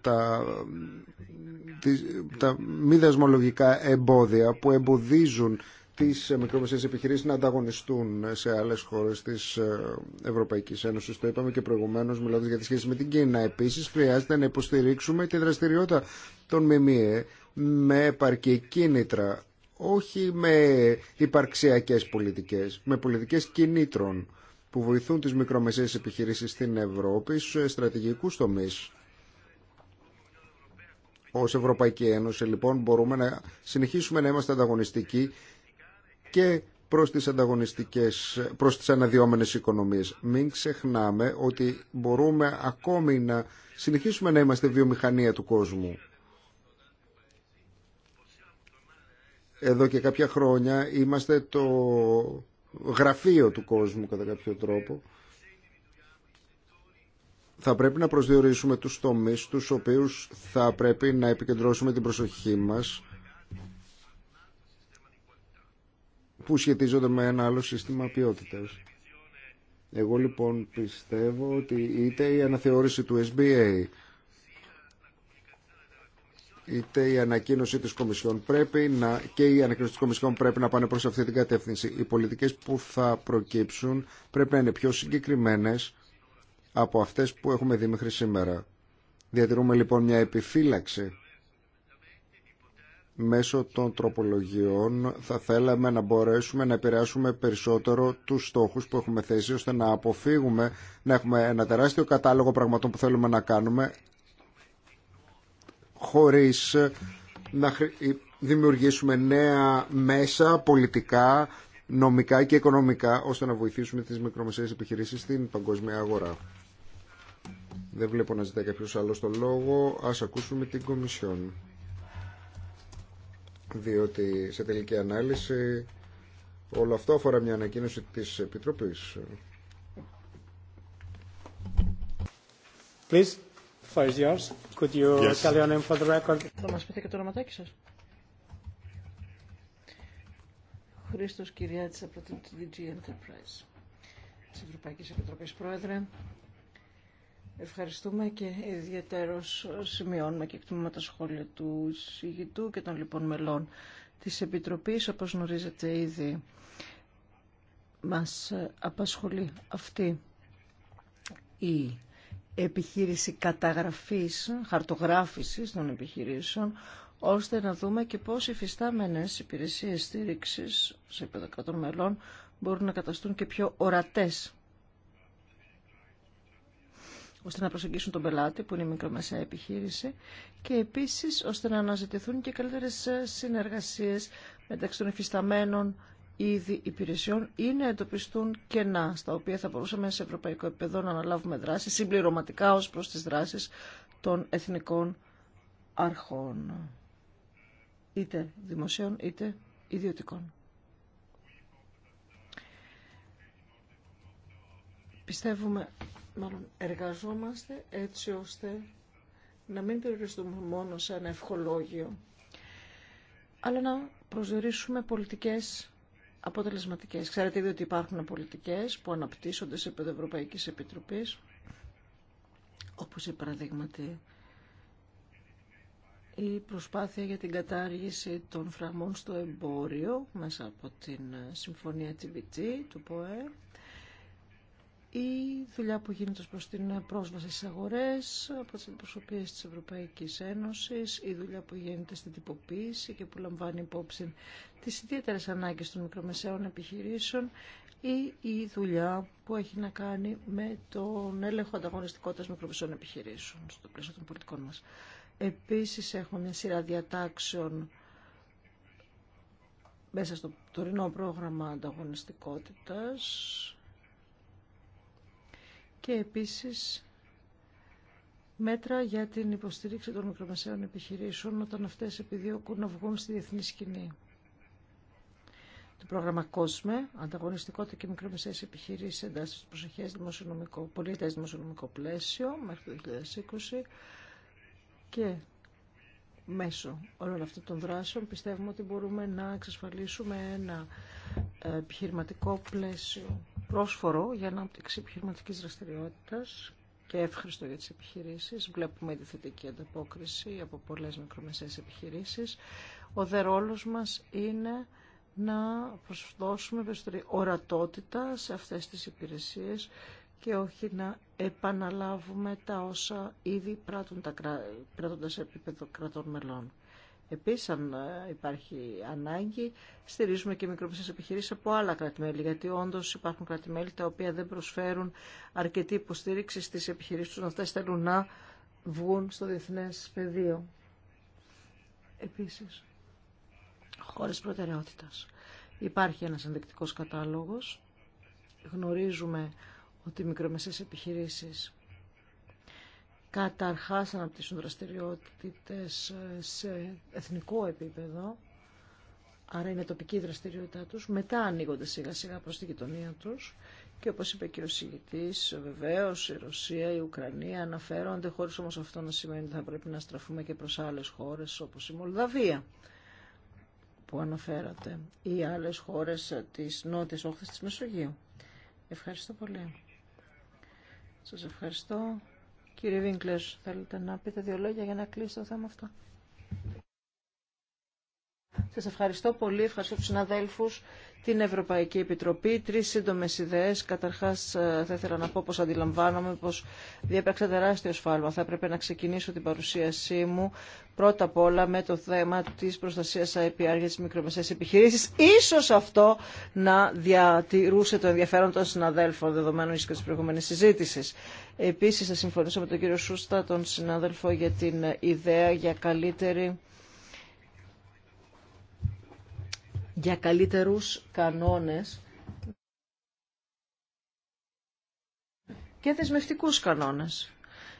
τα, τα μη δεσμολογικά εμπόδια που εμποδίζουν τις ε, μικρομεσαίες επιχειρήσεις να ανταγωνιστούν σε άλλες χώρες της ε, Ευρωπαϊκής Ένωσης. Το είπαμε και προηγουμένως μιλώντας για τη σχέση με την Κίνα. Επίσης χρειάζεται να υποστηρίξουμε τη δραστηριότητα των ΜΜΕ με επαρκή κίνητρα, όχι με υπαρξιακές πολιτικές, με πολιτικές κινήτρων που βοηθούν τις μικρομεσαίες επιχειρήσεις στην Ευρώπη στους στρατηγικούς τομείς. Ως Ευρωπαϊκή Ένωση λοιπόν μπορούμε να συνεχίσουμε να είμαστε ανταγωνιστικοί και προς τις, ανταγωνιστικές, προς τις αναδυόμενες οικονομίες. Μην ξεχνάμε ότι μπορούμε ακόμη να συνεχίσουμε να είμαστε βιομηχανία του κόσμου. Εδώ και κάποια χρόνια είμαστε το γραφείο του κόσμου κατά κάποιο τρόπο. Θα πρέπει να προσδιορίσουμε τους τομείς τους οποίους θα πρέπει να επικεντρώσουμε την προσοχή μας που σχετίζονται με ένα άλλο σύστημα ποιότητας. Εγώ λοιπόν πιστεύω ότι είτε η αναθεώρηση του SBA είτε η ανακοίνωση της Κομισιόν πρέπει να, και η ανακοίνωση της Κομισιόν πρέπει να πάνε προς αυτή την κατεύθυνση. Οι πολιτικές που θα προκύψουν πρέπει να είναι πιο συγκεκριμένες από αυτές που έχουμε δει μέχρι σήμερα. Διατηρούμε λοιπόν μια επιφύλαξη μέσω των τροπολογιών θα θέλαμε να μπορέσουμε να επηρεάσουμε περισσότερο τους στόχους που έχουμε θέσει ώστε να αποφύγουμε να έχουμε ένα τεράστιο κατάλογο πραγματών που θέλουμε να κάνουμε χωρίς ε, να ε, δημιουργήσουμε νέα μέσα πολιτικά, νομικά και οικονομικά ώστε να βοηθήσουμε τις μικρομεσαίες επιχειρήσεις στην παγκόσμια αγορά. Δεν βλέπω να ζητάει κάποιος άλλος το λόγο. Ας ακούσουμε την Κομισιόν. Διότι σε τελική ανάλυση όλο αυτό αφορά μια ανακοίνωση της Επιτροπής. Please is Could you yes. tell Θα μας πείτε και το ονοματάκι σας. Χρήστος Κυριάτης από την DG Enterprise της Ευρωπαϊκής Επιτροπής Πρόεδρε. Ευχαριστούμε και ιδιαίτερος σημειώνουμε και εκτιμούμε τα σχόλια του συγητού και των λοιπόν μελών της Επιτροπής, όπως γνωρίζετε ήδη. Μας απασχολεί αυτή η επιχείρηση καταγραφής, χαρτογράφησης των επιχειρήσεων, ώστε να δούμε και πώς οι φυστάμενες υπηρεσίες στήριξης σε επίπεδο μελών μπορούν να καταστούν και πιο ορατές ώστε να προσεγγίσουν τον πελάτη που είναι η μικρομεσαία επιχείρηση και επίσης ώστε να αναζητηθούν και καλύτερες συνεργασίες μεταξύ των υφισταμένων είδη υπηρεσιών ή να εντοπιστούν κενά, στα οποία θα μπορούσαμε σε ευρωπαϊκό επίπεδο να αναλάβουμε δράσεις συμπληρωματικά ως προς τις δράσεις των εθνικών αρχών, είτε δημοσίων είτε ιδιωτικών. Πιστεύουμε, μάλλον εργαζόμαστε έτσι ώστε να μην περιοριστούμε μόνο σε ένα ευχολόγιο, αλλά να προσδιορίσουμε πολιτικές Αποτελεσματικέ. Ξέρετε ήδη ότι υπάρχουν πολιτικέ που αναπτύσσονται σε επίπεδο Ευρωπαϊκής Επιτροπής, όπως η παραδείγματι η προσπάθεια για την κατάργηση των φραγμών στο εμπόριο μέσα από την Συμφωνία TVT του ΠΟΕ η δουλειά που γίνεται προς την πρόσβαση στις αγορές από τις αντιπροσωπείες της Ευρωπαϊκής Ένωσης, η δουλειά που γίνεται στην τυποποίηση και που λαμβάνει υπόψη τις ιδιαίτερες ανάγκες των μικρομεσαίων επιχειρήσεων ή η δουλειά που έχει να κάνει με τον έλεγχο ανταγωνιστικότητας μικρομεσαίων επιχειρήσεων στο πλαίσιο των πολιτικών μας. Επίσης έχουμε μια σειρά διατάξεων μέσα στο τωρινό πρόγραμμα ανταγωνιστικότητας και επίσης μέτρα για την υποστήριξη των μικρομεσαίων επιχειρήσεων όταν αυτές επιδιώκουν να βγουν στη διεθνή σκηνή. Το πρόγραμμα COSME, ανταγωνιστικότητα και μικρομεσαίες επιχειρήσεις εντάσσεται στο προσεχές δημοσιονομικό, πολίτες δημοσιονομικό πλαίσιο μέχρι το 2020 και μέσω όλων αυτών των δράσεων πιστεύουμε ότι μπορούμε να εξασφαλίσουμε ένα ε, επιχειρηματικό πλαίσιο πρόσφορο για ανάπτυξη επιχειρηματική δραστηριότητα και εύχριστο για τις επιχειρήσεις. Βλέπουμε τη θετική ανταπόκριση από πολλέ μικρομεσαίες επιχειρήσει. Ο δε ρόλο μας είναι να προσδώσουμε περισσότερη ορατότητα σε αυτές τις υπηρεσίες και όχι να επαναλάβουμε τα όσα ήδη πράττουν τα, σε επίπεδο κρατών μελών. Επίσης, αν ε, υπάρχει ανάγκη, στηρίζουμε και μικρομεσαιες επιχειρήσεις από άλλα κρατημέλη, γιατί όντως υπάρχουν κρατημέλη τα οποία δεν προσφέρουν αρκετή υποστήριξη στις επιχειρήσεις τους, αυτές θέλουν να βγουν στο διεθνές πεδίο. Επίσης, χώρες προτεραιότητας. Υπάρχει ένας ενδεικτικός κατάλογος. Γνωρίζουμε ότι οι μικρομεσαίες επιχειρήσεις καταρχάς αναπτύσσουν δραστηριότητες ε, σε εθνικό επίπεδο, άρα είναι τοπική η δραστηριότητά τους, μετά ανοίγονται σιγά σιγά προς τη γειτονία τους και όπως είπε και ο συγητής, βεβαίως η Ρωσία, η Ουκρανία αναφέρονται, χωρίς όμως αυτό να σημαίνει ότι θα πρέπει να στραφούμε και προς άλλες χώρες όπως η Μολδαβία που αναφέρατε ή άλλες χώρες της νότιας όχθης της Μεσογείου. Ευχαριστώ πολύ. Σας ευχαριστώ. Κύριε Βίγκλερ, θέλετε να πείτε δύο λόγια για να κλείσει το θέμα αυτό. Σας ευχαριστώ πολύ, ευχαριστώ τους συναδέλφους, την Ευρωπαϊκή Επιτροπή. Τρεις σύντομες ιδέες. Καταρχάς ε, θα ήθελα να πω πως αντιλαμβάνομαι πως διέπραξα τεράστιο σφάλμα. Θα έπρεπε να ξεκινήσω την παρουσίασή μου πρώτα απ' όλα με το θέμα της προστασίας IPR για τις μικρομεσαίες επιχειρήσεις. Ίσως αυτό να διατηρούσε το ενδιαφέρον των συναδέλφων δεδομένου και της προηγούμενης συζήτησης. Επίσης θα συμφωνήσω με τον κύριο Σούστα, τον συνάδελφο, για την ιδέα για καλύτερη για καλύτερους κανόνες και δεσμευτικούς κανόνες.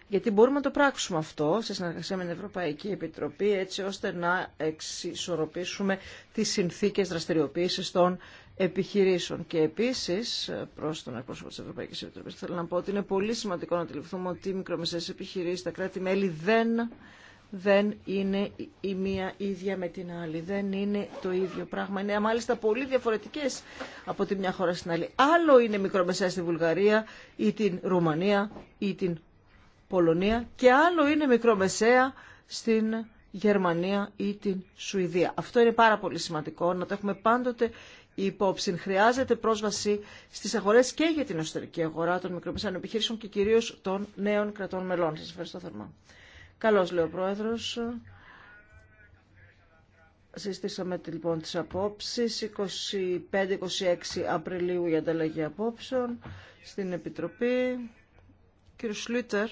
Γιατί μπορούμε να το πράξουμε αυτό σε συνεργασία με την Ευρωπαϊκή Επιτροπή έτσι ώστε να εξισορροπήσουμε τις συνθήκες δραστηριοποίησης των επιχειρήσεων. Και επίσης, προς τον εκπρόσωπο της Ευρωπαϊκής Επιτροπής, θέλω να πω ότι είναι πολύ σημαντικό να αντιληφθούμε ότι οι μικρομεσαίες επιχειρήσεις, τα κράτη-μέλη δεν δεν είναι η μία ίδια με την άλλη. Δεν είναι το ίδιο πράγμα. Είναι μάλιστα πολύ διαφορετικέ από τη μια χώρα στην άλλη. Άλλο είναι μικρομεσαία στη Βουλγαρία ή την Ρουμανία ή την Πολωνία και άλλο είναι μικρομεσαία στην Γερμανία ή την Σουηδία. Αυτό είναι πάρα πολύ σημαντικό να το έχουμε πάντοτε υπόψη. Χρειάζεται πρόσβαση στις αγορές και για την εσωτερική αγορά των μικρομεσαίων επιχειρήσεων και κυρίως των νέων κρατών μελών. Σας ευχαριστώ θερμά. Καλώς λέει ο Πρόεδρος. Συστήσαμε λοιπόν τις απόψεις 25-26 Απριλίου για ανταλλαγή απόψεων στην Επιτροπή. Κύριο Σλίτερ,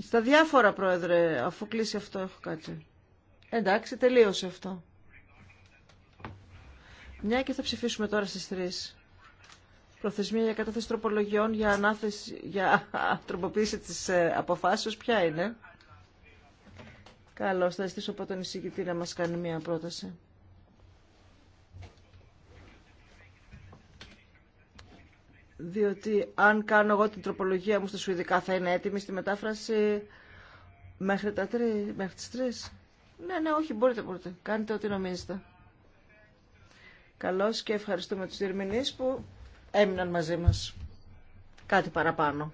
στα διάφορα πρόεδρε, αφού κλείσει αυτό έχω κάτι. Εντάξει, τελείωσε αυτό. Μια και θα ψηφίσουμε τώρα στις 3. Προθεσμία για κατάθεση τροπολογιών για, ανάθεση, για τροποποίηση της ε, αποφάσεως ποια είναι. Καλώ. θα ζητήσω από τον εισηγητή να μας κάνει μια πρόταση. διότι αν κάνω εγώ την τροπολογία μου στα Σουηδικά θα είναι έτοιμη στη μετάφραση μέχρι, τα τρι, μέχρι τις τρεις; Ναι, ναι, όχι, μπορείτε, μπορείτε. κάνετε ό,τι νομίζετε. Καλώς και ευχαριστούμε τους διερμηνείς που έμειναν μαζί μας. Κάτι παραπάνω.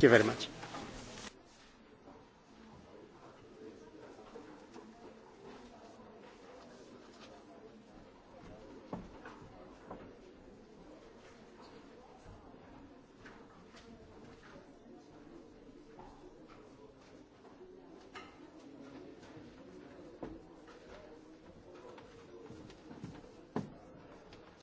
Thank you